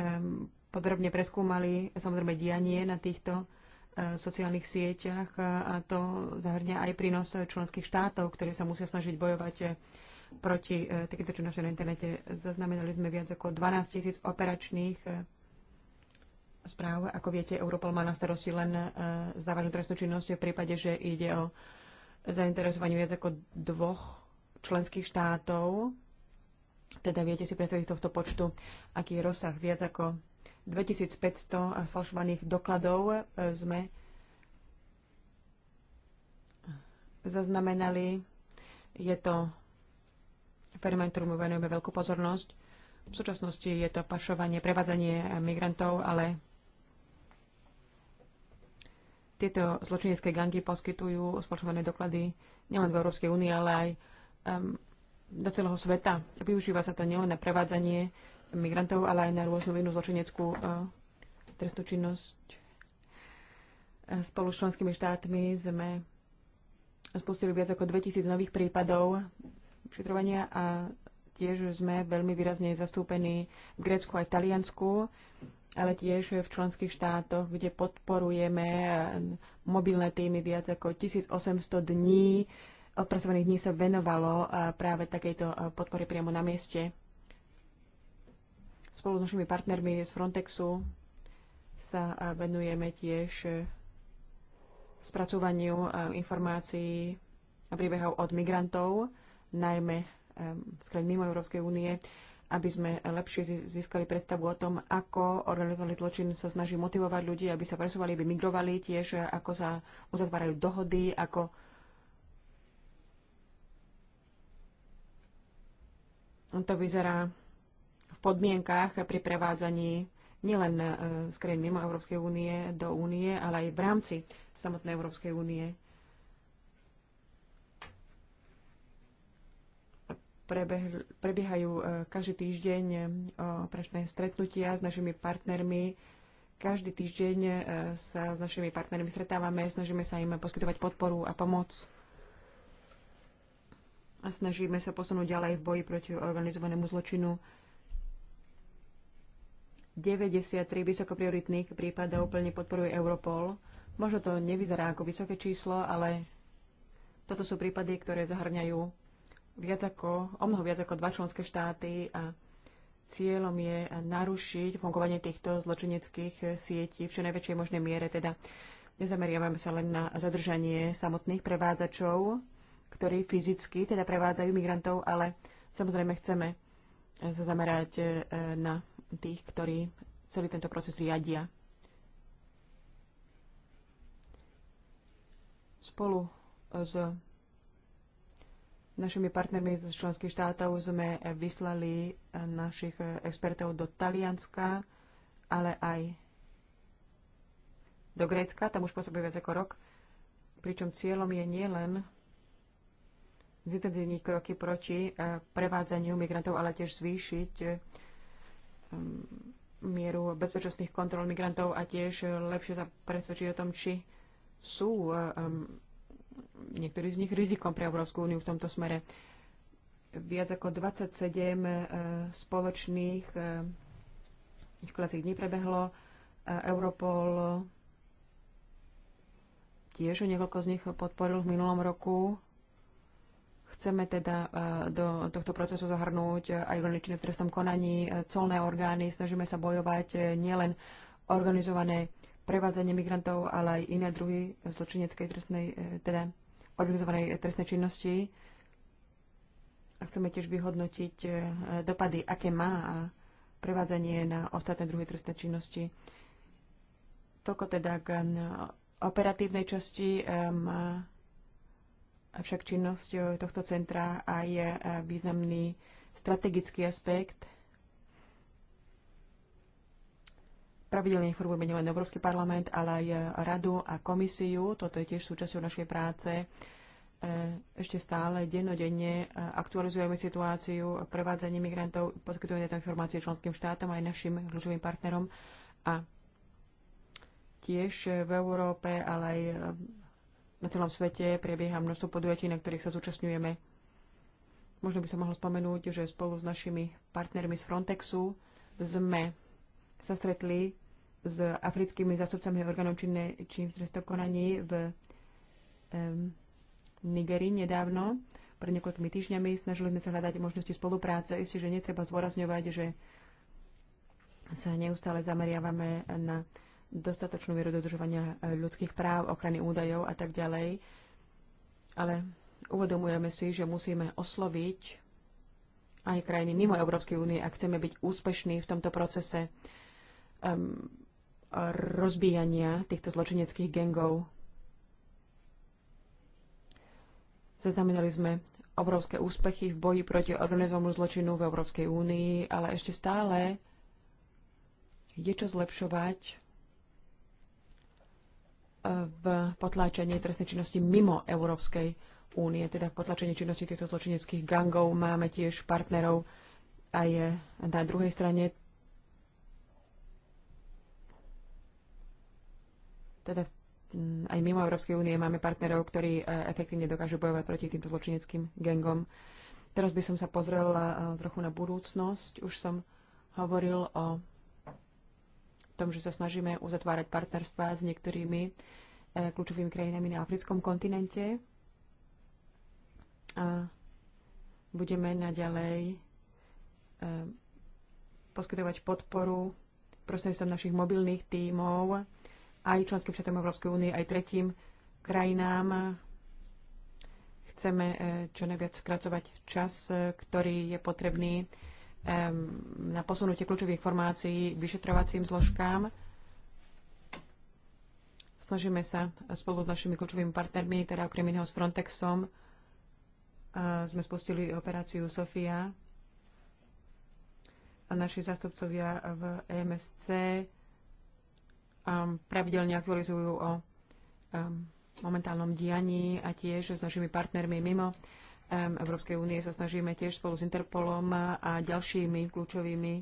podrobne preskúmali samozrejme dianie na týchto sociálnych sieťach a to zahrňa aj prínos členských štátov, ktoré sa musia snažiť bojovať e, proti e, takýmto činnosti na internete. Zaznamenali sme viac ako 12 tisíc operačných e, správ. Ako viete, Europol má na starosti len závažnú trestnú činnosť v prípade, že ide o zainteresovanie viac ako dvoch členských štátov. Teda viete si predstaviť z tohto počtu, aký je rozsah viac ako 2500 falšovaných dokladov e, sme zaznamenali. Je to fenomén, ktorému venujeme veľkú pozornosť. V súčasnosti je to pašovanie, prevádzanie migrantov, ale tieto zločinecké gangy poskytujú spoločované doklady nielen v Európskej únii, ale aj um, do celého sveta. Využíva sa to nielen na prevádzanie migrantov, ale aj na rôznu inú zločineckú e, trestnú činnosť. E, spolu s členskými štátmi sme spustili viac ako 2000 nových prípadov šetrovania a tiež sme veľmi výrazne zastúpení v Grécku a Taliansku, ale tiež v členských štátoch, kde podporujeme mobilné týmy viac ako 1800 dní. Odpracovaných dní sa venovalo e, práve takejto podpore priamo na mieste. Spolu s našimi partnermi z Frontexu sa venujeme tiež e, spracovaniu e, informácií a príbehov od migrantov, najmä e, z krajín mimo Európskej únie, aby sme lepšie získali predstavu o tom, ako organizovaný zločin sa snaží motivovať ľudí, aby sa presúvali, aby migrovali, tiež ako sa uzatvárajú dohody, ako to vyzerá podmienkách pri prevádzaní nielen e, z krajín mimo Európskej únie do únie, ale aj v rámci samotnej Európskej únie. prebiehajú e, každý týždeň e, operačné stretnutia s našimi partnermi. Každý týždeň sa s našimi partnermi stretávame, snažíme sa im poskytovať podporu a pomoc. A snažíme sa posunúť ďalej v boji proti organizovanému zločinu. 93 vysokoprioritných prípadov plne podporuje Europol. Možno to nevyzerá ako vysoké číslo, ale toto sú prípady, ktoré zahrňajú viac ako, o mnoho viac ako dva členské štáty a cieľom je narušiť fungovanie týchto zločineckých sietí v čo najväčšej možnej miere. Teda nezameriavame sa len na zadržanie samotných prevádzačov, ktorí fyzicky teda prevádzajú migrantov, ale samozrejme chceme sa zamerať e, na tých, ktorí celý tento proces riadia. Spolu e, s našimi partnermi z členských štátov sme vyslali e, našich expertov do Talianska, ale aj do Grécka, tam už pôsobí viac ako rok, pričom cieľom je nielen zintenzívniť kroky proti e, prevádzaniu migrantov, ale tiež zvýšiť Mm, mieru bezpečnostných kontrol migrantov a tiež lepšie sa presvedčiť o tom, či sú um, niektorí z nich rizikom pre Európsku úniu v tomto smere. Viac ako 27 uh, eh, spoločných uh, školacích dní prebehlo. Uh, Europol tiež niekoľko z nich podporil v minulom roku Chceme teda e, do tohto procesu zahrnúť e, aj organičné v trestnom konaní, e, colné orgány. Snažíme sa bojovať nielen organizované prevádzanie migrantov, ale aj iné druhy zločineckej trestnej, teda organizovanej trestnej činnosti. A chceme tiež vyhodnotiť dopady, aké má prevádzanie na ostatné druhy trestnej činnosti. Toľko teda k operatívnej časti. Má Avšak činnosť eh, tohto centra aj je eh, významný strategický aspekt. Pravidelne informujeme nielen Európsky parlament, ale aj eh, radu a komisiu. Toto je tiež súčasťou našej práce. Ešte stále dennodenne aktualizujeme situáciu prevádzanie migrantov, poskytujeme tieto informácie členským štátom aj našim kľúčovým partnerom a tiež v Európe, ale aj na celom svete prebieha množstvo podujatí, na ktorých sa zúčastňujeme. Možno by sa mohlo spomenúť, že spolu s našimi partnermi z Frontexu sme sa stretli s africkými zástupcami orgánov činné čím trestov konaní v um, Nigerii nedávno, pred niekoľkými týždňami. Snažili sme sa hľadať možnosti spolupráce. Isté, že netreba zdôrazňovať, že sa neustále zameriavame na dostatočnú mieru dodržovania e, ľudských práv, ochrany údajov a tak ďalej. Ale uvedomujeme si, že musíme osloviť aj krajiny mimo Európskej únie, ak chceme byť úspešní v tomto procese um, rozbíjania týchto zločineckých gengov. Zaznamenali sme obrovské úspechy v boji proti organizovanému zločinu v Európskej únii, ale ešte stále je čo zlepšovať v potláčaní trestnej činnosti mimo Európskej únie, teda v potlačení činnosti týchto zločineckých gangov. Máme tiež partnerov aj na druhej strane, teda mm, aj mimo Európskej únie máme partnerov, ktorí e, efektívne dokážu bojovať proti týmto zločineckým gangom. Teraz by som sa pozrela e, trochu na budúcnosť. Už som hovoril o tom, že sa snažíme uzatvárať partnerstva s niektorými eh, kľúčovými krajinami na africkom kontinente. A budeme naďalej eh, poskytovať podporu prostredníctvom našich mobilných tímov aj členským štátom Európskej únie, aj tretím krajinám. Chceme eh, čo najviac skracovať čas, ktorý je potrebný na posunutie kľúčových informácií k vyšetrovacím zložkám. Snažíme sa spolu s našimi kľúčovými partnermi, teda okrem iného s Frontexom, e, sme spustili operáciu Sofia a naši zastupcovia v e EMSC pravidelne aktualizujú o momentálnom dianí a tiež s našimi partnermi mimo Európskej únie sa snažíme tiež spolu s Interpolom a ďalšími kľúčovými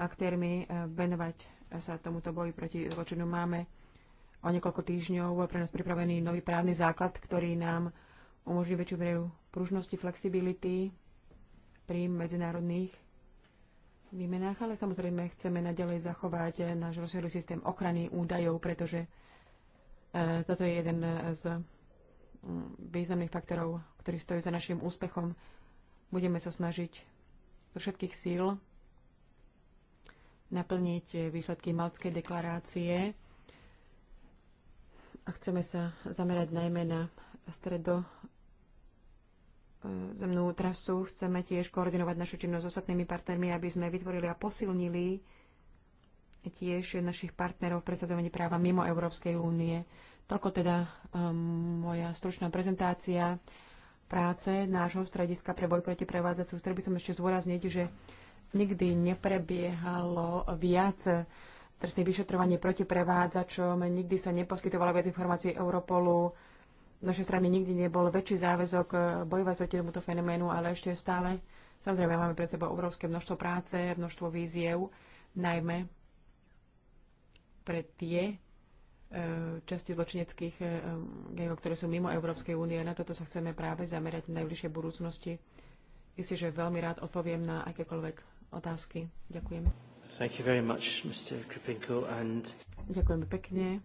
aktérmi eh, venovať sa tomuto boji proti zločinu. Máme o niekoľko týždňov pre nás pripravený nový právny základ, ktorý nám umožní väčšiu mieru pružnosti, flexibility pri medzinárodných výmenách, ale samozrejme chceme naďalej zachovať eh, náš rozsiahly systém ochrany údajov, pretože eh, toto je jeden z významných faktorov, ktorí stojí za našim úspechom. Budeme sa snažiť zo všetkých síl naplniť výsledky Maltskej deklarácie a chceme sa zamerať najmä na stredo e, zemnú trasu. Chceme tiež koordinovať našu činnosť s ostatnými partnermi, aby sme vytvorili a posilnili tiež našich partnerov v presadzovaní práva mimo Európskej únie. Toľko teda um, moja stručná prezentácia práce nášho strediska pre boj proti prevádzacu. Chcel by som ešte zdôrazniť, že nikdy neprebiehalo viac trestných vyšetrovanie proti prevádzačom, nikdy sa neposkytovalo viac informácií Europolu. Z našej strany nikdy nebol väčší záväzok eh, bojovať proti tomuto fenoménu, ale ešte stále, samozrejme, máme pred sebou obrovské množstvo práce, množstvo víziev, najmä pre tie E, časti zločineckých e, gejov, ktoré sú mimo Európskej únie. Na toto sa chceme práve zamerať v najbližšej budúcnosti. Myslím, že veľmi rád odpoviem na akékoľvek otázky. Ďakujem. Thank you very much, Mr. Kripinko, and... Ďakujem pekne.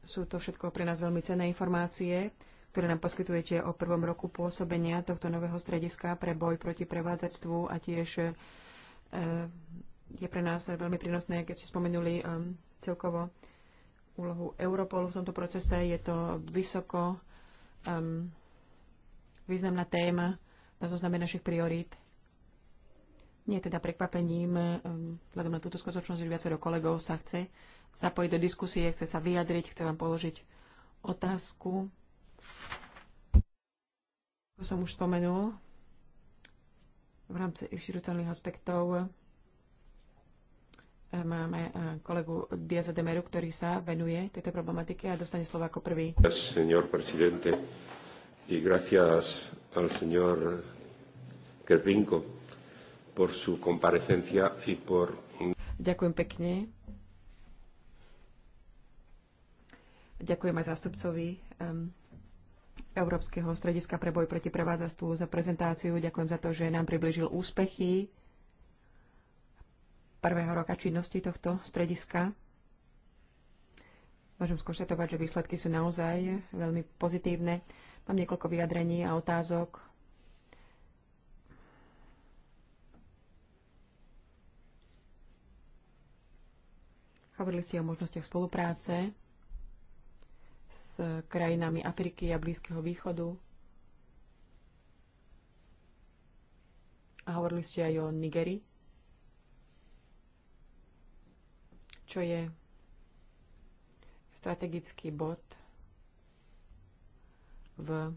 Sú to všetko pre nás veľmi cenné informácie, ktoré nám poskytujete o prvom roku pôsobenia tohto nového strediska pre boj proti prevádzactvu a tiež e, je pre nás veľmi prínosné, keď ste spomenuli um, celkovo úlohu Europolu v tomto procese. Je to vysoko um, významná téma na zozname našich priorít. Nie je teda prekvapením, um, vzhľadom na túto skutočnosť, že viacero kolegov sa chce zapojiť do diskusie, chce sa vyjadriť, chce vám položiť otázku. Ako som už spomenul, v rámci inštitucionálnych aspektov Máme eh, kolegu Diaza de Meru, ktorý sa venuje tejto problematike a dostane slovo ako prvý. Señor presidente, y gracias al señor Kerpinko por su comparecencia y por... Ďakujem pekne. Ďakujem aj zástupcovi um, Európskeho strediska pre boj proti prevádzastvu za prezentáciu. Ďakujem za to, že nám približil úspechy prvého roka činnosti tohto strediska. Môžem skonštatovať, že výsledky sú naozaj veľmi pozitívne. Mám niekoľko vyjadrení a otázok. Hovorili ste o možnostiach spolupráce s krajinami Afriky a Blízkeho východu. A hovorili ste aj o Nigerii. čo je strategický bod v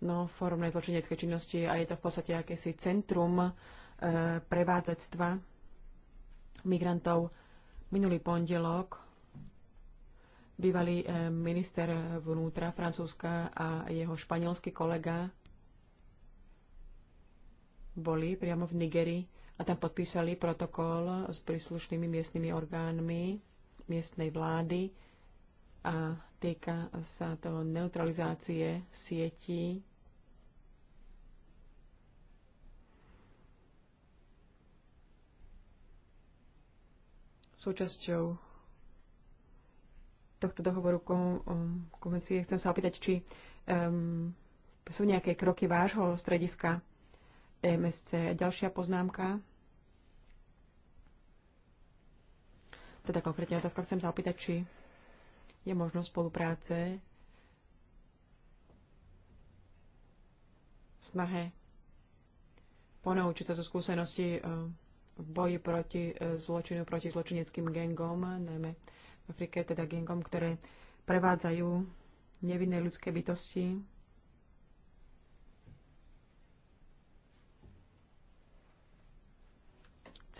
No forme zločineckej činnosti a je to v podstate akési centrum e, prevádzactva migrantov. Minulý pondelok bývalý e, minister vnútra Francúzska a jeho španielský kolega boli priamo v Nigerii a tam podpísali protokol s príslušnými miestnymi orgánmi miestnej vlády a týka sa to neutralizácie sietí súčasťou tohto dohovoru um, konvencie. Chcem sa opýtať, či um, sú nejaké kroky vášho strediska e MSC. Ďalšia poznámka. Teda konkrétne otázka chcem sa opýtať, či je možnosť spolupráce v snahe ponaučiť sa zo skúsenosti eh, v boji proti eh, zločinu, proti zločineckým gengom, najmä v Afrike, teda gengom, ktoré prevádzajú nevinné ľudské bytosti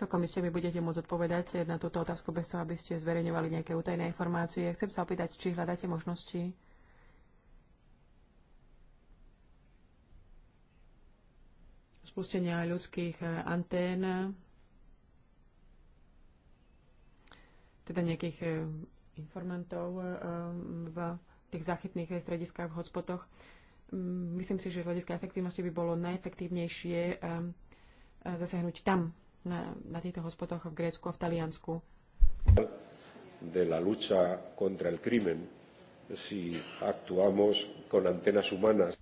Celkom iste mi budete môcť odpovedať na túto otázku bez toho, aby ste zverejňovali nejaké utajné informácie. Chcem sa opýtať, či hľadáte možnosti spustenia ľudských eh, antén, teda nejakých eh, informantov eh, v tých zachytných strediskách v hotspotoch. Mm, myslím si, že z hľadiska efektívnosti by bolo najefektívnejšie zasiahnuť tam, na, na týchto hospodoch v Grécku a v Taliansku. De la lucha contra el crimen, si actuamos con antenas humanas.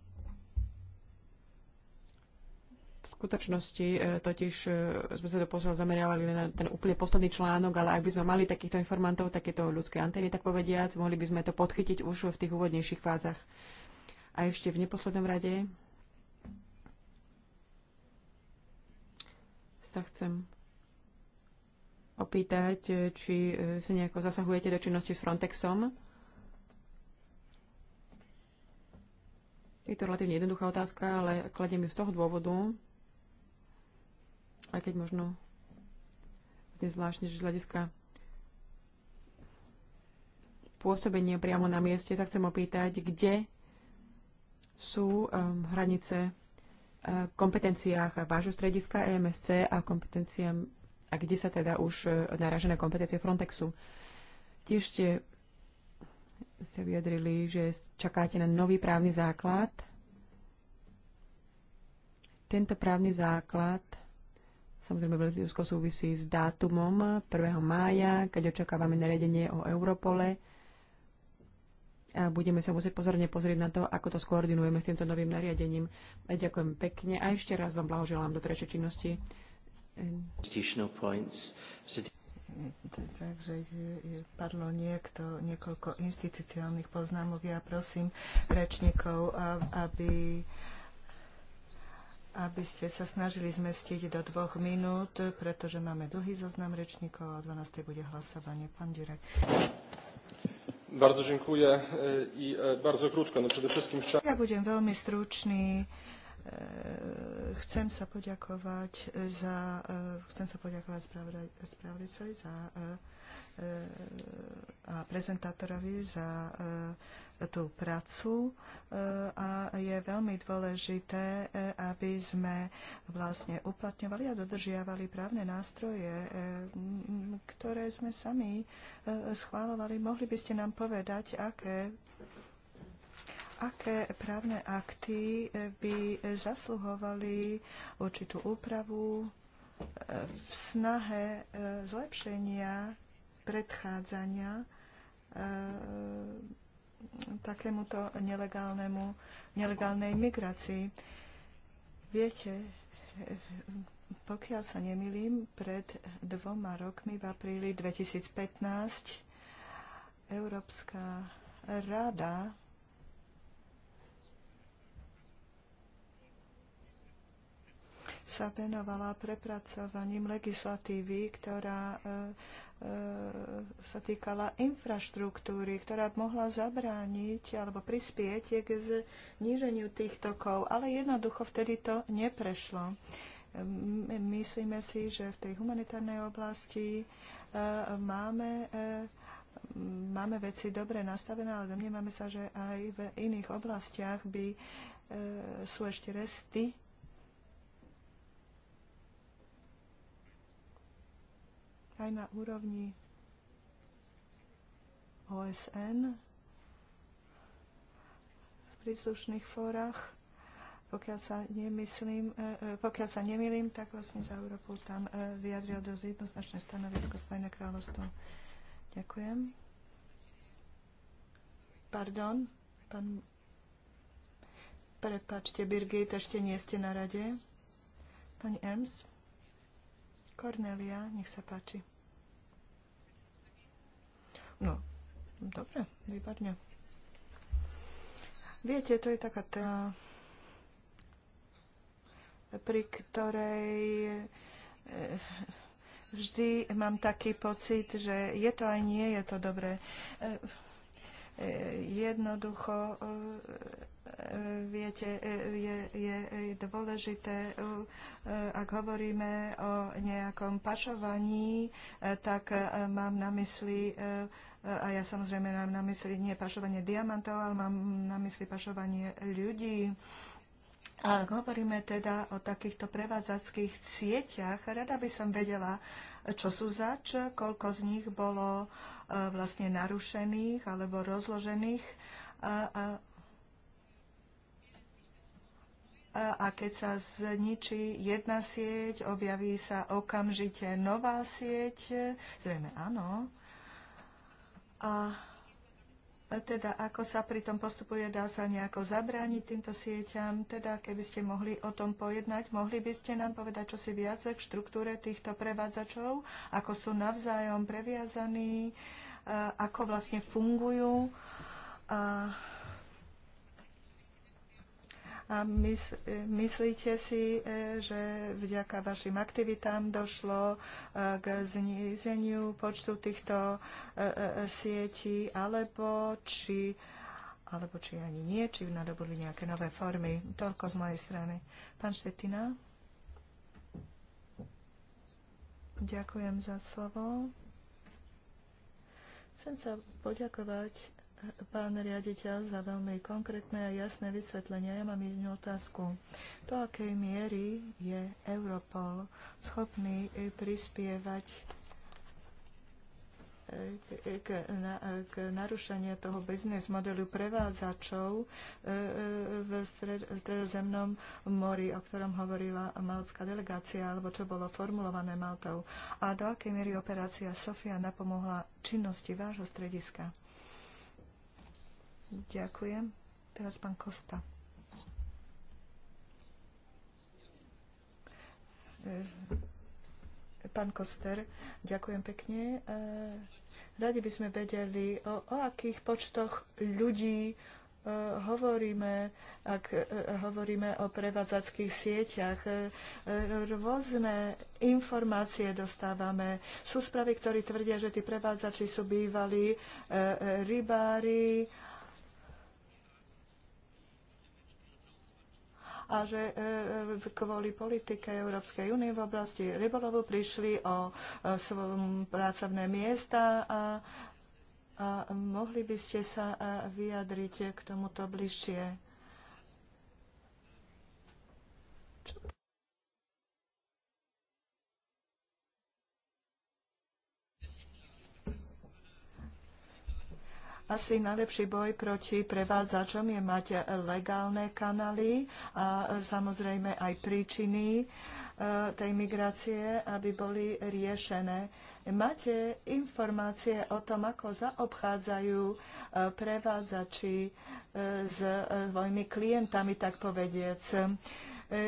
V skutočnosti e, totiž e, sme sa doposiaľ zameriavali na ten úplne posledný článok, ale ak by sme mali takýchto informantov, takéto ľudské antény, tak povediac, mohli by sme to podchytiť už v tých úvodnejších fázach. A ešte v neposlednom rade sa chcem opýtať, e, či e, sa nejako zasahujete do činnosti s Frontexom. Je to relatívne jednoduchá otázka, ale kladiem ju z toho dôvodu, aj keď možno znie zvláštne, že z hľadiska pôsobenie priamo na mieste, sa chcem opýtať, kde sú um, hranice kompetenciách vášho strediska EMSC a kompetenciám, a kde sa teda už e, naražené kompetencie Frontexu. Tiež ste sa vyjadrili, že čakáte na nový právny základ. Tento právny základ samozrejme veľmi úzko súvisí s dátumom 1. mája, keď očakávame nariadenie o Europole a budeme sa musieť pozorne pozrieť na to, ako to skoordinujeme s týmto novým nariadením. A ďakujem pekne a ešte raz vám blahoželám do trečej činnosti. Takže padlo niekto, niekoľko institucionálnych poznámok. Ja prosím rečníkov, aby aby ste sa snažili zmestiť do dvoch minút, pretože máme dlhý zoznam rečníkov a o 12. bude hlasovanie. Pán Ďurek. Bardzo dziękuję e, i e, bardzo krótko. No przede wszystkim chciałem... Ja będę bardzo stručný. Chcę e, sa podziękować za, chcę sa poďakovať spravodajcovi za a prezentátorovi za tú prácu eh, a je veľmi dôležité, eh, aby sme vlastne uplatňovali a dodržiavali právne nástroje, eh, ktoré sme sami schválovali. Mohli by ste nám povedať, aké aké právne akty by zasluhovali určitú úpravu v snahe zlepšenia, predchádzania takémuto nelegálnemu, nelegálnej migrácii. Viete, pokiaľ sa nemilím, pred dvoma rokmi v apríli 2015 Európska rada sa venovala prepracovaním legislatívy, ktorá e, e, sa týkala infraštruktúry, ktorá mohla zabrániť alebo prispieť k zníženiu tých tokov, ale jednoducho vtedy to neprešlo. Myslíme si, že v tej humanitárnej oblasti e, máme máme veci dobre nastavené, ale domnievame sa, že aj v iných oblastiach by sú ešte resty aj na úrovni OSN v príslušných fórach. Pokiaľ sa, nemyslím, e, e, pokiaľ sa nemýlim, tak vlastne za Európu tam e, vyjadril dosť jednoznačné stanovisko Spojené kráľovstvo. Ďakujem. Pardon, pán... Prepačte, Birgit, ešte nie ste na rade. Pani Ems? Cornelia, nech sa páči. No, dobre, výborne. Viete, to je taká téma, pri ktorej eh, vždy mám taký pocit, že je to aj nie, je to dobré. Eh, eh, jednoducho, viete, je, je dôležité, ak hovoríme o nejakom pašovaní, tak mám na mysli a ja samozrejme mám na mysli nie pašovanie diamantov, ale mám na mysli pašovanie ľudí. A ak hovoríme teda o takýchto prevádzackých sieťach, rada by som vedela, čo sú zač, koľko z nich bolo e, vlastne narušených alebo rozložených. A, a, a keď sa zničí jedna sieť, objaví sa okamžite nová sieť. Zrejme áno. A teda ako sa pri tom postupuje, dá sa nejako zabrániť týmto sieťam, teda keby ste mohli o tom pojednať, mohli by ste nám povedať čo si viac k štruktúre týchto prevádzačov, ako sú navzájom previazaní, ako vlastne fungujú. A a myslíte si, e, že vďaka vašim aktivitám došlo e, k zníženiu počtu týchto e, sietí, alebo či alebo či ani nie, či nadobudli nejaké nové formy. Toľko z mojej strany. Pán Štetina? Ďakujem za slovo. Chcem sa poďakovať pán riaditeľ, za veľmi konkrétne a jasné vysvetlenie. Ja mám jednu otázku. Do akej miery je Europol schopný e, prispievať e, k, e, na, k narušenie toho biznes modelu prevádzačov v stredozemnom mori, o ktorom hovorila malská delegácia, alebo čo bolo formulované Maltou. A do akej miery operácia Sofia napomohla činnosti vášho strediska? Ďakujem. Teraz pán Kosta. E, pán Koster, ďakujem pekne. E, radi by sme vedeli, o, o akých počtoch ľudí e, hovoríme, ak hovoríme o prevádzackých sieťach, rôzne informácie dostávame. Sú správy, ktorí tvrdia, že tí prevádzači sú bývalí rybári, a že e, e, kvôli politike Európskej únie v oblasti rybolovu prišli o e, svoje pracovné miesta a a mohli by ste sa vyjadriť k tomuto bližšie? Asi najlepší boj proti prevádzačom je mať legálne kanály a samozrejme aj príčiny e, tej migrácie, aby boli riešené. Máte informácie o tom, ako zaobchádzajú e, prevádzači e, s svojimi klientami, tak povediac. E, e,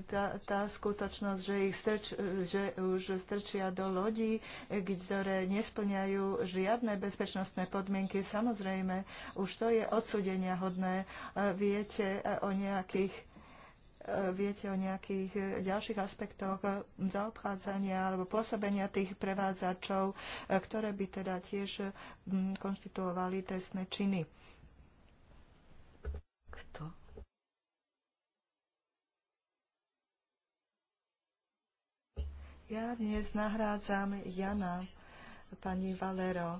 e, tá, tá skutočnosť, že, ich strč, že už strčia do lodí, ktoré nesplňajú žiadne bezpečnostné podmienky, samozrejme, už to je odsudenia hodné. Viete o nejakých viete o nejakých ďalších aspektoch zaobchádzania alebo pôsobenia tých prevádzačov, ktoré by teda tiež konštituovali trestné činy. Kto? Ja dnes nahrádzam Jana, pani Valero.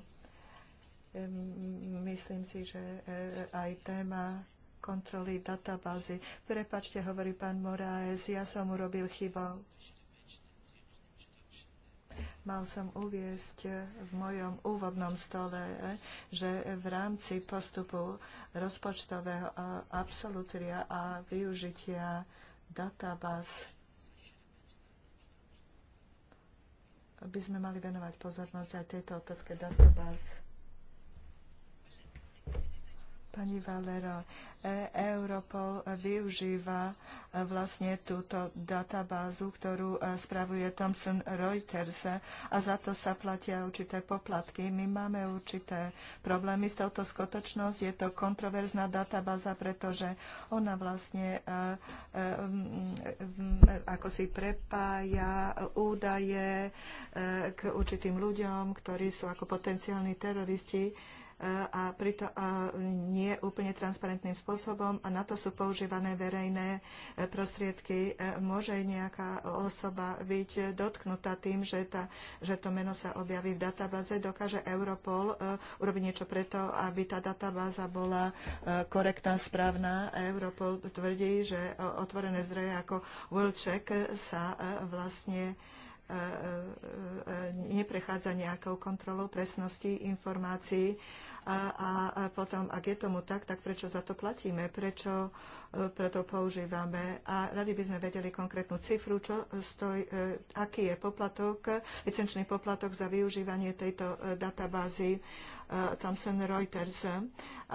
Myslím si, že e, aj téma kontroly databázy. Prepačte, hovorí pán Moraes, ja som urobil chybu. Mal som uviesť e, v mojom úvodnom stole, e, že v rámci postupu rozpočtového absolutria a využitia databáz by sme mali venovať pozornosť aj tejto otázke databáz. Pani Valero, e- Europol využíva e, vlastne túto databázu, ktorú e, spravuje Thomson Reuters a za to sa platia určité poplatky. My máme určité problémy s touto skutočnosť. Je to kontroverzná databáza, pretože ona vlastne ako si prepája údaje k určitým ľuďom, ktorí sú ako potenciálni teroristi a a nie úplne transparentným spôsobom a na to sú používané verejné e, prostriedky. E, môže nejaká osoba byť dotknutá tým, že, tá, že to meno sa objaví v databáze. Dokáže Europol e, urobiť niečo preto, aby tá databáza bola korektná, správna. Europol tvrdí, že otvorené zdroje ako WorldCheck sa vlastne neprechádza nejakou kontrolou presnosti informácií. A, a, a potom, ak je tomu tak, tak prečo za to platíme? Prečo e, preto používame? A radi by sme vedeli konkrétnu cifru, čo stoj, e, aký je poplatok, licenčný poplatok za využívanie tejto e, databázy Thomson Reuters.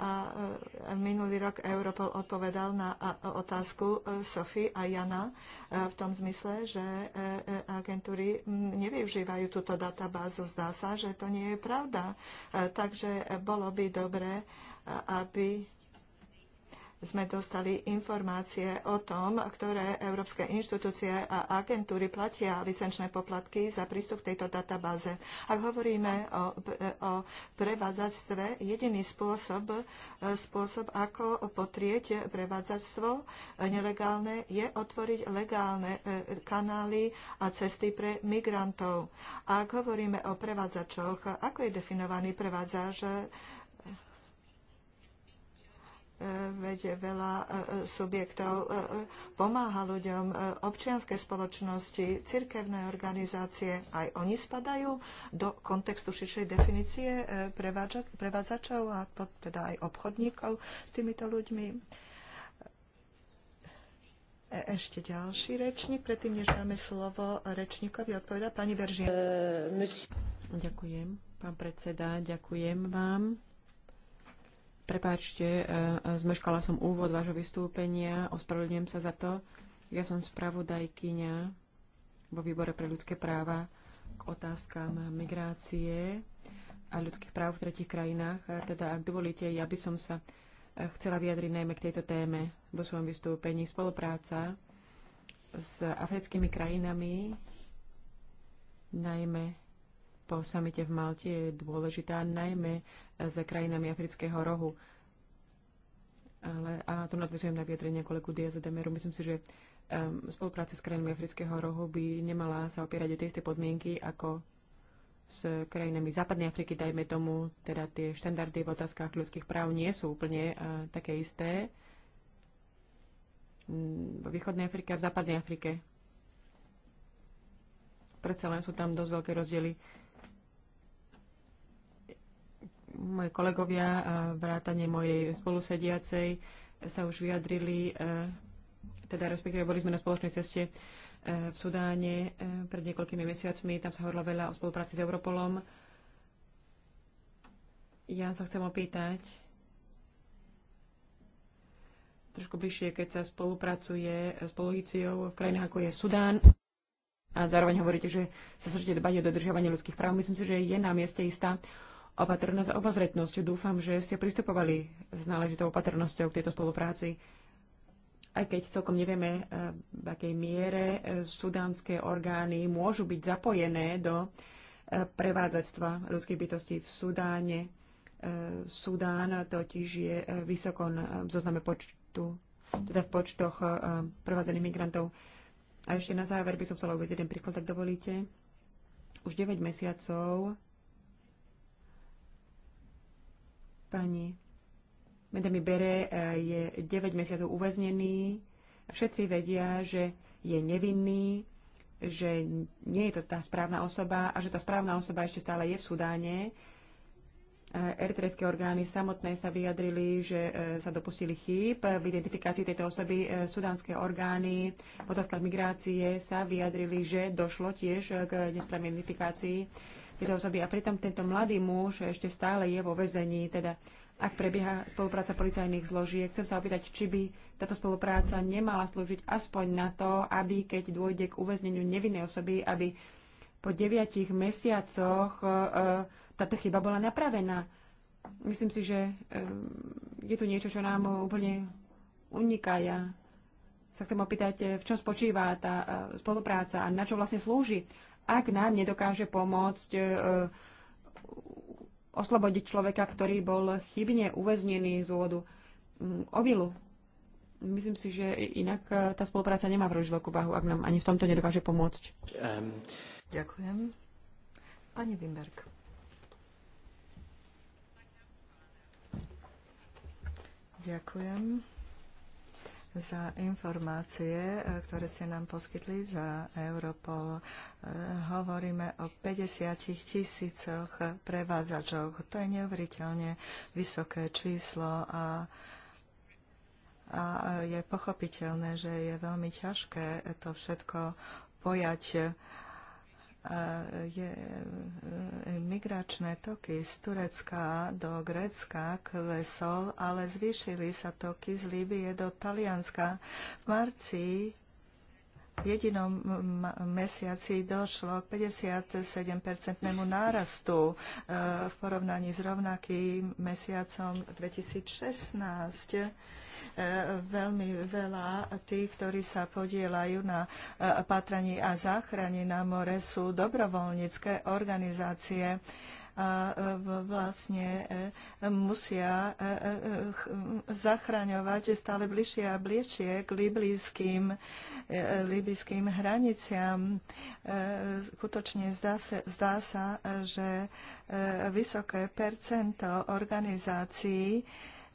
A minulý rok Europol odpovedal na otázku e, Sofy a Jana e, v tom zmysle, že e, agentúry nevyužívajú túto databázu. Zdá sa, že to nie je pravda. Takže bolo by dobré, aby sme dostali informácie o tom, ktoré európske inštitúcie a agentúry platia licenčné poplatky za prístup k tejto databáze. Ak hovoríme o, o prevádzactve, jediný spôsob, e, spôsob, ako potrieť prevádzactvo e, nelegálne, je otvoriť legálne e, kanály a cesty pre migrantov. Ak hovoríme o prevádzačoch, ako je definovaný prevádzač? veď veľa e, e, subjektov e, pomáha ľuďom, občianske spoločnosti, cirkevné organizácie, aj oni spadajú do kontextu širšej definície prevádzačov a teda aj obchodníkov s týmito ľuďmi. Ešte ďalší rečník, predtým než dáme slovo rečníkovi, odpoveda pani Veržia. Ďakujem, pán predseda, ďakujem vám. Prepáčte, e, e, zmeškala som úvod vášho vystúpenia, ospravedlňujem sa za to. Ja som spravodajkyňa vo výbore pre ľudské práva k otázkam migrácie a ľudských práv v tretich krajinách. Teda, ak dovolíte, ja by som sa e, chcela vyjadriť najmä k tejto téme vo svojom vystúpení. Spolupráca s africkými krajinami, najmä po samite v Malte, je dôležitá, najmä s krajinami Afrického rohu. Ale, a tu nadvezujem na vyjadrenie kolegu Diaz Demeru. Myslím si, že um, spolupráca s krajinami Afrického rohu by nemala sa opierať o tie isté podmienky ako s krajinami Západnej Afriky, dajme tomu, teda tie štandardy v otázkach ľudských práv nie sú úplne uh, také isté hm, v východnej Afrike a v západnej Afrike. Predsa len sú tam dosť veľké rozdiely moje kolegovia a vrátane mojej spolusediacej sa už vyjadrili, e, teda respektíve boli sme na spoločnej ceste e, v Sudáne e, pred niekoľkými mesiacmi. Tam sa hovorilo veľa o spolupráci s Europolom. Ja sa chcem opýtať trošku bližšie, keď sa spolupracuje s políciou v krajinách ako je Sudán a zároveň hovoríte, že sa srdíte dbať o dodržiavanie ľudských práv. Myslím si, že je na mieste istá opatrnosť a obozretnosť. Dúfam, že ste pristupovali s náležitou opatrnosťou k tejto spolupráci. Aj keď celkom nevieme, eh, v akej miere eh, sudánske orgány môžu byť zapojené do eh, prevádzactva ľudských bytostí v Sudáne. Sudán totiž je vysoko v zozname počtu, teda v počtoch prevádzaných migrantov. A ešte na záver by som chcela uvedieť jeden príklad, tak dovolíte. Už 9 mesiacov Pani Medami Bere e, je 9 mesiacov uväznený. Všetci vedia, že je nevinný, že nie je to tá správna osoba a že tá správna osoba ešte stále je v Sudáne. E, Eritrejské orgány samotné sa vyjadrili, že e, sa dopustili chýb v identifikácii tejto osoby. Sudánske orgány v otázkach migrácie sa vyjadrili, že došlo tiež k nesprávnej identifikácii tieto osoby. A pritom tento mladý muž ešte stále je vo väzení, teda ak prebieha spolupráca policajných zložiek. Chcem sa opýtať, či by táto spolupráca nemala slúžiť aspoň na to, aby keď dôjde k uväzneniu nevinnej osoby, aby po deviatich mesiacoch e, táto chyba bola napravená. Myslím si, že e, je tu niečo, čo nám úplne uniká. Ja sa chcem opýtať, e, v čom spočíva tá spolupráca a na čo vlastne slúži ak nám nedokáže pomôcť e, e, oslobodiť človeka, ktorý bol chybne uväznený z dôvodu mm, obilu. Myslím si, že inak e, tá spolupráca nemá v veľkú váhu, ak nám ani v tomto nedokáže pomôcť. Um. Ďakujem. Pani Wimberg. Ďakujem za informácie, e, ktoré ste nám poskytli za Europol. E, hovoríme o 50 tisícoch prevádzačoch. To je neuveriteľne vysoké číslo a a je pochopiteľné, že je veľmi ťažké to všetko pojať je, e, migračné toky z Turecka do Grécka klesol, ale zvýšili sa toky z Líbie do Talianska. V marci jedinom mesiaci došlo k 57-percentnému nárastu e, v porovnaní s rovnakým mesiacom 2016. E, veľmi veľa tých, ktorí sa podielajú na e, patraní a záchrani na more, sú dobrovoľnícke organizácie a vlastne e, musia e, e, zachraňovať stále bližšie a bližšie k libyským, libyským hraniciam. Skutočne zdá sa, zdá sa, že vysoké percento organizácií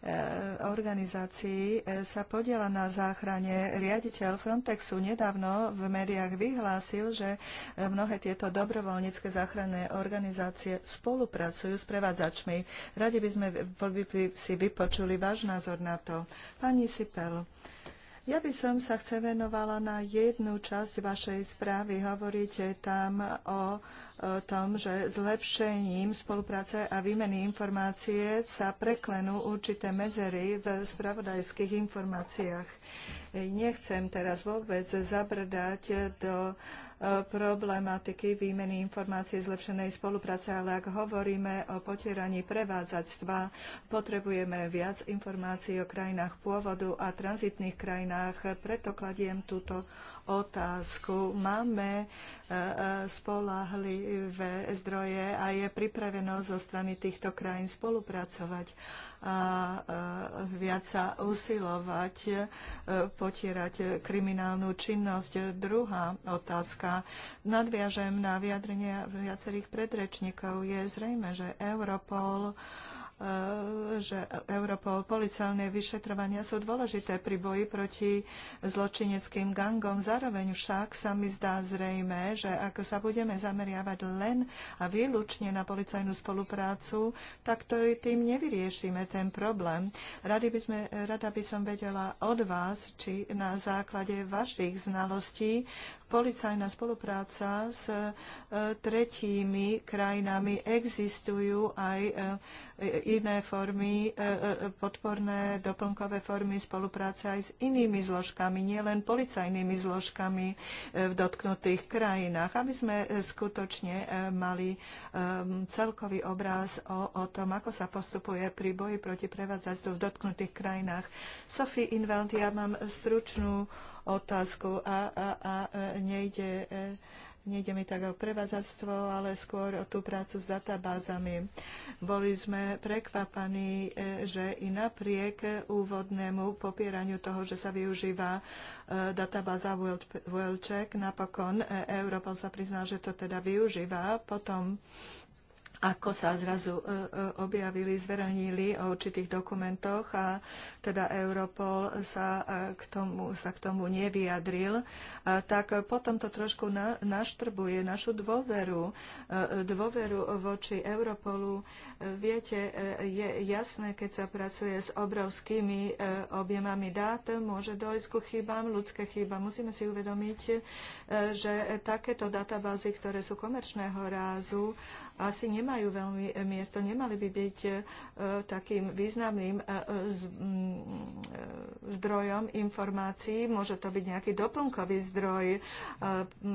Eh, organizácií eh, sa podiela na záchrane. Riaditeľ Frontexu nedávno v médiách vyhlásil, že eh, mnohé tieto dobrovoľnícke záchranné organizácie spolupracujú s prevádzačmi. Radi by sme si vypočuli váš názor na to. Pani Sipel, ja by som sa chce venovala na jednu časť vašej správy. Hovoríte tam o, o tom, že zlepšením spolupráce a výmeny informácie sa preklenú určité medzery v spravodajských informáciách. Nechcem teraz vôbec zabrdať do problematiky výmeny informácií zlepšenej spolupráce, ale ak hovoríme o potieraní prevádzactva, potrebujeme viac informácií o krajinách pôvodu a tranzitných krajinách, preto kladiem túto otázku. Máme e, e, spolahlivé zdroje a je pripravenosť zo strany týchto krajín spolupracovať a e, viac sa usilovať potierať kriminálnu činnosť. Druhá otázka. Nadviažem na vyjadrenie viacerých predrečníkov. Je zrejme, že Europol E, že Europol policajné vyšetrovania sú dôležité pri boji proti zločineckým gangom. Zároveň však sa mi zdá zrejme, že ak sa budeme zameriavať len a výlučne na policajnú spoluprácu, tak to i tým nevyriešime ten problém. Rady by sme, rada by som vedela od vás, či na základe vašich znalostí policajná spolupráca s e, tretími krajinami. Existujú aj e, iné formy, e, podporné doplnkové formy spolupráce aj s inými zložkami, nielen policajnými zložkami v dotknutých krajinách, aby sme skutočne mali celkový obraz o, o tom, ako sa postupuje pri boji proti prevádzajstvu v dotknutých krajinách. Sophie Inveld, ja mám stručnú otázku a, a, a e, nejde, e, nejde mi tak o prevádzactvo, ale skôr o tú prácu s databázami. Boli sme prekvapaní, e, že i napriek úvodnému popieraniu toho, že sa využíva databáza WorldCheck, napokon Europol sa priznal, že to teda využíva. Potom ako sa zrazu e, e, objavili, zverejnili o určitých dokumentoch a teda Europol sa e, k tomu, sa k tomu nevyjadril, tak potom to trošku naštrbuje našu dôveru, dôveru voči Europolu. Viete, je jasné, keď sa pracuje s obrovskými objemami dát, môže dojsť ku chybám, ľudské chyba. Musíme si uvedomiť, že takéto databázy, ktoré sú komerčného rázu, asi nemajú veľmi e, miesto, nemali by byť e, takým významným e, mm, zdrojom informácií. Môže to byť nejaký doplnkový zdroj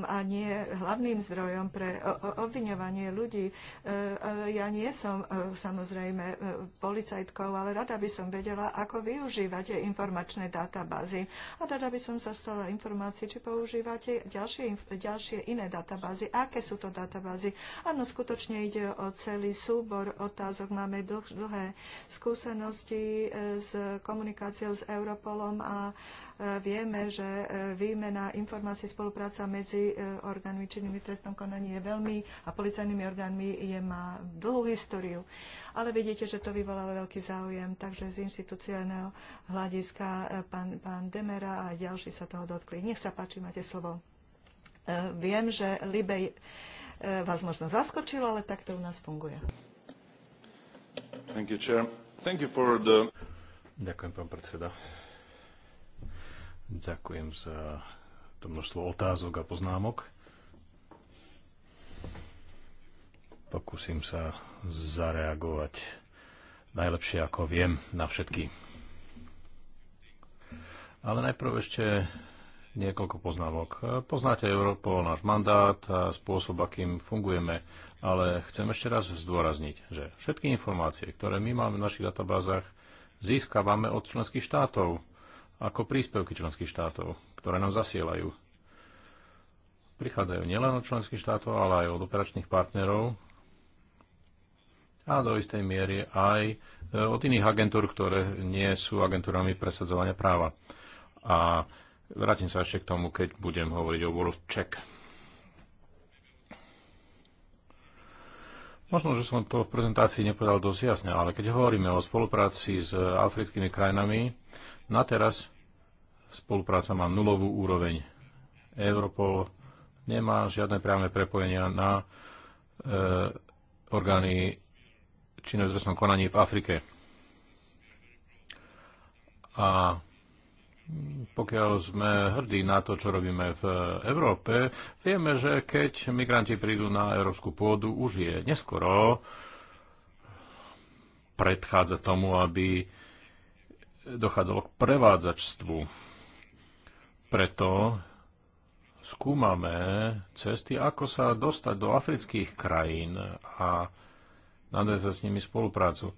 a nie hlavným zdrojom pre obviňovanie ľudí. Ja nie som samozrejme policajtkou, ale rada by som vedela, ako využívate informačné databázy. A rada by som sa stala informácií, či používate ďalšie, ďalšie iné databázy, aké sú to databázy. Áno, skutočne skutočne ide o celý súbor otázok. Máme dlhé skúsenosti eh, s komunikáciou s Europolom a eh, vieme, že eh, výmena informácií, spolupráca medzi orgánmi činnými v trestnom konaní je veľmi a policajnými orgánmi je, má dlhú históriu. Ale vidíte, že to vyvoláva veľký záujem, takže z inštitúciálneho hľadiska pán, pán Demera a ďalší sa toho dotkli. Nech sa páči, máte slovo. Viem, že Libej Eh, vás možno zaskočilo, ale tak to u nás funguje. Thank you, Chair. Thank you for the... Ďakujem, pán predseda. Ďakujem za to množstvo otázok a poznámok. Pokúsim sa zareagovať najlepšie, ako viem, na všetky. Ale najprv ešte Niekoľko poznámok. Poznáte Europol, náš mandát a spôsob, akým fungujeme, ale chcem ešte raz zdôrazniť, že všetky informácie, ktoré my máme v našich databázach, získavame od členských štátov ako príspevky členských štátov, ktoré nám zasielajú. Prichádzajú nielen od členských štátov, ale aj od operačných partnerov a do istej miery aj e, od iných agentúr, ktoré nie sú agentúrami presadzovania práva. A Vrátim sa ešte k tomu, keď budem hovoriť o World Check. Možno, že som to v prezentácii nepovedal dosť jasne, ale keď hovoríme o spolupráci s africkými krajinami, na teraz spolupráca má nulovú úroveň. Europol nemá žiadne priame prepojenia na e, orgány činné v konaní v Afrike. A pokiaľ sme hrdí na to, čo robíme v Európe, vieme, že keď migranti prídu na európsku pôdu, už je neskoro predchádza tomu, aby dochádzalo k prevádzačstvu. Preto skúmame cesty, ako sa dostať do afrických krajín a nadviazať s nimi spoluprácu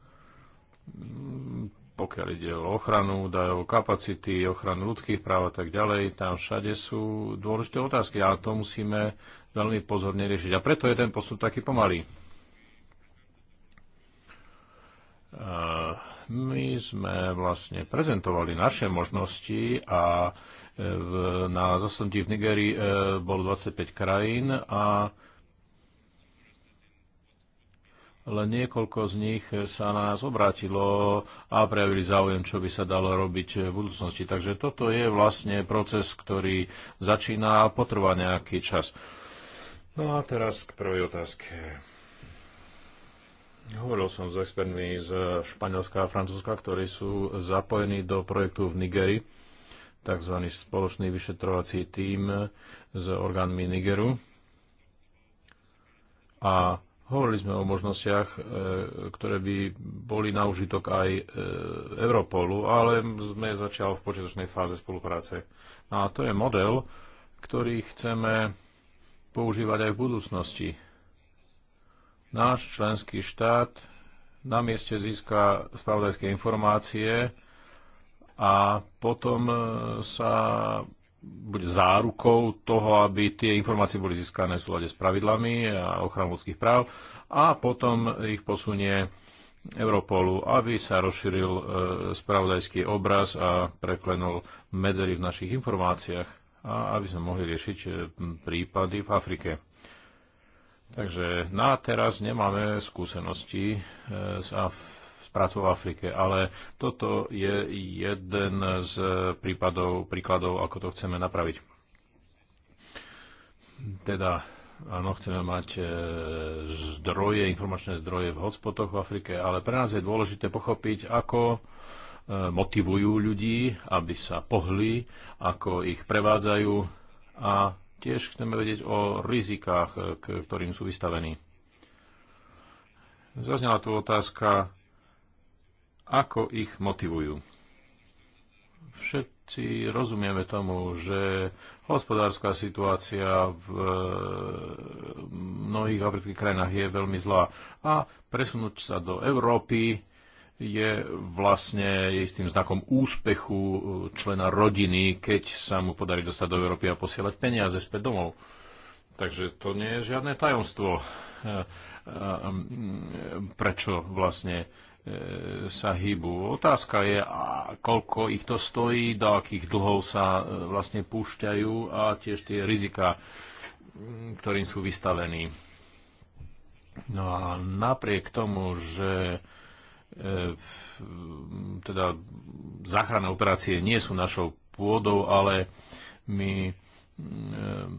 pokiaľ ide o ochranu údajov, kapacity, ochranu ľudských práv a tak ďalej, tam všade sú dôležité otázky a to musíme veľmi pozorne riešiť. A preto je ten postup taký pomalý. My sme vlastne prezentovali naše možnosti a e, na zasadnutí v Nigerii e, bol 25 krajín a len niekoľko z nich sa na nás obrátilo a prejavili záujem, čo by sa dalo robiť v budúcnosti. Takže toto je vlastne proces, ktorý začína a potrvá nejaký čas. No a teraz k prvej otázke. Hovoril som s expertmi z Španielska a Francúzska, ktorí sú zapojení do projektu v Nigeri. tzv. spoločný vyšetrovací tím s orgánmi Nigeru. A Hovorili sme o možnostiach, e, ktoré by boli na užitok aj e, Europolu, ale sme začal v počiatočnej fáze spolupráce. No a to je model, ktorý chceme používať aj v budúcnosti. Náš členský štát na mieste získa spravodajské informácie a potom e, sa bude zárukou toho, aby tie informácie boli získané v súlade s pravidlami a ochranou ľudských práv a potom ich posunie Europolu, aby sa rozšíril e, spravodajský obraz a preklenul medzery v našich informáciách a aby sme mohli riešiť e, prípady v Afrike. Takže na teraz nemáme skúsenosti e, z prácu v Afrike. Ale toto je jeden z prípadov, príkladov, ako to chceme napraviť. Teda áno, chceme mať e, zdroje, informačné zdroje v hotspotoch v Afrike, ale pre nás je dôležité pochopiť, ako e, motivujú ľudí, aby sa pohli, ako ich prevádzajú a tiež chceme vedieť o rizikách, e, k ktorým sú vystavení. Zaznela tu otázka ako ich motivujú. Všetci rozumieme tomu, že hospodárska situácia v e, mnohých afrických krajinách je veľmi zlá a presunúť sa do Európy je vlastne istým znakom úspechu e, člena rodiny, keď sa mu podarí dostať do Európy a posielať peniaze späť domov. Takže to nie je žiadne tajomstvo, e, prečo vlastne E, sa hýbu. Otázka je, a koľko ich to stojí, do akých dlhov sa e, vlastne púšťajú a tiež tie rizika, mm, ktorým sú vystavení. No a napriek tomu, že e, teda záchranné operácie nie sú našou pôdou, ale my mm,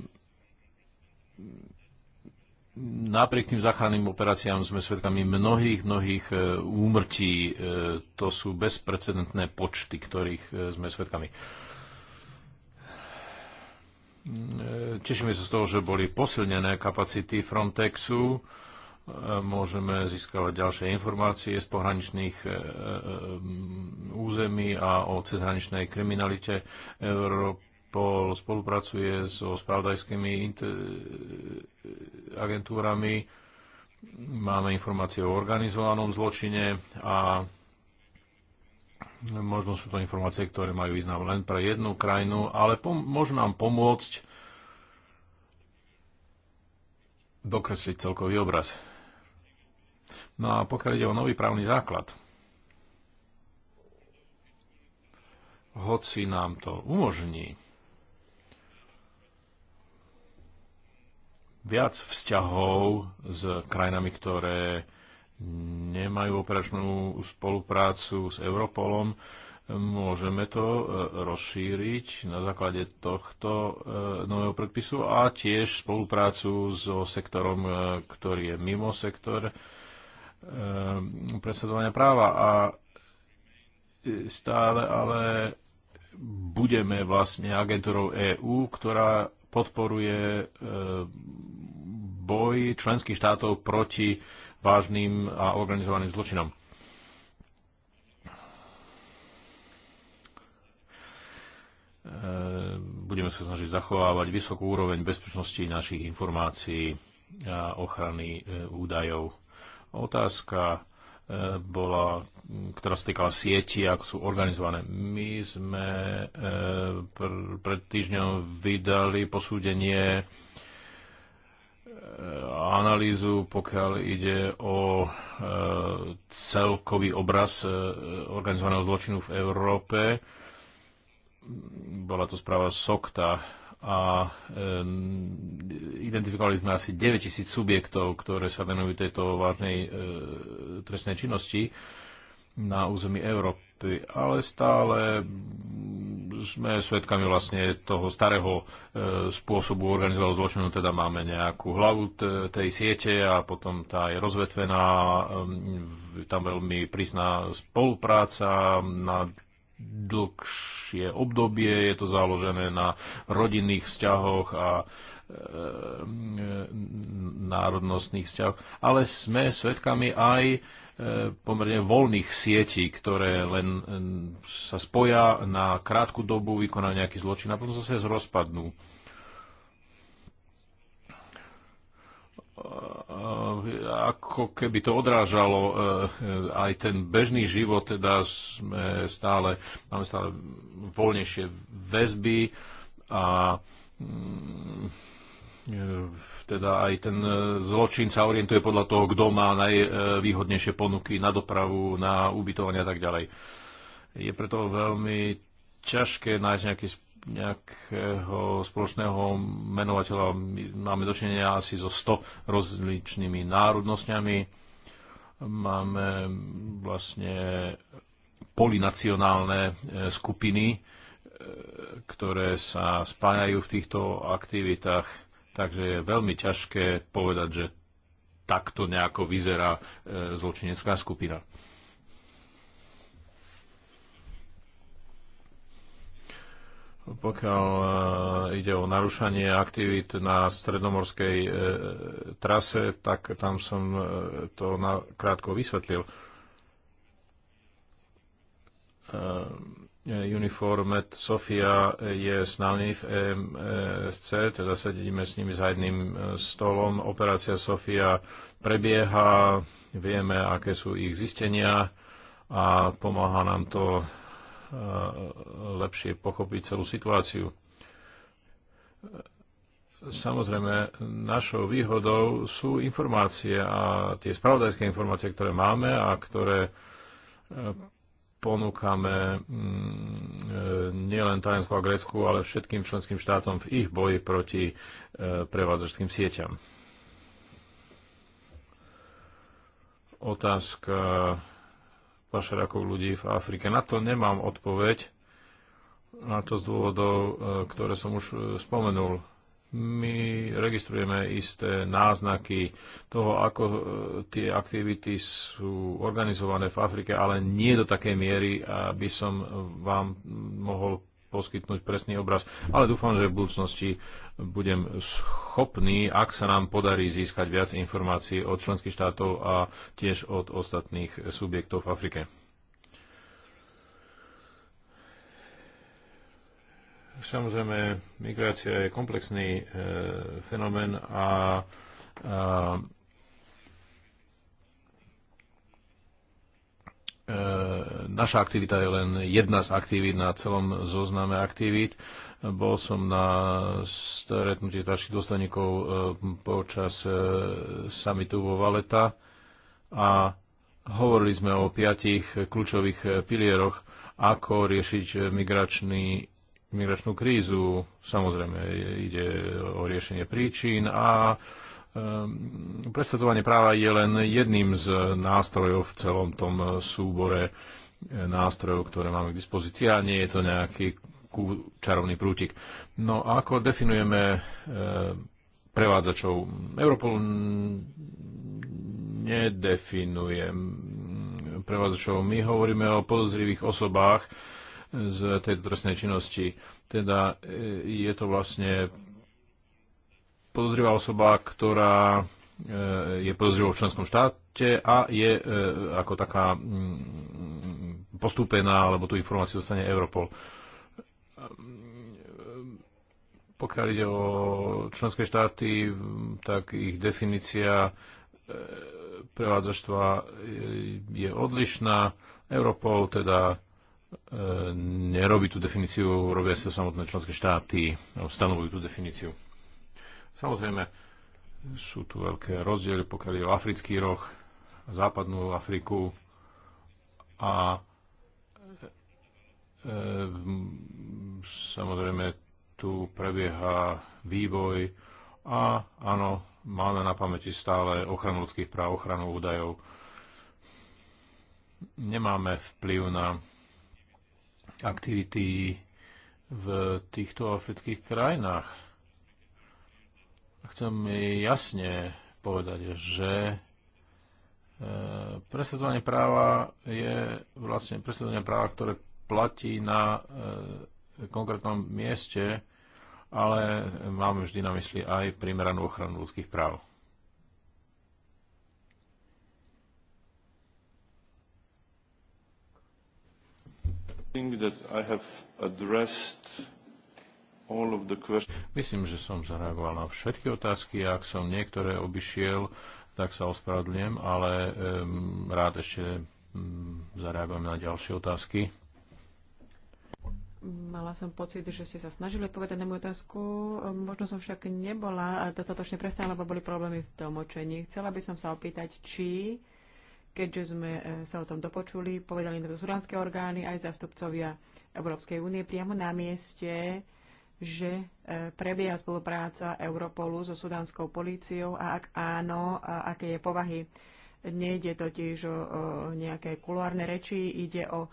napriek tým záchranným operáciám sme svedkami mnohých, mnohých e, úmrtí. E, to sú bezprecedentné počty, ktorých e, sme svedkami. Tešíme sa z toho, že boli posilnené kapacity Frontexu. Môžeme získavať ďalšie informácie z pohraničných území a o cezhraničnej kriminalite. Európy. Interpol spolupracuje so spravodajskými agentúrami, máme informácie o organizovanom zločine a možno sú to informácie, ktoré majú význam len pre jednu krajinu, ale môžu nám pomôcť dokresliť celkový obraz. No a pokiaľ ide o nový právny základ, hoci nám to umožní viac vzťahov s krajinami, ktoré nemajú operačnú spoluprácu s Europolom. Môžeme to e, rozšíriť na základe tohto e, nového predpisu a tiež spoluprácu so sektorom, e, ktorý je mimo sektor presadzovania práva. A stále ale budeme vlastne agentúrou EÚ, ktorá podporuje e, boj členských štátov proti vážnym a organizovaným zločinom. E, budeme sa snažiť zachovávať vysokú úroveň bezpečnosti našich informácií a ochrany e, údajov. Otázka bola, ktorá sa týkala sieti, ako sú organizované. My sme eh, pr- pred týždňom vydali posúdenie eh, analýzu, pokiaľ ide o eh, celkový obraz organizovaného zločinu v Európe. Bola to správa SOKTA, a identifikovali sme asi 9000 subjektov, ktoré sa venujú tejto vážnej e, trestnej činnosti na území Európy, ale stále sme svedkami vlastne toho starého e, spôsobu organizovaného zločinu, teda máme nejakú hlavu tej siete a potom tá je rozvetvená, e, tam veľmi prísna spolupráca na dlhšie obdobie, je to založené na rodinných vzťahoch a e, národnostných vzťahoch, ale sme svedkami aj e, pomerne voľných sietí, ktoré len e, sa spoja na krátku dobu, vykonajú nejaký zločin a potom zase rozpadnú. Eh, ako keby to odrážalo eh, aj ten bežný život, teda sme stále, máme stále voľnejšie väzby a mm, eh, teda aj ten zločin sa orientuje podľa toho, kto má najvýhodnejšie ponuky na dopravu, na ubytovanie a tak ďalej. Je preto veľmi ťažké nájsť nejaký nejakého spoločného menovateľa. My máme dočinenia asi so 100 rozličnými národnosťami. Máme vlastne polinacionálne e, skupiny, e, ktoré sa spájajú v týchto aktivitách. Takže je veľmi ťažké povedať, že takto nejako vyzerá e, zločinecká skupina. pokiaľ e, ide o narušanie aktivít na stredomorskej e, trase, tak tam som e, to krátko vysvetlil. E, Uniformet Sofia je s nami v EMSC, teda sedíme s nimi za jedným stolom. Operácia Sofia prebieha, vieme, aké sú ich zistenia a pomáha nám to Eh, lepšie pochopiť celú situáciu. Samozrejme, našou výhodou sú informácie a tie spravodajské informácie, ktoré máme a ktoré eh, ponúkame mm, eh, nielen Tajensku a Grécku, ale všetkým členským štátom v ich boji proti prevádzačským sieťam. Otázka pašerákov ľudí v Afrike. Na to nemám odpoveď, a to z dôvodov, e, ktoré som už e, spomenul. My registrujeme isté náznaky toho, ako e, tie aktivity sú organizované v Afrike, ale nie do takej miery, aby som vám mohol poskytnúť presný obraz, ale dúfam, že v budúcnosti budem schopný, ak sa nám podarí získať viac informácií od členských štátov a tiež od ostatných subjektov v Afrike. Samozrejme, migrácia je komplexný e, fenomén a, a E, naša aktivita je len jedna z aktivít na celom zozname aktivít. Bol som na stretnutí starších dôstojníkov e, počas e, samitu vo Valeta a hovorili sme o piatich kľúčových pilieroch, ako riešiť migračný, migračnú krízu. Samozrejme, ide o riešenie príčin a Ehm, presadzovanie práva je len jedným z nástrojov v celom tom eh, súbore eh, nástrojov, ktoré máme k dispozícii a nie je to nejaký čarovný prútik. No a ako definujeme eh, prevádzačov? Europol nedefinuje mm, prevádzačov. My hovoríme o podozrivých osobách z tejto trestnej činnosti. Teda je to vlastne podozrivá osoba, ktorá e, je podozrivou v členskom štáte a je e, ako taká mm, postúpená, alebo tú informáciu dostane Europol. Pokiaľ ide o členské štáty, tak ich definícia e, prevádzaštva je odlišná. Europol teda nerobí tú definíciu, robia sa samotné členské štáty, stanovujú tú definíciu. Samozrejme, sú tu veľké rozdiely, pokiaľ je o africký roh, západnú Afriku a e, samozrejme tu prebieha vývoj a áno, máme na pamäti stále ochranu ľudských práv, ochranu údajov. Nemáme vplyv na aktivity v týchto afrických krajinách Chcem jasne povedať, že e, presadzovanie práva je vlastne presadzovanie práva, ktoré platí na e, konkrétnom mieste, ale máme vždy na mysli aj primeranú ochranu ľudských práv. that I have addressed Myslím, že som zareagoval na všetky otázky. Ak som niektoré obišiel, tak sa ospravedlňujem, ale um, rád ešte um, zareagujem na ďalšie otázky. Mala som pocit, že ste sa snažili odpovedať na moju otázku. Možno som však nebola dostatočne presná, lebo boli problémy v tlmočení. Chcela by som sa opýtať, či, keďže sme e, sa o tom dopočuli, povedali na to orgány aj zástupcovia Európskej únie priamo na mieste, že e, prebieha spolupráca Europolu so sudánskou políciou a ak áno, a aké je povahy. Nejde totiž o, nejaké kulárne reči, ide o e,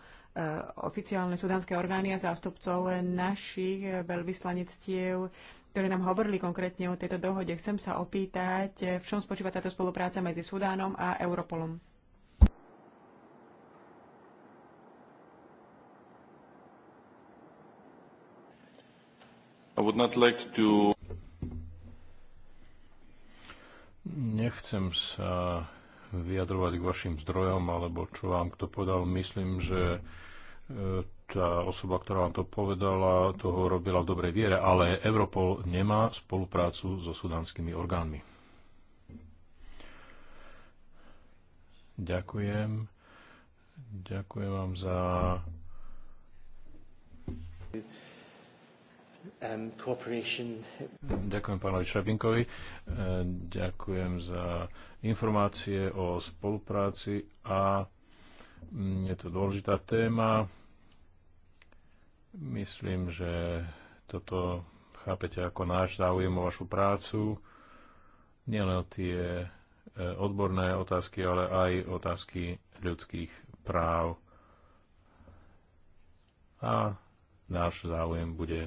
oficiálne sudánske orgány a zástupcov našich veľvyslanectiev, ktoré nám hovorili konkrétne o tejto dohode. Chcem sa opýtať, e, v čom spočíva táto spolupráca medzi Sudánom a Europolom. like to... Nechcem sa vyjadrovať k vašim zdrojom, alebo čo vám kto povedal. Myslím, že e, tá osoba, ktorá vám to povedala, toho robila v dobrej viere, ale Europol nemá spoluprácu so sudánskymi orgánmi. Ďakujem. Ďakujem vám za... Um, ďakujem pánovi Šabinkovi, e, ďakujem za informácie o spolupráci a mm, je to dôležitá téma. Myslím, že toto chápete ako náš záujem o vašu prácu, nielen o tie e, odborné otázky, ale aj otázky ľudských práv. A náš záujem bude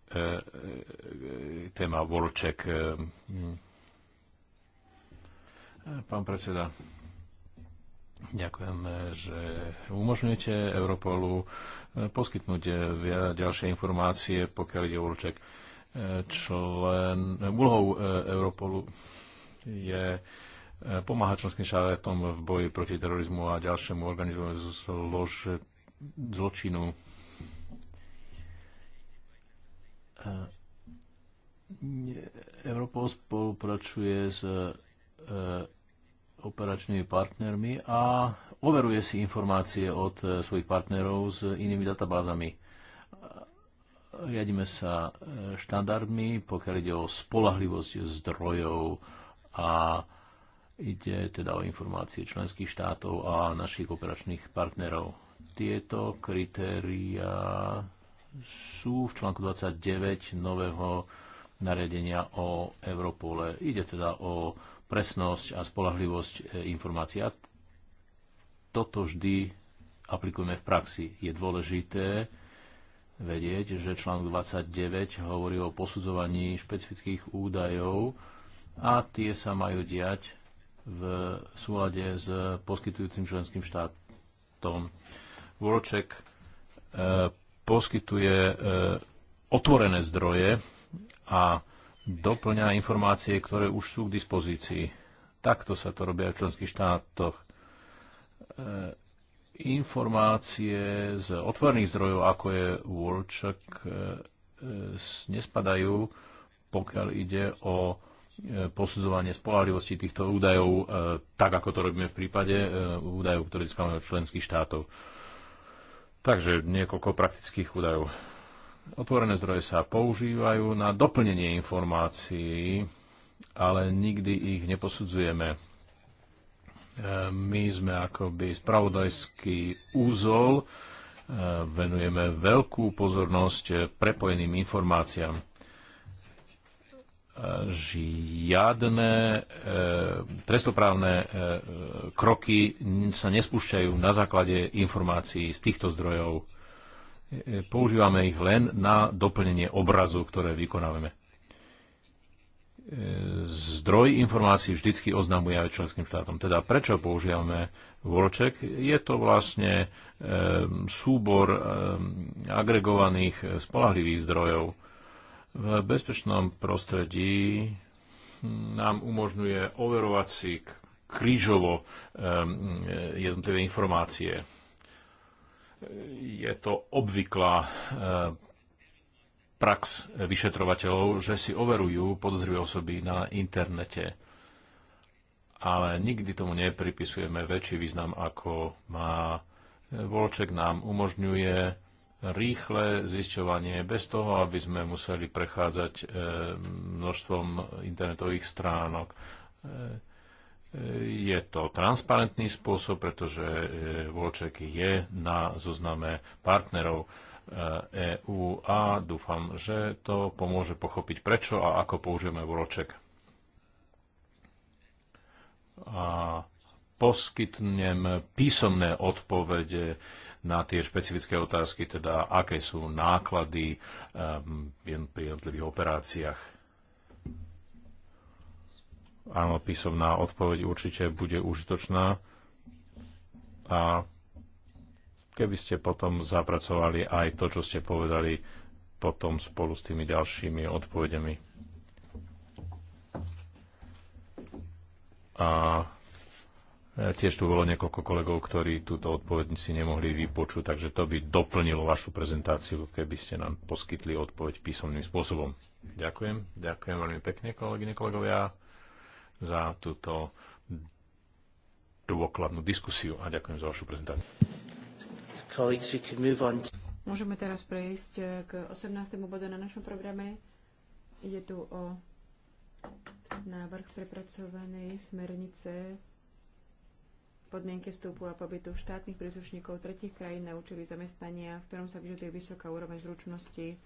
E, e, téma Volček. E, hm. Pán predseda, ďakujem, že umožňujete Europolu poskytnúť ďalšie informácie, pokiaľ ide Volček. Člen, úlohou Europolu je pomáhať členským štátom v boji proti terorizmu a ďalšiemu organizovanému zločinu Europol spolupracuje s e, operačnými partnermi a overuje si informácie od e, svojich partnerov s inými databázami. Riadíme sa e, štandardmi, pokiaľ ide o spolahlivosť zdrojov a ide teda o informácie členských štátov a našich operačných partnerov. Tieto kritéria sú v článku 29 nového nariadenia o Europole. Ide teda o presnosť a spolahlivosť e, informácií. A toto vždy aplikujeme v praxi. Je dôležité vedieť, že článok 29 hovorí o posudzovaní špecifických údajov a tie sa majú diať v súlade s poskytujúcim členským štátom. Worldcheck e, poskytuje e, otvorené zdroje a doplňa informácie, ktoré už sú k dispozícii. Takto sa to robia v členských štátoch. E, informácie z otvorených zdrojov, ako je WorldCheck, e, nespadajú, pokiaľ ide o posudzovanie spolahlivosti týchto údajov, tak ako to robíme v prípade údajov, ktoré získame od členských štátov. Takže niekoľko praktických údajov. Otvorené zdroje sa používajú na doplnenie informácií, ale nikdy ich neposudzujeme. E, my sme akoby spravodajský úzol, e, venujeme veľkú pozornosť prepojeným informáciám žiadne eh, trestoprávne eh, kroky sa nespúšťajú na základe informácií z týchto zdrojov. Eh, používame ich len na doplnenie obrazu, ktoré vykonávame. Zdroj informácií vždycky oznamuje aj členským štátom. Teda prečo používame Volček? Je to vlastne súbor agregovaných spolahlivých zdrojov, v bezpečnom prostredí nám umožňuje overovať si krížovo jednotlivé informácie. Je to obvyklá prax vyšetrovateľov, že si overujú podozrivé osoby na internete. Ale nikdy tomu nepripisujeme väčší význam, ako má Volček nám umožňuje rýchle zisťovanie, bez toho, aby sme museli prechádzať eh, množstvom internetových stránok. Eh, je to transparentný spôsob, pretože eh, Volček je na zozname partnerov EÚ e a dúfam, že to pomôže pochopiť prečo a ako použijeme Volček. A poskytnem písomné odpovede na tie špecifické otázky, teda aké sú náklady pri ehm, jednotlivých operáciách. Áno, písomná odpoveď určite bude užitočná a keby ste potom zapracovali aj to, čo ste povedali potom spolu s tými ďalšími odpovedami. A E, tiež tu bolo niekoľko kolegov, ktorí túto odpoveď si nemohli vypočuť, takže to by doplnilo vašu prezentáciu, keby ste nám poskytli odpoveď písomným spôsobom. Ďakujem. Ďakujem veľmi pekne, kolegyne, kolegovia, za túto dôkladnú diskusiu a ďakujem za vašu prezentáciu. Môžeme teraz prejsť e, k 18. bodu na našom programe. Ide tu o návrh prepracovanej smernice podmienky vstupu a pobytu štátnych príslušníkov tretich krajín na účely zamestnania, v ktorom sa vyžaduje vysoká úroveň zručnosti. E,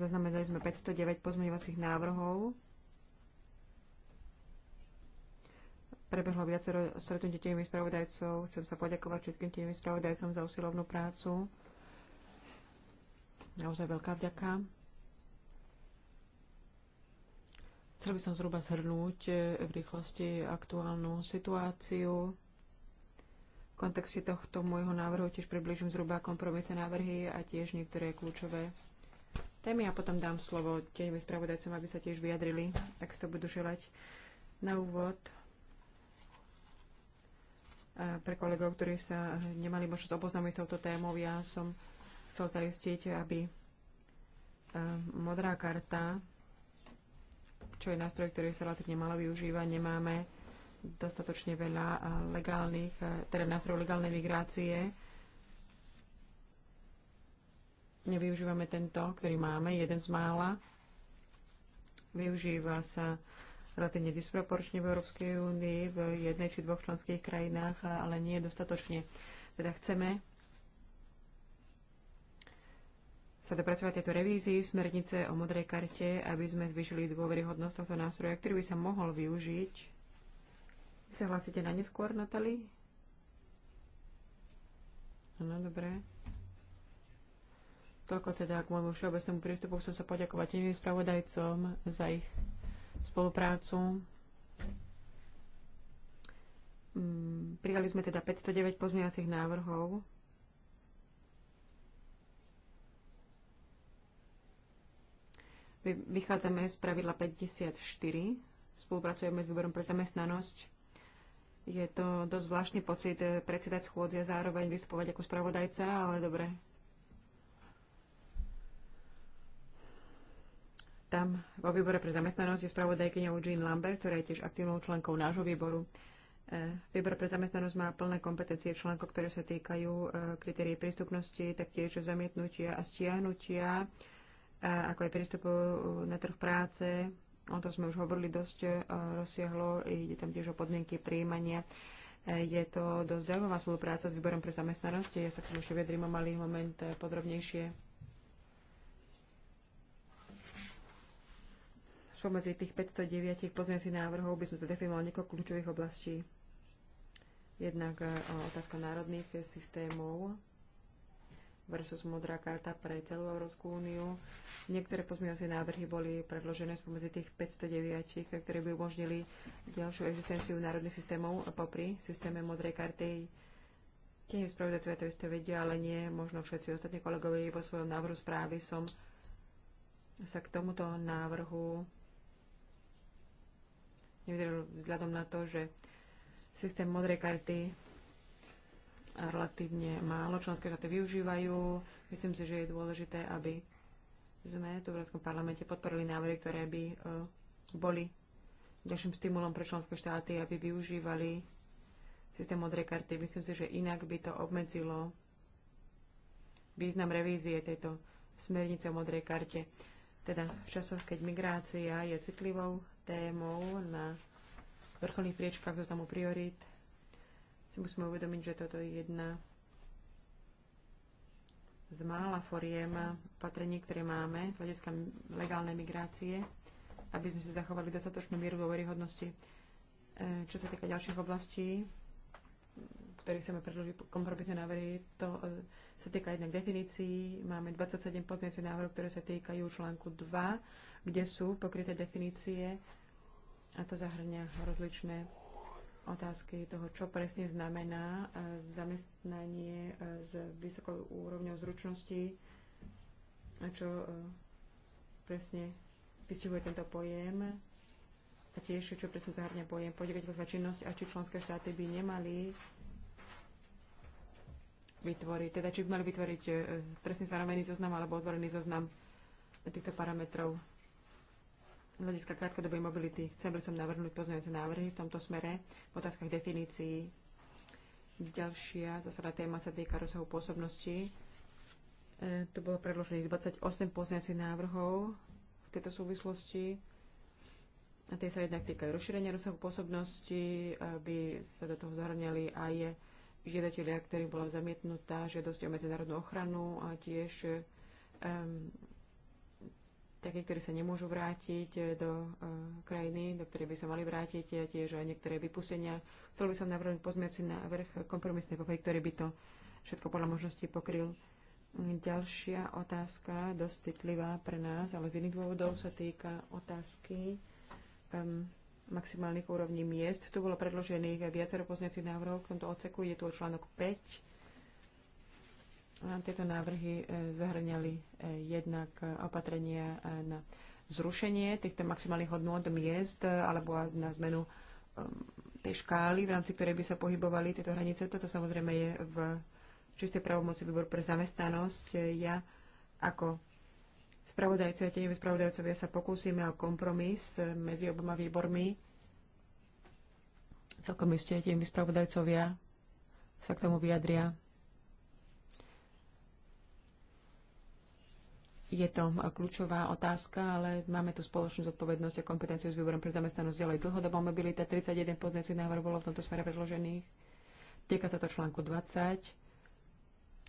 zaznamenali sme 509 pozmeňovacích návrhov. Prebehlo viacero stretnutí tieňových spravodajcov. Chcem sa poďakovať všetkým tieňovým spravodajcom za usilovnú prácu. Naozaj veľká vďaka. Chcel by som zhruba zhrnúť e, v rýchlosti aktuálnu situáciu. V kontexte tohto môjho návrhu tiež približím zhruba kompromisné návrhy a tiež niektoré kľúčové témy a potom dám slovo tieňmi spravodajcom, aby sa tiež vyjadrili, ak si to budú želať. Na úvod a e, pre kolegov, ktorí sa nemali možnosť oboznámiť s touto témou, ja som chcel zaistiť, aby e, modrá karta čo je nástroj, ktorý sa relatívne malo využíva. Nemáme dostatočne veľa eh, legálnych, eh, teda nástrojov legálnej migrácie. Nevyužívame tento, ktorý máme, jeden z mála. Využíva sa relatívne disproporčne v Európskej únii, v jednej či dvoch členských krajinách, eh, ale nie dostatočne. Teda chceme sa dopracovať tejto revízii smernice o modrej karte, aby sme zvyšili dôveryhodnosť tohto nástroja, ktorý by sa mohol využiť. Vy sa hlásite na neskôr, Natali? Áno, dobre. Toľko teda k môjmu všeobecnému prístupu. Chcem sa poďakovať iným spravodajcom za ich spoluprácu. Mm, prijali sme teda 509 pozmeňacích návrhov Vychádzame z pravidla 54, spolupracujeme s výborom pre zamestnanosť. Je to dosť zvláštny pocit eh, predsedať schôdzi a zároveň vystupovať ako spravodajca, ale dobre. Tam vo výbore pre zamestnanosť je spravodajkyňou Jean Lambert, ktorá je tiež aktívnou členkou nášho výboru. Eh, Výbor pre zamestnanosť má plné kompetencie článkov, ktoré sa týkajú eh, kritérií prístupnosti, taktiež zamietnutia a stiahnutia ako aj prístupu na trh práce. O tom sme už hovorili dosť e, rozsiahlo. Ide tam tiež o podmienky príjmania. E, je to dosť zaujímavá spolupráca s výborom pre zamestnanosti. Ja sa k tomu ešte vyjadrím o malý moment e, podrobnejšie. spomedzi tých 509 pozmeňujúcich návrhov by som definovali niekoľko kľúčových oblastí. Jednak otázka národných systémov versus modrá karta pre celú Európsku úniu. Niektoré pozmeňovacie návrhy boli predložené spomedzi tých 509, ktoré by umožnili ďalšiu existenciu národných systémov popri systéme modrej karty. Tie nespravodajcovia to isté vedia, ale nie možno všetci ostatní kolegovi vo svojom návrhu správy som sa k tomuto návrhu nevedel vzhľadom na to, že systém modrej karty relatívne málo členské štáty využívajú. Myslím si, že je dôležité, aby sme tu v Európskom parlamente podporili návrhy, ktoré by e, boli ďalším stimulom pre členské štáty, aby využívali systém modrej karty. Myslím si, že inak by to obmedzilo význam revízie tejto smernice o modrej karte. Teda v časoch, keď migrácia je citlivou témou na vrcholných priečkách zoznamu priorít, si musíme uvedomiť, že toto je jedna z mála foriem opatrení, ktoré máme z hľadiska legálnej migrácie, aby sme si zachovali dostatočnú mieru dôveryhodnosti. E, čo sa týka ďalších oblastí, v ktorých chceme predložiť kompromisné návrhy, to e, sa týka jednak definícií. Máme 27 pozmeňujúcich návrhov, ktoré sa týkajú článku 2, kde sú pokryté definície a to zahrňa rozličné otázky toho, čo presne znamená e, zamestnanie e, s vysokou úrovňou zručnosti a čo e, presne vystihuje tento pojem a tiež, čo presne zahrňa pojem podnikateľská činnosť a či členské štáty by nemali vytvoriť, teda či by mali vytvoriť presne zároveň zoznam alebo otvorený zoznam týchto parametrov z hľadiska krátkodobej mobility. Chcem by som navrhnúť pozmeňujúce návrhy v tomto smere v otázkach definícií. Ďalšia zásada téma sa týka rozsahu pôsobnosti. E, tu bolo predložených 28 pozmeňujúcich návrhov v tejto súvislosti. A tie sa jednak týkajú rozšírenia rozsahu pôsobnosti, aby sa do toho zahrňali aj žiadatelia, ktorým bola zamietnutá žiadosť o medzinárodnú ochranu a tiež um, také, ktoré sa nemôžu vrátiť eh, do eh, krajiny, do ktorej by sa mali vrátiť, a tiež aj niektoré vypustenia. Chcel by som navrhnúť pozmiaci návrh eh, kompromisnej povej, ktorý by to všetko podľa možností pokryl. Mm, ďalšia otázka, dosť citlivá pre nás, ale z iných dôvodov sa týka otázky um, maximálnych úrovní miest. Tu bolo predložených viacero pozmiacich návrhov v tomto odseku. Je tu článok 5 tieto návrhy e, zahrňali e, jednak e, opatrenia na zrušenie týchto maximálnych hodnot miest alebo na zmenu tej škály, v rámci ktorej by sa pohybovali tieto hranice. Toto samozrejme je v čistej pravomoci výbor pre zamestnanosť. Ja ako spravodajca a tieňoví spravodajcovia sa pokúsime o kompromis medzi oboma výbormi. Celkom isté tieňoví spravodajcovia sa k tomu vyjadria. Je to e, kľúčová otázka, ale máme tu spoločnú zodpovednosť a kompetenciu s výborom pre zamestnanosť ďalej dlhodobá mobilita. 31 pozmeňujúcich návrh bolo v tomto smere predložených. Týka sa to článku 20.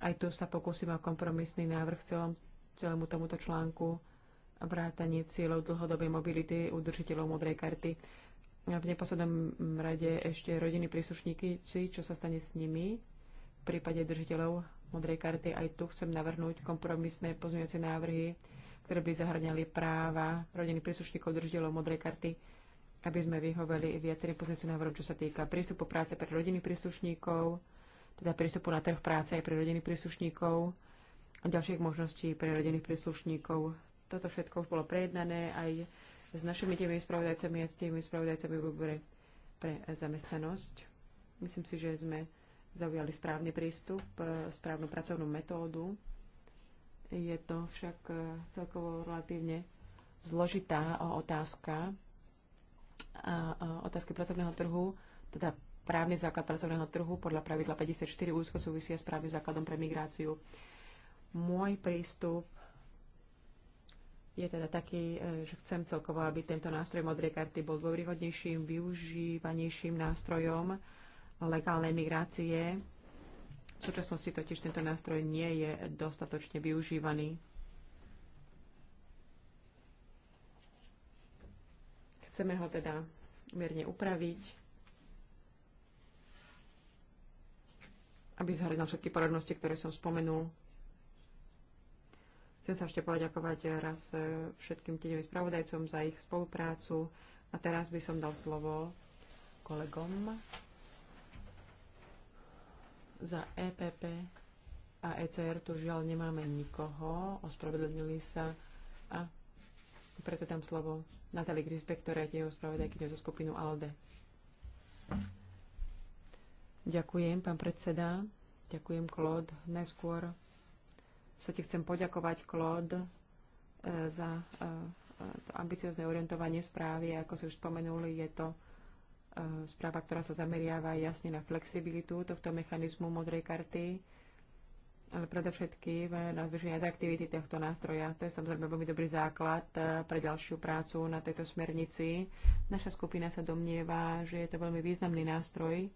Aj tu sa pokúsim o kompromisný návrh celom, celému tomuto článku vrátanie cieľov dlhodobej mobility udržiteľov modrej karty. A v neposlednom rade ešte rodiny príslušníky, či čo sa stane s nimi v prípade držiteľov modrej karty. Aj tu chcem navrhnúť kompromisné pozmeňujúce návrhy, ktoré by zahrňali práva rodiny príslušníkov držiteľov modrej karty, aby sme vyhoveli viacerým pozmeňujúcim návrhom, čo sa týka prístupu práce pre rodiny príslušníkov, teda prístupu na trh práce aj pre rodiny príslušníkov a ďalších možností pre rodinných príslušníkov. Toto všetko už bolo prejednané aj s našimi tými spravodajcami a s tými spravodajcami v pre zamestnanosť. Myslím si, že sme zaujali správny prístup, e, správnu pracovnú metódu. Je to však e, celkovo relatívne zložitá otázka, otázky pracovného trhu, teda právny základ pracovného trhu podľa pravidla 54 úzko súvisia s právnym základom pre migráciu. Môj prístup je teda taký, e, že chcem celkovo, aby tento nástroj modrej karty bol dôvryhodnejším, využívanejším nástrojom legálnej migrácie. V súčasnosti totiž tento nástroj nie je dostatočne využívaný. Chceme ho teda mierne upraviť, aby zhrnul všetky porodnosti, ktoré som spomenul. Chcem sa ešte poďakovať raz všetkým tieňovým spravodajcom za ich spoluprácu a teraz by som dal slovo kolegom. Za EPP a ECR tu žiaľ nemáme nikoho, ospravedlnili sa a preto tam slovo Natali Grisbe, ktorá je jeho spravodajkyňou zo skupinu ALDE. Ďakujem, pán predseda. Ďakujem, Klod. Najskôr sa ti chcem poďakovať, Klod, e, za e, e, to ambiciozne orientovanie správy. Ako si už spomenuli, je to E, správa, ktorá sa zameriava jasne na flexibilitu tohto mechanizmu modrej karty, ale predovšetkým na zvýšenie atraktivity tohto nástroja. To je samozrejme veľmi dobrý základ e, pre ďalšiu prácu na tejto smernici. Naša skupina sa domnieva, že je to veľmi významný nástroj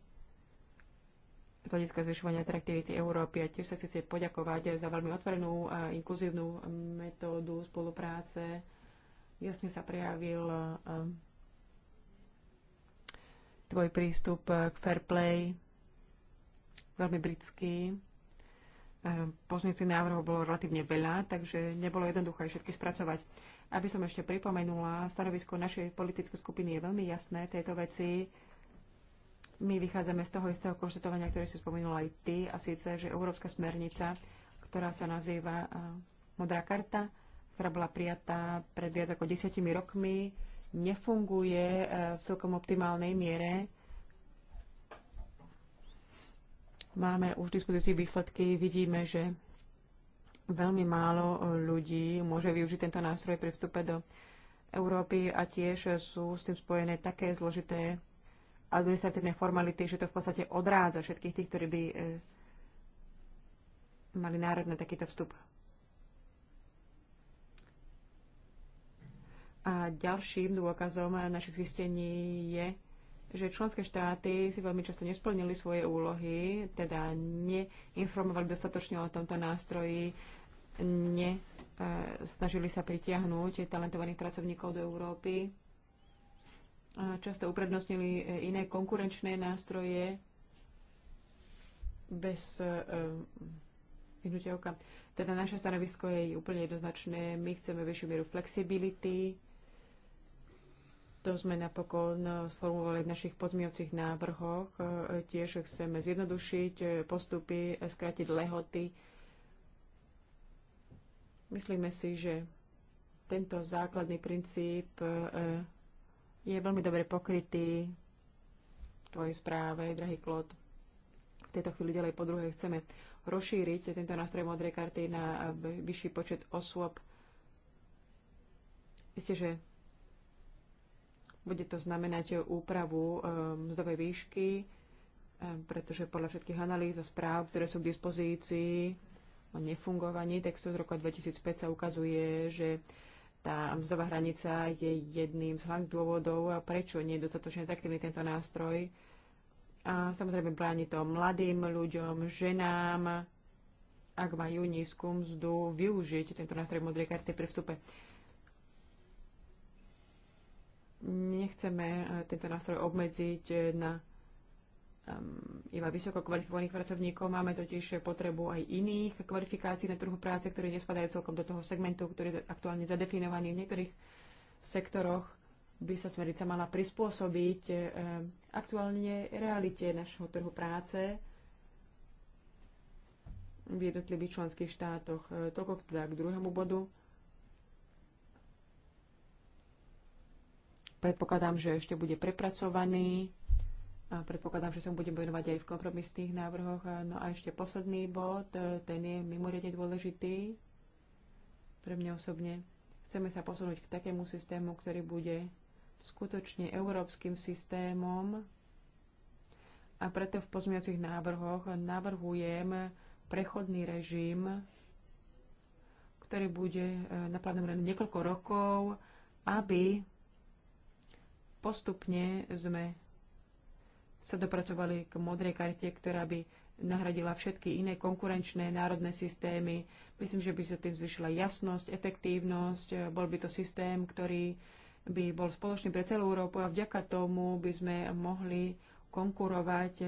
z hľadiska zvyšovania atraktivity Európy. A tiež sa chcete poďakovať za veľmi otvorenú a inkluzívnu metódu spolupráce. Jasne sa prejavil e, tvoj prístup eh, k fair play, veľmi britský. Eh, Pozmienky návrhov bolo relatívne veľa, takže nebolo jednoduché všetky spracovať. Aby som ešte pripomenula, stanovisko našej politickej skupiny je veľmi jasné tejto veci. My vychádzame z toho istého konštatovania, ktoré si spomenula aj ty, a síce, že Európska smernica, ktorá sa nazýva eh, Modrá karta, ktorá bola prijatá pred viac ako desiatimi rokmi, nefunguje e, v celkom optimálnej miere. Máme už v dispozícii výsledky, vidíme, že veľmi málo e, ľudí môže využiť tento nástroj pri vstupe do Európy a tiež sú s tým spojené také zložité administratívne formality, že to v podstate odrádza všetkých tých, ktorí by e, mali nárok na takýto vstup. A ďalším dôkazom našich zistení je, že členské štáty si veľmi často nesplnili svoje úlohy, teda neinformovali dostatočne o tomto nástroji, ne, e, snažili sa pritiahnuť talentovaných pracovníkov do Európy. často uprednostnili e, iné konkurenčné nástroje bez e, vyhnutia oka. Teda naše stanovisko je úplne jednoznačné. My chceme vyššiu mieru flexibility, to sme napokon eh, sformulovali v našich pozmiovcích návrhoch. Eh, tiež chceme zjednodušiť eh, postupy, skrátiť lehoty. Myslíme si, že tento základný princíp je veľmi dobre pokrytý v tvojej správe, drahý Klod. V tejto chvíli ďalej po druhé chceme rozšíriť tento nástroj modrej karty na vyšší počet osôb. Isté, že bude to znamenať úpravu ehm, mzdovej výšky, ehm, pretože podľa všetkých analýz a správ, ktoré sú k dispozícii o nefungovaní textu z roku 2005 sa ukazuje, že tá mzdová hranica je jedným z hlavných dôvodov, prečo nie je dostatočne atraktívny tento nástroj. A samozrejme bráni to mladým ľuďom, ženám, ak majú nízku mzdu, využiť tento nástroj modrej karty pri vstupe nechceme e, tento nástroj obmedziť e, na um, iba vysoko kvalifikovaných pracovníkov. Máme totiž potrebu aj iných kvalifikácií na trhu práce, ktoré nespadajú celkom do toho segmentu, ktorý je aktuálne zadefinovaný v niektorých sektoroch by sa smerica mala prispôsobiť um, aktuálne realite našho trhu práce v jednotlivých členských štátoch. Toľko teda k druhému bodu. Predpokladám, že ešte bude prepracovaný. A predpokladám, že sa budem venovať aj v kompromisných návrhoch. No a ešte posledný bod, e, ten je mimoriadne dôležitý pre mňa osobne. Chceme sa posunúť k takému systému, ktorý bude skutočne európskym systémom a preto v pozmiacich návrhoch navrhujem prechodný režim, ktorý bude e, na len niekoľko rokov, aby Postupne sme sa dopracovali k modrej karte, ktorá by nahradila všetky iné konkurenčné národné systémy. Myslím, že by sa tým zvyšila jasnosť, efektívnosť. Bol by to systém, ktorý by bol spoločný pre celú Európu a vďaka tomu by sme mohli konkurovať e,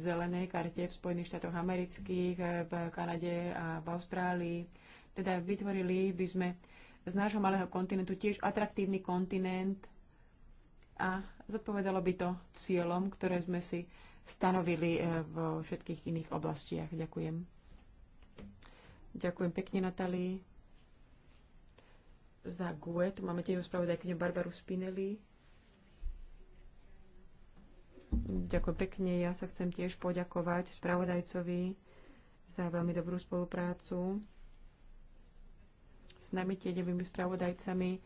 zelenej karte v Spojených štátoch amerických, e, v Kanade a v Austrálii. Teda vytvorili by sme z nášho malého kontinentu tiež atraktívny kontinent, a zodpovedalo by to cieľom, ktoré sme si stanovili eh, vo všetkých iných oblastiach. Ďakujem. Ďakujem pekne, Natalii. Za GUE, tu máme tiež spravodajkyňu Barbaru Spinelli. Ďakujem pekne, ja sa chcem tiež poďakovať spravodajcovi za veľmi dobrú spoluprácu s nami nevými spravodajcami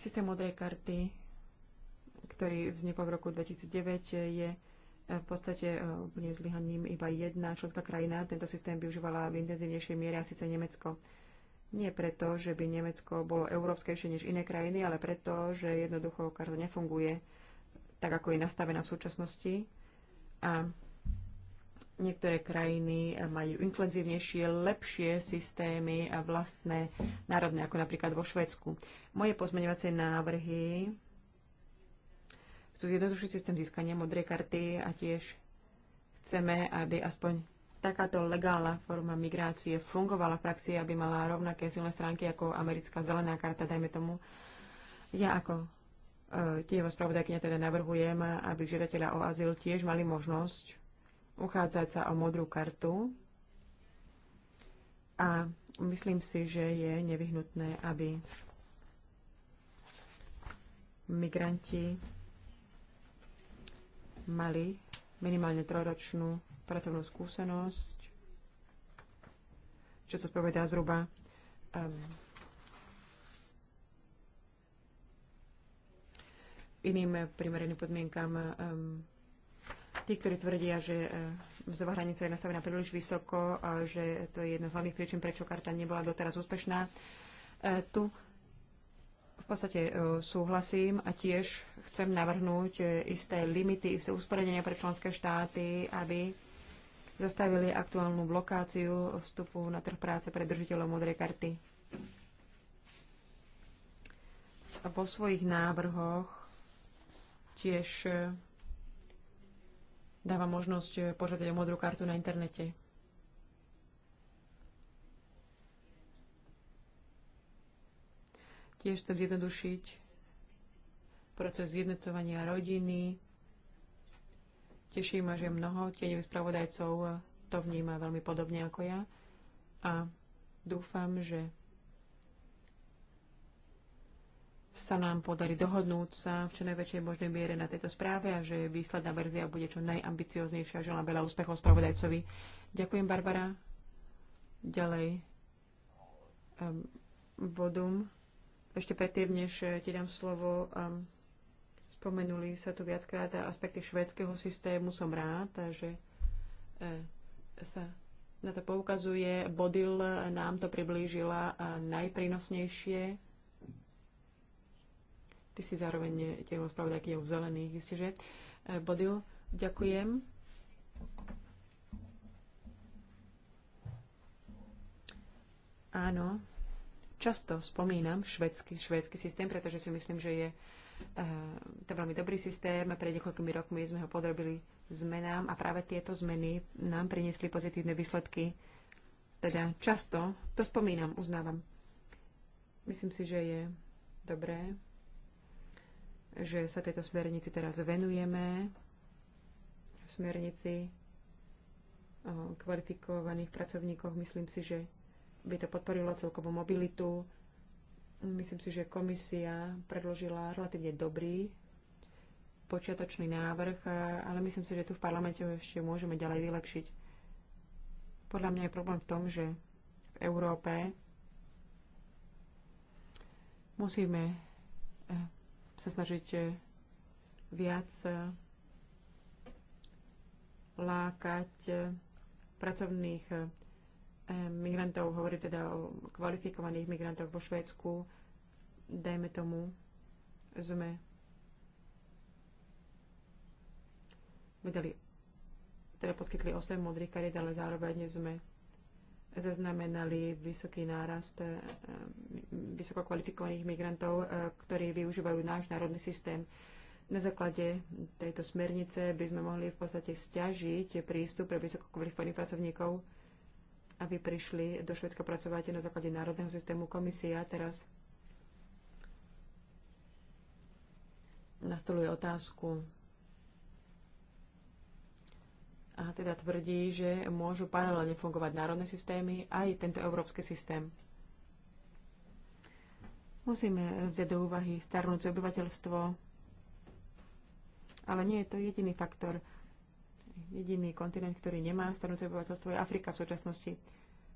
Systém modrej karty, ktorý vznikol v roku 2009, je eh, v podstate eh, úplne zlyhaním iba jedna členská krajina. Tento systém využívala v intenzívnejšej miere a síce Nemecko. Nie preto, že by Nemecko bolo európskejšie než iné krajiny, ale preto, že jednoducho karta nefunguje tak, ako je nastavená v súčasnosti. A Niektoré krajiny eh, majú inkluzívnejšie, lepšie systémy a vlastné národné, ako napríklad vo Švedsku. Moje pozmeňovacie návrhy sú zjednodušiť systém získania modrej karty a tiež chceme, aby aspoň takáto legálna forma migrácie fungovala v praxi, aby mala rovnaké silné stránky ako americká zelená karta, dajme tomu. Ja ako eh, tieho spravodajkynia teda navrhujem, aby žiadatelia o azyl tiež mali možnosť uchádzať sa o modrú kartu a myslím si, že je nevyhnutné, aby migranti mali minimálne trojročnú pracovnú skúsenosť, čo sa odpovedá zhruba um, iným primereným podmienkam um, Tí, ktorí tvrdia, že e, mzdová hranica je nastavená príliš vysoko, a že to je jedna z hlavných príčin, prečo karta nebola doteraz úspešná, e, tu v podstate e, súhlasím a tiež chcem navrhnúť isté limity, isté usporenia pre členské štáty, aby zastavili aktuálnu blokáciu vstupu na trh práce pre držiteľov modrej karty. Vo svojich návrhoch tiež dáva možnosť eh, požiadať o modrú kartu na internete. Tiež chcem zjednodušiť proces zjednocovania rodiny. Teší ma, že mnoho tieňových spravodajcov to vníma veľmi podobne ako ja a dúfam, že sa nám podarí dohodnúť sa v čo najväčšej možnej miere na tejto správe a že výsledná verzia bude čo najambicioznejšia. Želám veľa úspechov spravodajcovi. Ďakujem, Barbara. Ďalej. Um, ehm, bodum. Ešte predtým, než eh, ti dám slovo, um, spomenuli sa tu viackrát aspekty švédskeho systému. Som rád, že uh, sa na to poukazuje. Bodil eh, nám to priblížila najprínosnejšie Ty si zároveň tiež spravodajkyňou zelených, isté, že? E, Bodil, ďakujem. Áno, často spomínam švedský, švedský systém, pretože si myslím, že je e, to veľmi dobrý systém. Pred niekoľkými rokmi sme ho podrobili zmenám a práve tieto zmeny nám priniesli pozitívne výsledky. Teda často to spomínam, uznávam. Myslím si, že je dobré že sa tejto smernici teraz venujeme, smernici o kvalifikovaných pracovníkoch. Myslím si, že by to podporilo celkovú mobilitu. Myslím si, že komisia predložila relatívne dobrý počiatočný návrh, ale myslím si, že tu v parlamente ho ešte môžeme ďalej vylepšiť. Podľa mňa je problém v tom, že v Európe musíme e, sa snažiť e, viac e, lákať e, pracovných migrantov, hovorí teda o kvalifikovaných migrantoch vo Švédsku, dajme tomu, sme vedeli, teda poskytli 8 modrých kariet, ale zároveň sme zaznamenali vysoký nárast vysoko kvalifikovaných migrantov, e, ktorí využívajú náš národný systém. Na základe tejto smernice by sme mohli v podstate stiažiť prístup pre vysoko kvalifikovaných pracovníkov, aby prišli do Švedska pracovať na základe národného systému komisia. Teraz nastoluje otázku a teda tvrdí, že môžu paralelne fungovať národné systémy aj tento európsky systém. Musíme vziať do úvahy starnúce obyvateľstvo, ale nie je to jediný faktor. Jediný kontinent, ktorý nemá starnúce obyvateľstvo, je Afrika v súčasnosti.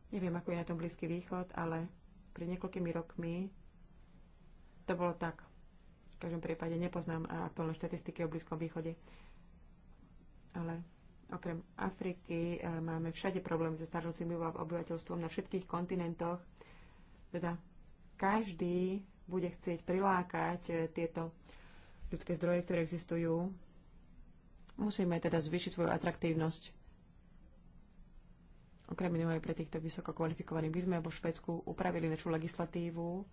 Neviem, ako je na tom Blízky východ, ale pred niekoľkými rokmi to bolo tak. V každom prípade nepoznám aktuálne štatistiky o Blízkom východe. Ale okrem Afriky eh, máme všade problém so starnúcim obyvateľstvom na všetkých kontinentoch. Teda každý bude chcieť prilákať e, tieto ľudské zdroje, ktoré existujú. Musíme teda zvýšiť svoju atraktívnosť. Okrem iného aj pre týchto vysoko kvalifikovaných. My sme vo Švedsku upravili našu legislatívu.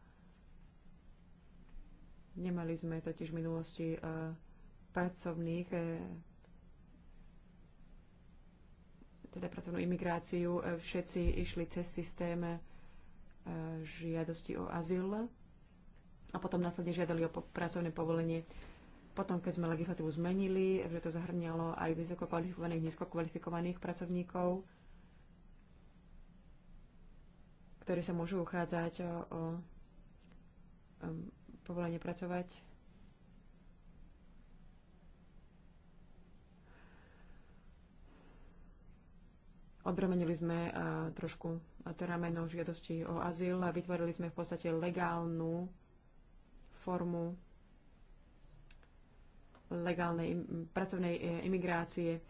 Nemali sme totiž v minulosti e, pracovných e, teda pracovnú imigráciu, všetci išli cez systém žiadosti o azyl a potom následne žiadali o pracovné povolenie. Potom, keď sme legislatívu zmenili, že to zahrňalo aj vysoko kvalifikovaných, nízko kvalifikovaných pracovníkov, ktorí sa môžu uchádzať o, o, o povolenie pracovať Odbremenili sme eh, trošku to rameno žiadosti o azyl a vytvorili sme v podstate legálnu formu legálnej pracovnej eh, imigrácie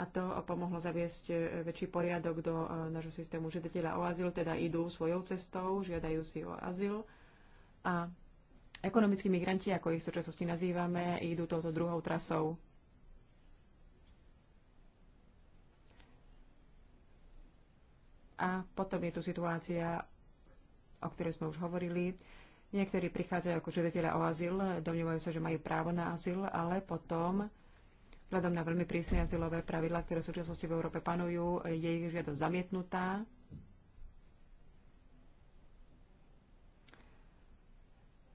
a to pomohlo zaviesť eh, väčší poriadok do nášho systému žiadateľa o azyl, teda idú svojou cestou, žiadajú si o azyl a ekonomickí migranti, ako ich v súčasnosti nazývame, idú touto druhou trasou A potom je tu situácia, o ktorej sme už hovorili. Niektorí prichádzajú ako žiadatelia o azyl, domnievajú sa, že majú právo na azyl, ale potom, vzhľadom na veľmi prísne azylové pravidlá, ktoré v súčasnosti v Európe panujú, je ich žiadosť zamietnutá.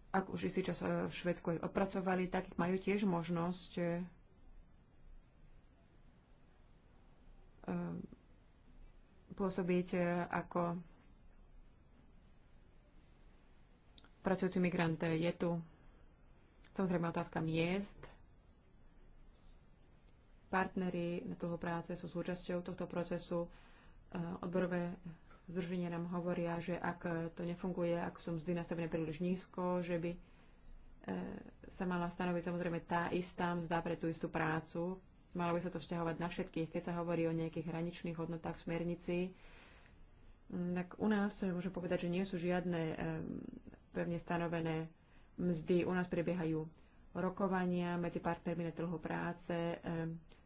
Ak už istý čas eh, v Švedsku odpracovali, tak majú tiež možnosť eh, pôsobiť e, ako pracujúci migrant. E, je tu samozrejme otázka miest. Partnery na toho práce sú súčasťou tohto procesu. E, odborové združenia nám hovoria, že ak to nefunguje, ak sú mzdy nastavené príliš nízko, že by sa mala stanoviť samozrejme tá istá mzda pre tú istú prácu, Malo by sa to vzťahovať na všetkých, keď sa hovorí o nejakých hraničných hodnotách smernici. Mm, tak u nás môžem povedať, že nie sú žiadne pevne stanovené mzdy. U nás prebiehajú rokovania medzi partnermi na trhu práce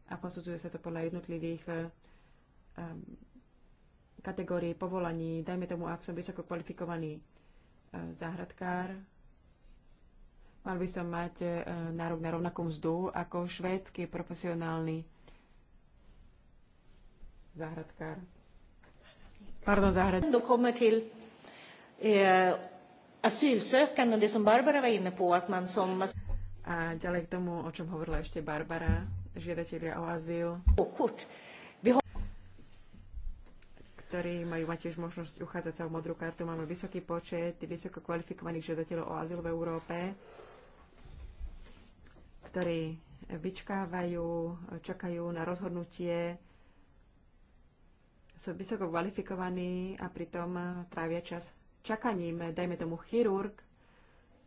a posudzuje sa to podľa jednotlivých kategórií povolaní. Dajme tomu, ak som vysoko kvalifikovaný záhradkár, Mal by som mať e, nárok na rovnakú mzdu ako švédsky profesionálny záhradkár. Pardon, záhradkár. Då kommer till e, asylsökande, det som Barbara var inne på, att man som... A ďalej k tomu, o čom hovorila ešte Barbara, žiadatelia o azyl. ktorí majú mať tiež možnosť uchádzať sa o modrú kartu. Máme vysoký počet vysoko kvalifikovaných žiadateľov o azyl v Európe ktorí vyčkávajú, čakajú na rozhodnutie, sú vysoko kvalifikovaní a pritom trávia čas čakaním. Dajme tomu chirurg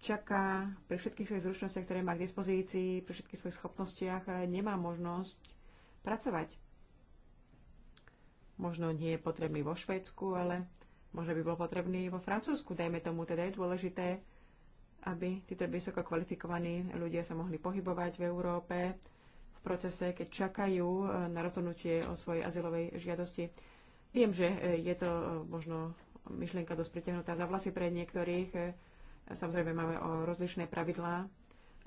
čaká pri všetkých svojich zručnostiach, ktoré má k dispozícii, pri všetkých svojich schopnostiach, nemá možnosť pracovať. Možno nie je potrebný vo Švedsku, ale možno by bol potrebný vo Francúzsku. Dajme tomu, teda je dôležité aby títo vysoko kvalifikovaní ľudia sa mohli pohybovať v Európe v procese, keď čakajú e, na rozhodnutie o svojej azylovej žiadosti. Viem, že e, je to e, možno myšlienka dosť pritiahnutá za vlasy pre niektorých. Samozrejme máme o rozlišné pravidlá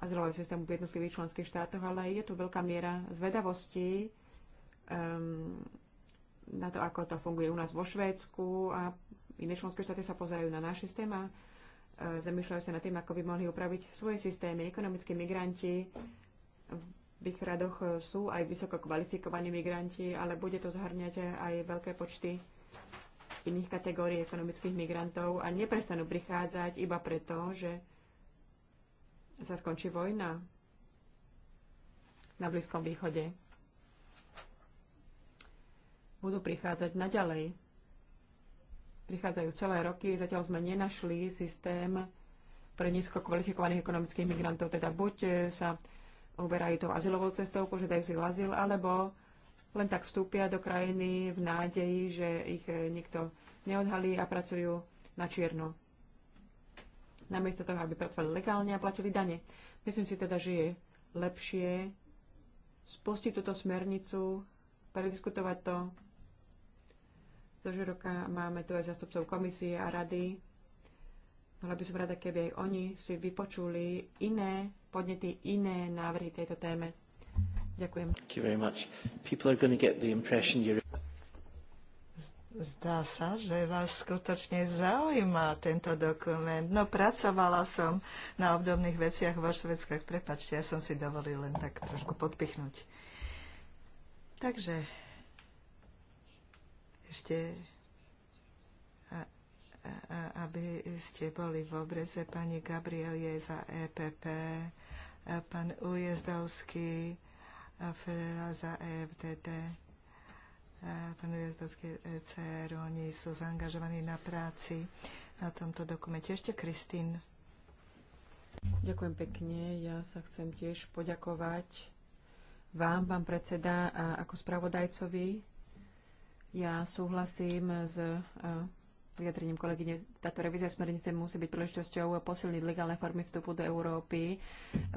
azylového systému v jednotlivých členských štátoch, ale je tu veľká miera zvedavosti um, na to, ako to funguje u nás vo Švédsku a iné členské štáty sa pozerajú na náš systém a zamýšľajú sa nad tým, ako by mohli upraviť svoje systémy. Ekonomickí migranti v ich radoch sú aj vysoko kvalifikovaní migranti, ale bude to zhrňať aj veľké počty iných kategórií ekonomických migrantov a neprestanú prichádzať iba preto, že sa skončí vojna na Blízkom východe. Budú prichádzať naďalej prichádzajú celé roky. Zatiaľ sme nenašli systém pre nízko kvalifikovaných ekonomických migrantov. Teda buď e, sa uberajú tou azylovou cestou, požiadajú si azyl, alebo len tak vstúpia do krajiny v nádeji, že ich e, nikto neodhalí a pracujú na čierno. Namiesto toho, aby pracovali legálne a platili dane. Myslím si teda, že je lepšie spustiť túto smernicu, prediskutovať to zo Žiroka máme tu aj zastupcov komisie a rady. Bola by som rada, keby aj oni si vypočuli iné podnety, iné návrhy tejto téme. Ďakujem. Zdá sa, že vás skutočne zaujíma tento dokument. No, pracovala som na obdobných veciach vo Švedskách. Prepačte, ja som si dovolil len tak trošku podpichnúť. Takže ešte aby ste boli v obreze pani Gabriel je za EPP, pán Ujezdovský Ferrera za EFDD, pán Ujezdovský ECR, oni sú zaangažovaní na práci na tomto dokumente. Ešte Kristín. Ďakujem pekne. Ja sa chcem tiež poďakovať vám, pán predseda, a ako spravodajcovi ja súhlasím s e, vyjadrením kolegyne. Táto revízia smernice musí byť príležitosťou posilniť legálne formy vstupu do Európy,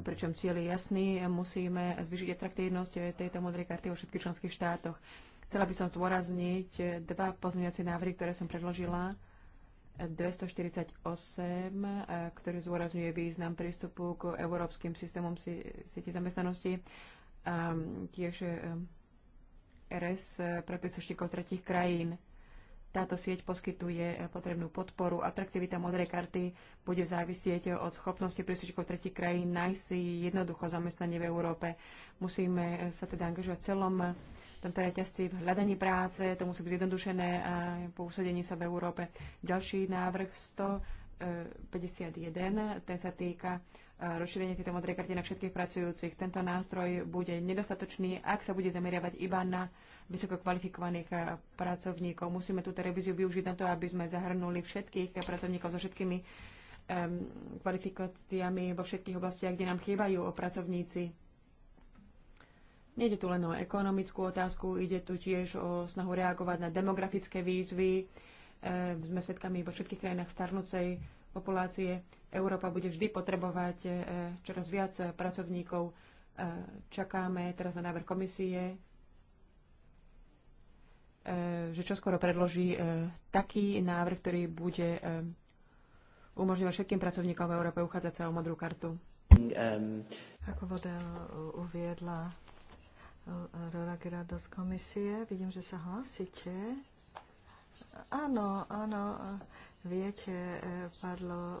pričom cieľ je jasný. Musíme zvýšiť atraktívnosť tejto modrej karty vo všetkých členských štátoch. Chcela by som zdôrazniť dva pozmeňovacie návrhy, ktoré som predložila. 248, e, ktorý zdôrazňuje význam prístupu k európskym systémom siete zamestnanosti. A tiež e, E RS e, pre príslušníkov tretich krajín. Táto sieť poskytuje e, potrebnú podporu. Atraktivita modrej karty bude závisieť od schopnosti príslušníkov tretich krajín nájsť si jednoducho zamestnanie v Európe. Musíme sa teda angažovať v celom tomto reťazci v hľadaní práce, to musí byť jednodušené a po usadení sa v Európe. Ďalší návrh 151, ten sa týka rozšírenie tejto modrej karty na všetkých pracujúcich. Tento nástroj bude nedostatočný, ak sa bude zameriavať iba na vysoko kvalifikovaných pracovníkov. Musíme túto revíziu využiť na to, aby sme zahrnuli všetkých pracovníkov so všetkými um, kvalifikáciami vo všetkých oblastiach, kde nám chýbajú pracovníci. Nejde tu len o ekonomickú otázku, ide tu tiež o snahu reagovať na demografické výzvy. E, sme svedkami vo všetkých krajinách starnúcej populácie. Európa bude vždy potrebovať e, čoraz viac pracovníkov. E, čakáme teraz na návrh komisie, e, že čoskoro predloží taký návrh, ktorý bude umožňovať všetkým pracovníkom v Európe uchádzať sa o modrú kartu. Ako voda uviedla Rora Gerardo z komisie, vidím, že sa hlasíte. Áno, áno. Viete, e, padlo e,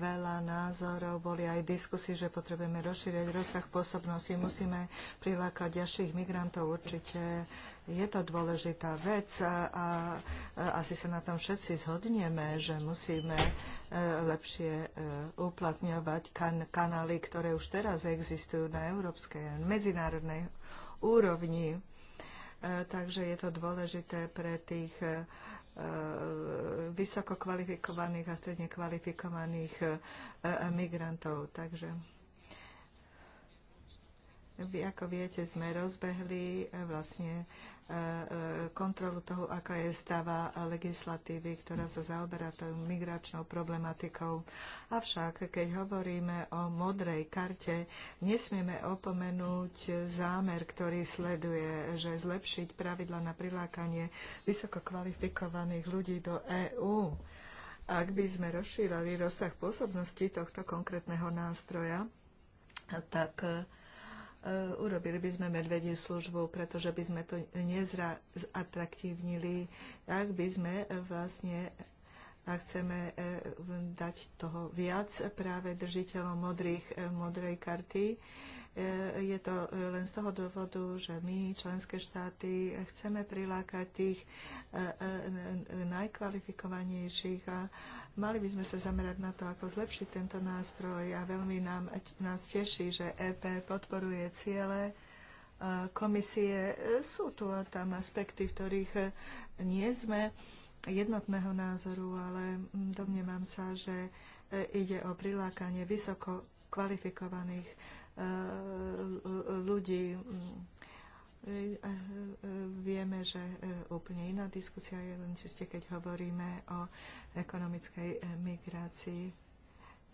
veľa názorov, boli aj diskusie, že potrebujeme rozšíriť rozsah pôsobnosti, musíme prilákať ďalších migrantov určite. Je to dôležitá vec a, a, a asi sa na tom všetci zhodneme, že musíme e, lepšie uplatňovať kan- kanály, ktoré už teraz existujú na európskej a medzinárodnej úrovni. Takže je to dôležité pre tých Eh, vysoko kvalifikovaných a stredne kvalifikovaných eh, migrantov. Takže vy, ako viete, sme rozbehli e, vlastne e, e, kontrolu toho, aká je stava legislatívy, ktorá sa zaoberá tou migračnou problematikou. Avšak, keď hovoríme o modrej karte, nesmieme opomenúť zámer, ktorý sleduje, že zlepšiť pravidla na prilákanie vysoko kvalifikovaných ľudí do EÚ. Ak by sme rozšírali rozsah pôsobnosti tohto konkrétneho nástroja, tak E, urobili by sme medvedie službu, pretože by sme to nezatraktívnili, ak by sme e, vlastne a chceme e, dať toho viac práve držiteľom modrých, modrej karty. Je to len z toho dôvodu, že my, členské štáty, chceme prilákať tých najkvalifikovanejších a Mali by sme sa zamerať na to, ako zlepšiť tento nástroj a veľmi nám, nás teší, že EP podporuje ciele e, komisie. Sú tu a tam aspekty, v ktorých e, nie sme jednotného názoru, ale mm, domnievam sa, že e, ide o prilákanie vysoko kvalifikovaných ľudí mm. E, e, e, vieme, že úplne iná diskusia je len čiste, keď hovoríme o ekonomickej migrácii.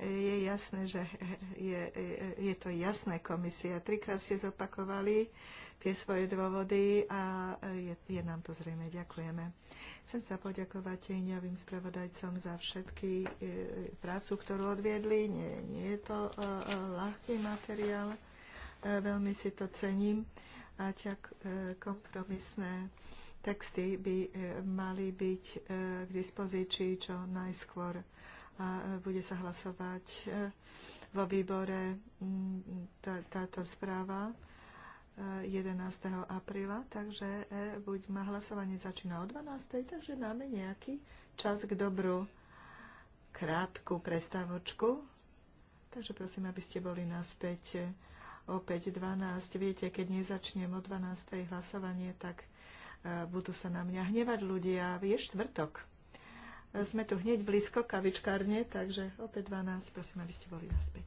Je jasné, že je, je to jasné komisia. Trikrát ste zopakovali tie svoje dôvody a je, je nám to zrejme. Ďakujeme. Chcem sa poďakovať tieňovým spravodajcom za všetky prácu, ktorú odviedli. Nie, nie je to ľahký materiál. Veľmi si to cením a čak e, kompromisné texty by e, mali byť e, k dispozícii čo najskôr a bude sa hlasovať vo výbore tá, táto správa 11. apríla, takže buďme hlasovanie začína o 12. takže máme nejaký čas k dobru krátku prestávočku. Takže prosím, aby ste boli naspäť opäť 5.12. Viete, keď nezačnem o 12.00 hlasovanie, tak e, budú sa na mňa hnevať ľudia. Je štvrtok. E, sme tu hneď blízko kavičkárne, takže opäť 12. Prosím, aby ste boli naspäť.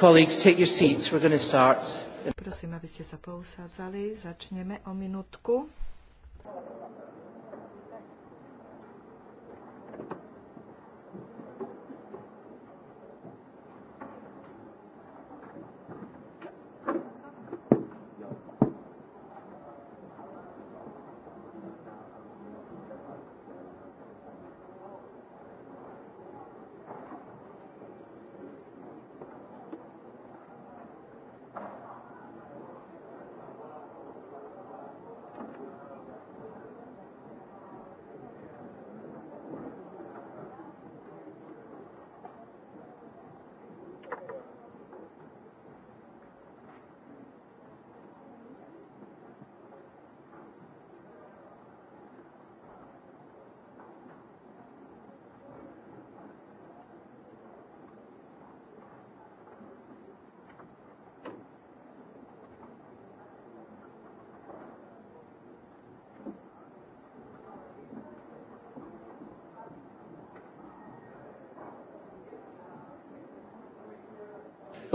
Prosím, aby ste sa pousádzali. Začneme o minútku.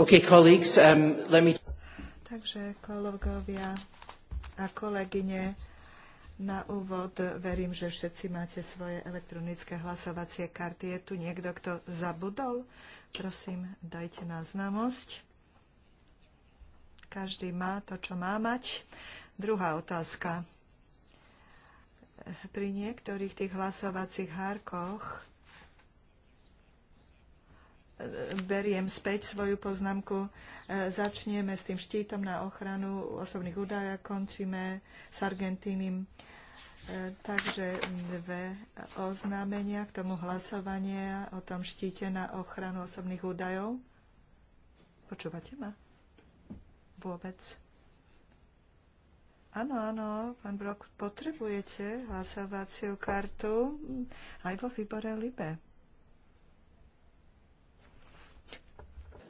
Okay, colleagues, um, let me... Takže kolegovia a kolegyne, na úvod verím, že všetci máte svoje elektronické hlasovacie karty. Je tu niekto, kto zabudol? Prosím, dajte nám známosť. Každý má to, čo má mať. Druhá otázka. Pri niektorých tých hlasovacích hárkoch beriem späť svoju poznámku. Začneme s tým štítom na ochranu osobných údajov, končíme s Argentínim. Takže dve oznámenia k tomu hlasovania o tom štíte na ochranu osobných údajov. Počúvate ma? Vôbec? Áno, áno, pán Brok, potrebujete hlasovaciu kartu aj vo výbore Libe.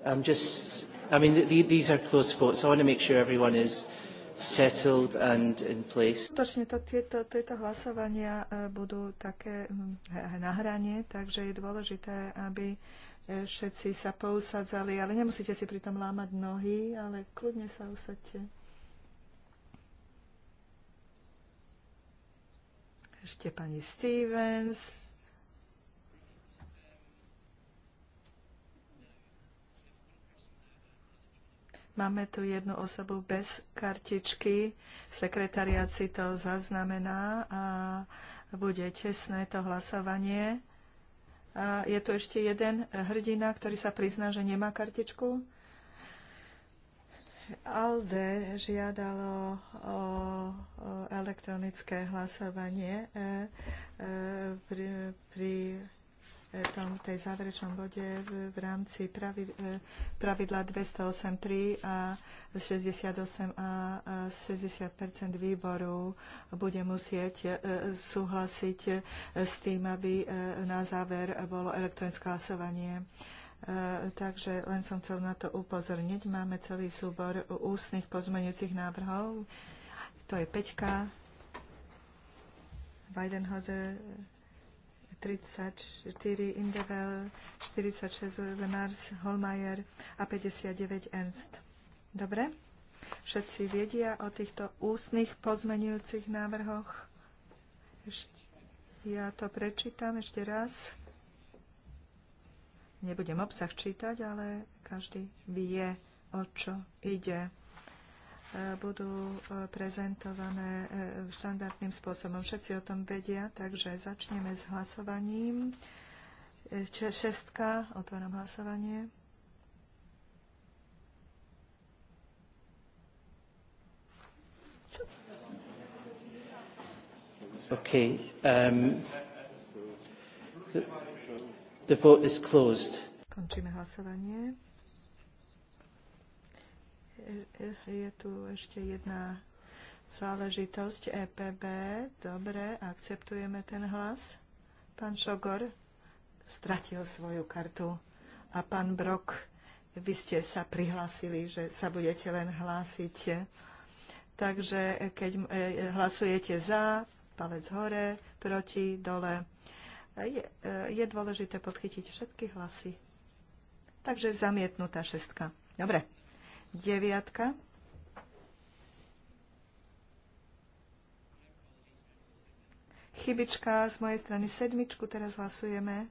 I'm just, I mean, the, these are close votes. So I want to make sure everyone is settled and in place. Skutočne to, tieto, tieto hlasovania e, budú také nahranie, takže je dôležité, aby e, všetci sa pousadzali, ale nemusíte si pritom lámať nohy, ale kľudne sa usadte. Ešte pani Stevens, Máme tu jednu osobu bez kartičky. Sekretariat si to zaznamená a bude tesné to hlasovanie. A je tu ešte jeden hrdina, ktorý sa prizná, že nemá kartičku. ALDE žiadalo o, elektronické hlasovanie e, e, pri, pri E, tom, tej záverečnom bode v, v rámci pravi, e, pravidla 208.3 a 68 a 60 výboru bude musieť e, súhlasiť s tým, aby na záver bolo elektronické hlasovanie takže len som chcel na to upozorniť. Máme celý súbor ústnych pozmeňujúcich návrhov. To je Peťka, Weidenhauser, 34 Indevel, 46 Lenars, Holmeier a 59 Ernst. Dobre? Všetci vedia o týchto ústnych pozmenujúcich návrhoch? Ja to prečítam ešte raz. Nebudem obsah čítať, ale každý vie, o čo ide budú e, prezentované e, štandardným spôsobom. Všetci o tom vedia, takže začneme s hlasovaním. E, šestka, otváram hlasovanie. OK. Um, the, the vote is closed. Končíme hlasovanie je tu ešte jedna záležitosť EPB. Dobre, akceptujeme ten hlas. Pán Šogor stratil svoju kartu a pán Brok, vy ste sa prihlásili, že sa budete len hlásiť. Takže keď e, hlasujete za, palec hore, proti, dole, je, e, je dôležité podchytiť všetky hlasy. Takže zamietnutá šestka. Dobre deviatka. Chybička z mojej strany sedmičku, teraz hlasujeme.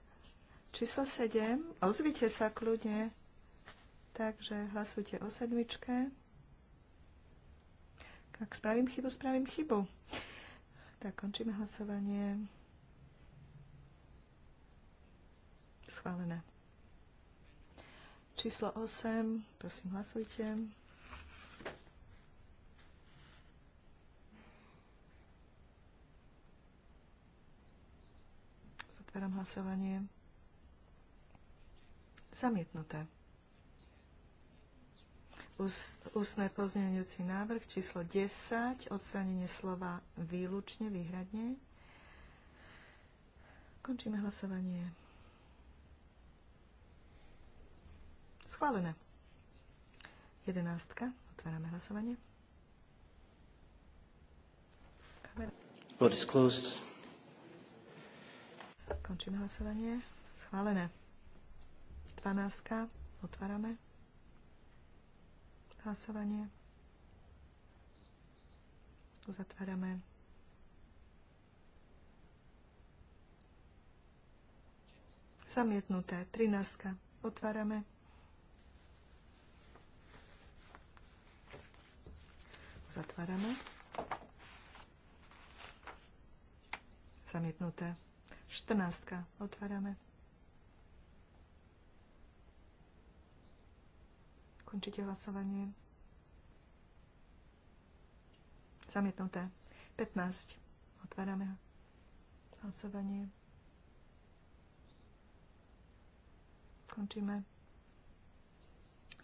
Číslo 7, ozvite sa kľudne. Takže hlasujte o sedmičke. Ak spravím chybu, spravím chybu. Tak končíme hlasovanie. Schválené. Číslo 8, prosím hlasujte. Zatváram hlasovanie. Zamietnuté. Ús, ústne pozmeňujúci návrh číslo 10, odstranenie slova výlučne, výhradne. Končíme hlasovanie. Schválené. Jedenáctka. Otvárame hlasovanie. Končíme Vote is closed. hlasovanie. Schválené. Dvanáctka. Otvárame. Hlasovanie. Uzatvárame. Zamietnuté. Trináctka. Otvárame. Zatvárame. Zamietnuté. 14. Otvárame. Končíte hlasovanie. Zamietnuté. 15. Otvárame hlasovanie. Končíme.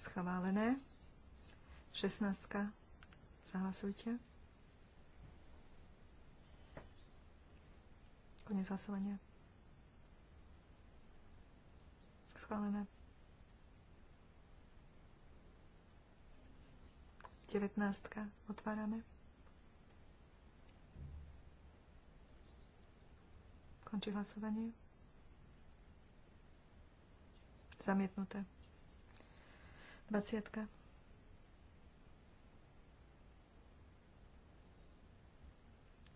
Schválené. 16. Zahlasujte. Konec hlasovania. Schválené. 19. Otvárame. Končí hlasovanie. Zamietnuté. 20.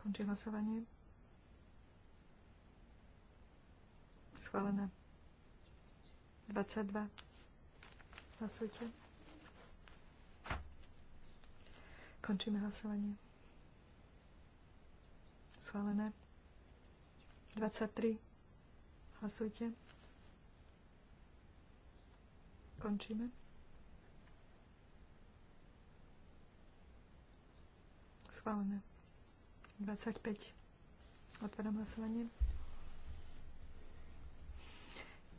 Končím hlasovanie. Schválené. 22. Hlasujte. Končíme hlasovanie. Schválené. 23. Hlasujte. Končíme. Schválené. 25. Otváram hlasovanie.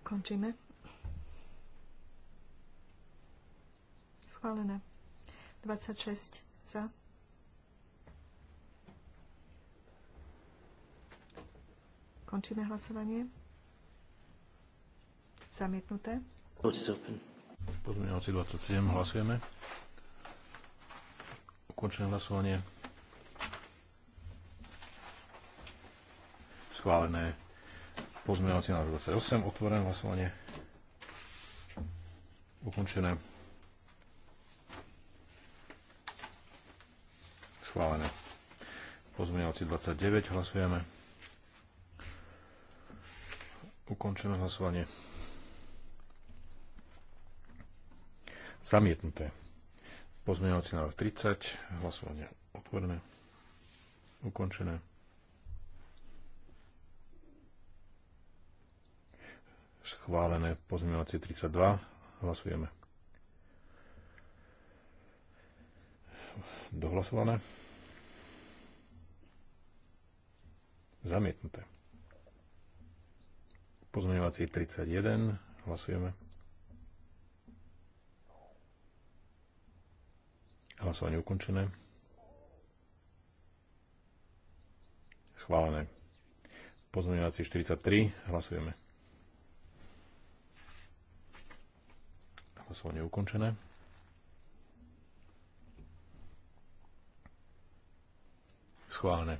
Končíme. Schválené. 26 za. Končíme hlasovanie. Zamietnuté. Pozmeňovací 27. Hlasujeme. Ukončené hlasovanie. schválené. Pozmeňovací návrh 28, otvorené hlasovanie. Ukončené. Schválené. Pozmeňovací 29, hlasujeme. Ukončené hlasovanie. Zamietnuté. Pozmeňovací návrh 30, hlasovanie otvorené, ukončené. schválené pozmeňovacie 32. Hlasujeme. Dohlasované. Zamietnuté. Pozmeňovací 31. Hlasujeme. Hlasovanie ukončené. Schválené. Pozmeňovací 43. Hlasujeme. Hlasovanie je ukončené. Schválené.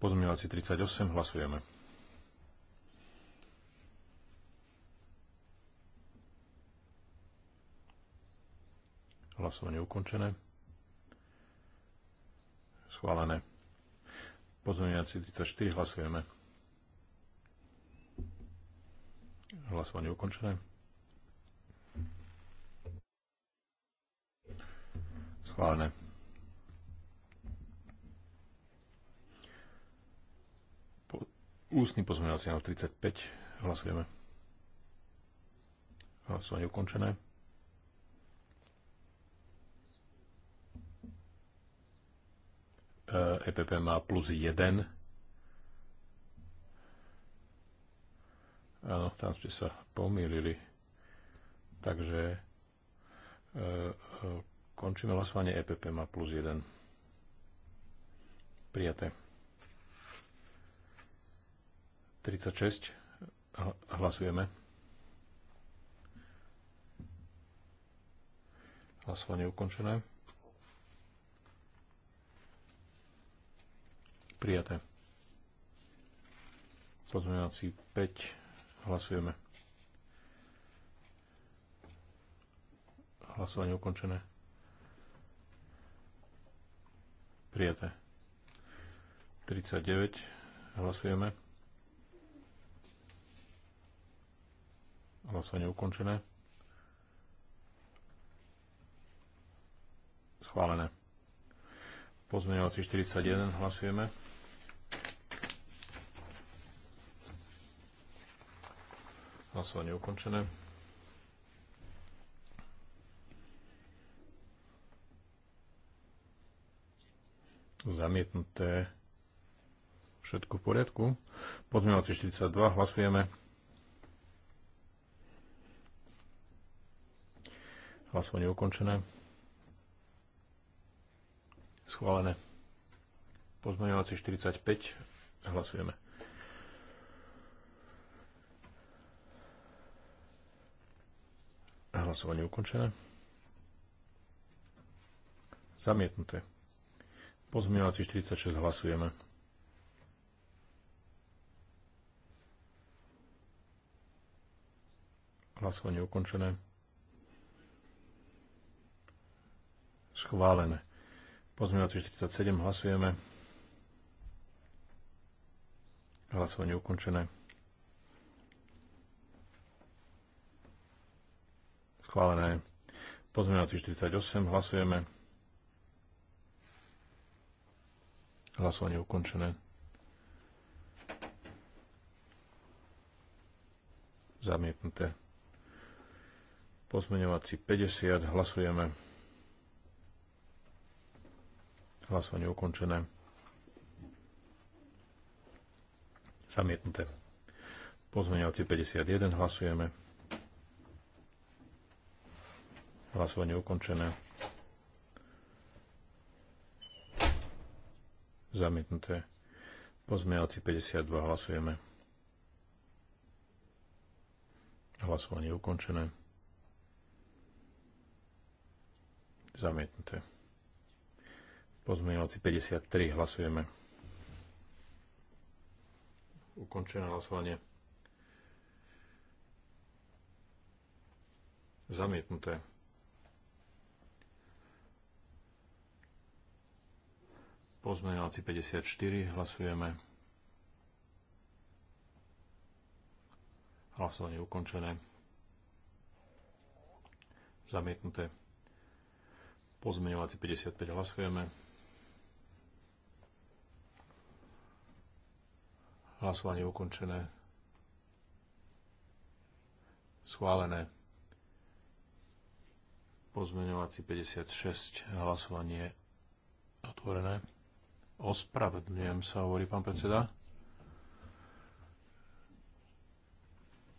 Pozmievací 38, hlasujeme. Hlasovanie ukončené. Schválené. Pozmeňovací 34 hlasujeme. Hlasovanie ukončené. Schválené. Po, ústny pozmeňovací návrh 35. Hlasujeme. Hlasovanie ukončené. EPP e má plus 1 Áno, tam ste sa pomýlili. Takže e, e, končíme hlasovanie EPP má plus 1. Prijaté. 36. Hlasujeme. Hlasovanie ukončené. Prijaté. Pozmeňovací 5 Hlasujeme. Hlasovanie ukončené. Prijaté. 39. Hlasujeme. Hlasovanie ukončené. Schválené. Pozmeňovací 41. Hlasujeme. Hlasovanie ukončené. Zamietnuté. Všetko v poriadku. Pozmeňovací 42. Hlasujeme. Hlasovanie ukončené. Schválené. Pozmeňovací 45. Hlasujeme. Hlasovanie ukončené. Zamietnuté. Pozmeňovací 46 hlasujeme. Hlasovanie ukončené. Schválené. Pozmeňovací 47 hlasujeme. Hlasovanie ukončené. Schválené. Pozmeňovací 48. Hlasujeme. Hlasovanie ukončené. Zamietnuté. Pozmeňovací 50. Hlasujeme. Hlasovanie ukončené. Zamietnuté. Pozmeňovací 51. Hlasujeme. Hlasovanie ukončené. Zamietnuté. Pozmeňovací 52 hlasujeme. Hlasovanie ukončené. Zamietnuté. Pozmeňovací 53 hlasujeme. Ukončené hlasovanie. Zamietnuté. Pozmeňovací 54. Hlasujeme. Hlasovanie ukončené. Zamietnuté. Pozmeňovací 55. Hlasujeme. Hlasovanie ukončené. Schválené. Pozmeňovací 56. Hlasovanie otvorené. Ospravedlňujem sa, hovorí pán predseda.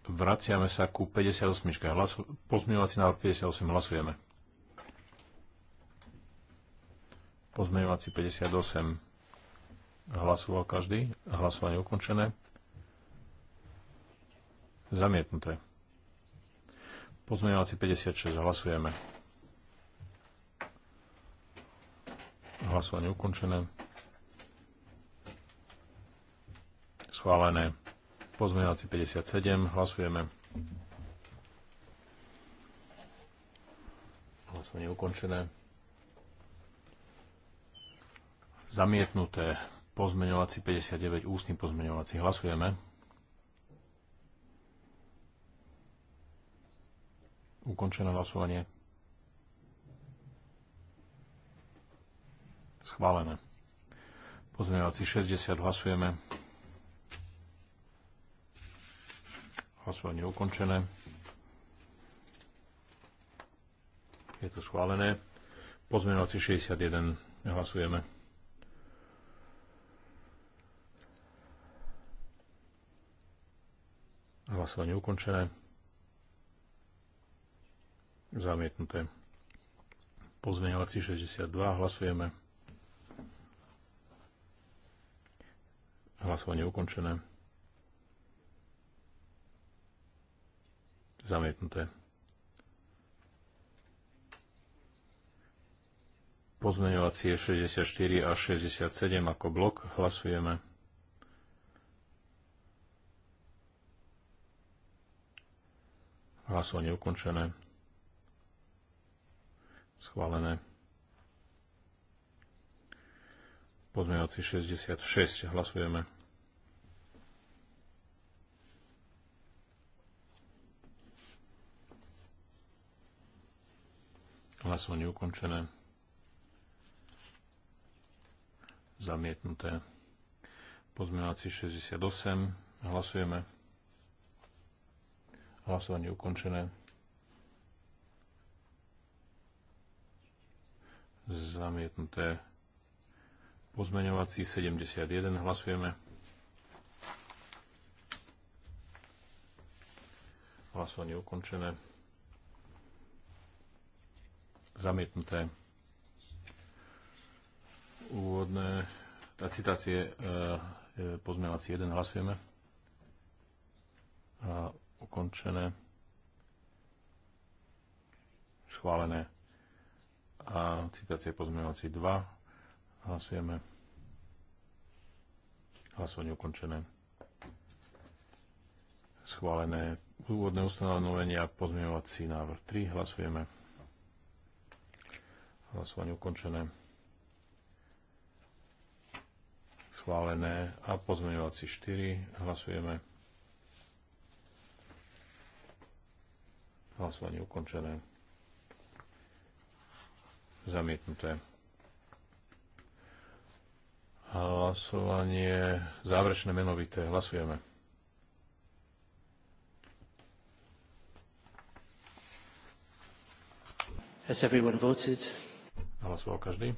Vraciame sa ku 58. Hlasu, Pozmeňovací návrh 58. Hlasujeme. Pozmeňovací 58. Hlasoval každý. Hlasovanie ukončené. Zamietnuté. Pozmeňovací 56. Hlasujeme. Hlasovanie ukončené. Schválené. Pozmeňovací 57. Hlasujeme. Hlasovanie ukončené. Zamietnuté. Pozmeňovací 59. Ústny pozmeňovací. Hlasujeme. Ukončené hlasovanie. Schválené. Pozmeňovací 60. Hlasujeme. Hlasovanie ukončené. Je to schválené. Pozmenovací 61. Hlasujeme. Hlasovanie ukončené. Zamietnuté. Pozmeňovací 62. Hlasujeme. Hlasovanie ukončené. Zamietnuté. Pozmeňovacie 64 a 67 ako blok hlasujeme. Hlasovanie ukončené. Schválené. Pozmeňovací 66. Hlasujeme. Hlasovanie ukončené. Zamietnuté. Pozmenáci 68. Hlasujeme. Hlasovanie ukončené. Zamietnuté. Pozmeňovací 71. Hlasujeme. Hlasovanie ukončené. Zamietnuté. Úvodné citácie e, e, pozmeňovací 1 hlasujeme. A ukončené. Schválené. A citácie pozmeňovací 2 hlasujeme. Hlasovanie ukončené. Schválené úvodné ustanovenia pozmeňovací návrh 3 hlasujeme. Hlasovanie ukončené. Schválené. A pozmeňovací 4. Hlasujeme. Hlasovanie ukončené. Zamietnuté. Hlasovanie záverečné menovité. Hlasujeme. Has everyone voted? Hlasoval každý.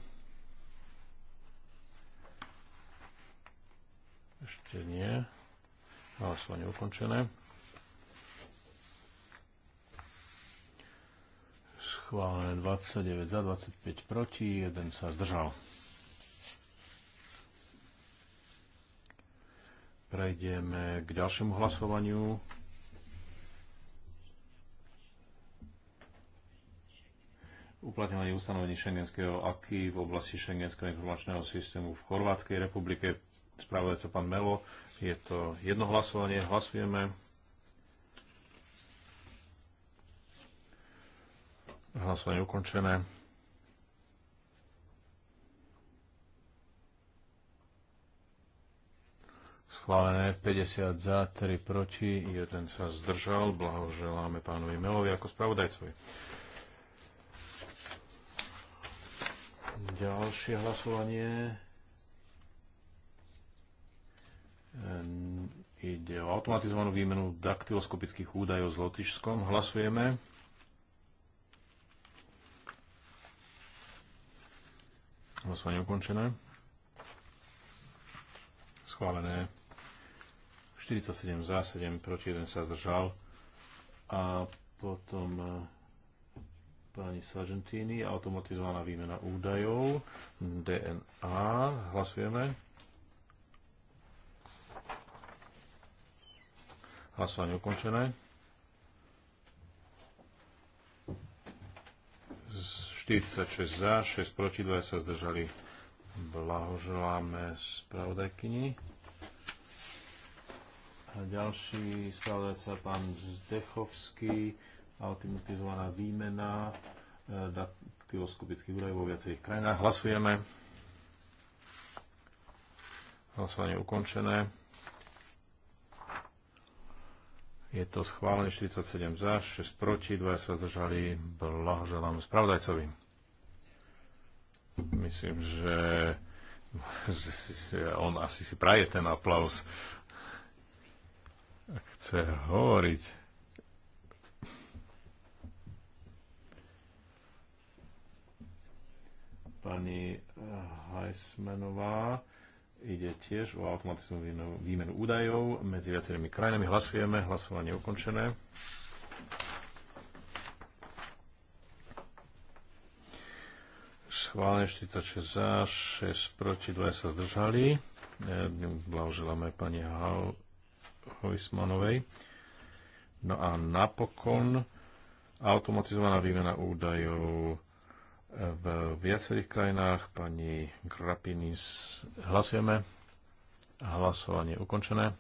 Ešte nie. Hlasovanie ukončené. Schválené 29 za, 25 proti, 1 sa zdržal. Prejdeme k ďalšiemu hlasovaniu. uplatňovaní ustanovení šengenského aký v oblasti šengenského informačného systému v Chorvátskej republike. sa pán Melo, je to jedno hlasovanie, hlasujeme. Hlasovanie ukončené. Schválené 50 za, 3 proti, jeden sa zdržal. Blahoželáme pánovi Melovi ako spravodajcovi. Ďalšie hlasovanie ehm, ide o automatizovanú výmenu daktyloskopických údajov s Lotyšskom. Hlasujeme. Hlasovanie ukončené. Schválené. 47 za, 7 proti, 1 sa zdržal. A potom pani Sargentini, automatizovaná výmena údajov, DNA, hlasujeme. Hlasovanie ukončené. Z 46 za, 6 proti, 2 sa zdržali. Blahoželáme spravodajkyni. A ďalší spravodajca, pán Zdechovský automatizovaná výmena e, daktyloskopických údajov vo viacerých krajinách. Hlasujeme. Hlasovanie ukončené. Je to schválené 47 za, 6 proti, 2 sa zdržali. Blahoželám spravodajcovi. Myslím, že, že si, on asi si praje ten aplaus. Chce hovoriť. pani eh, Heismanová. Ide tiež o automatickú výmenu údajov medzi viacerými krajinami. Hlasujeme. Hlasovanie je ukončené. Schválené 46 za, 6 proti, 2 sa zdržali. Eh, blahoželáme pani Hojsmanovej. No a napokon automatizovaná výmena údajov v viacerých krajinách. Pani Grapinis hlasujeme. Hlasovanie ukončené.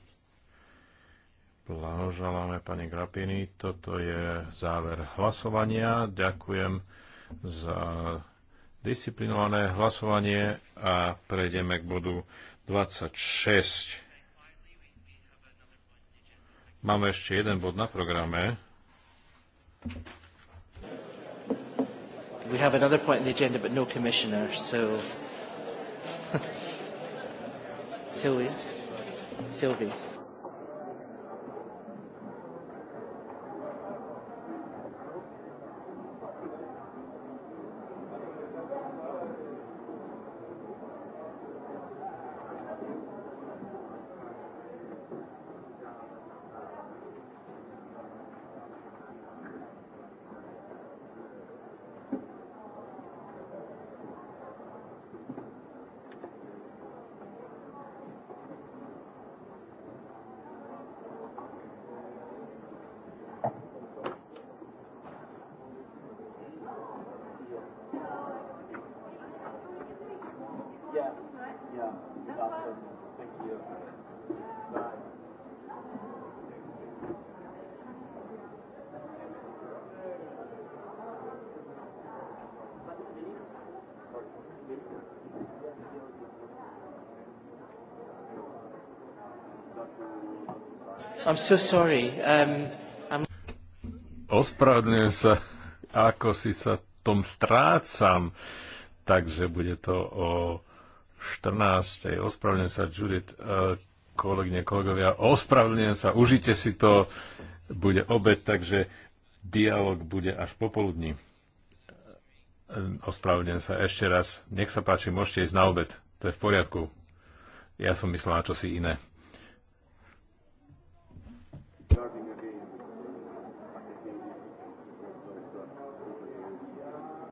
Blahoželáme pani Grapini. Toto je záver hlasovania. Ďakujem za disciplinované hlasovanie a prejdeme k bodu 26. Máme ešte jeden bod na programe we have another point on the agenda, but no commissioner, so... Sylvie. Sylvie. I'm so sorry. Um, I'm... Ospravedlňujem sa, ako si sa tom strácam. Takže bude to o 14. Ospravedlňujem sa, Judith, e, kolegyne, kolegovia. Ospravedlňujem sa, užite si to. Bude obed, takže dialog bude až popoludní. E, ospravedlňujem sa ešte raz. Nech sa páči, môžete ísť na obed. To je v poriadku. Ja som myslel na čosi iné.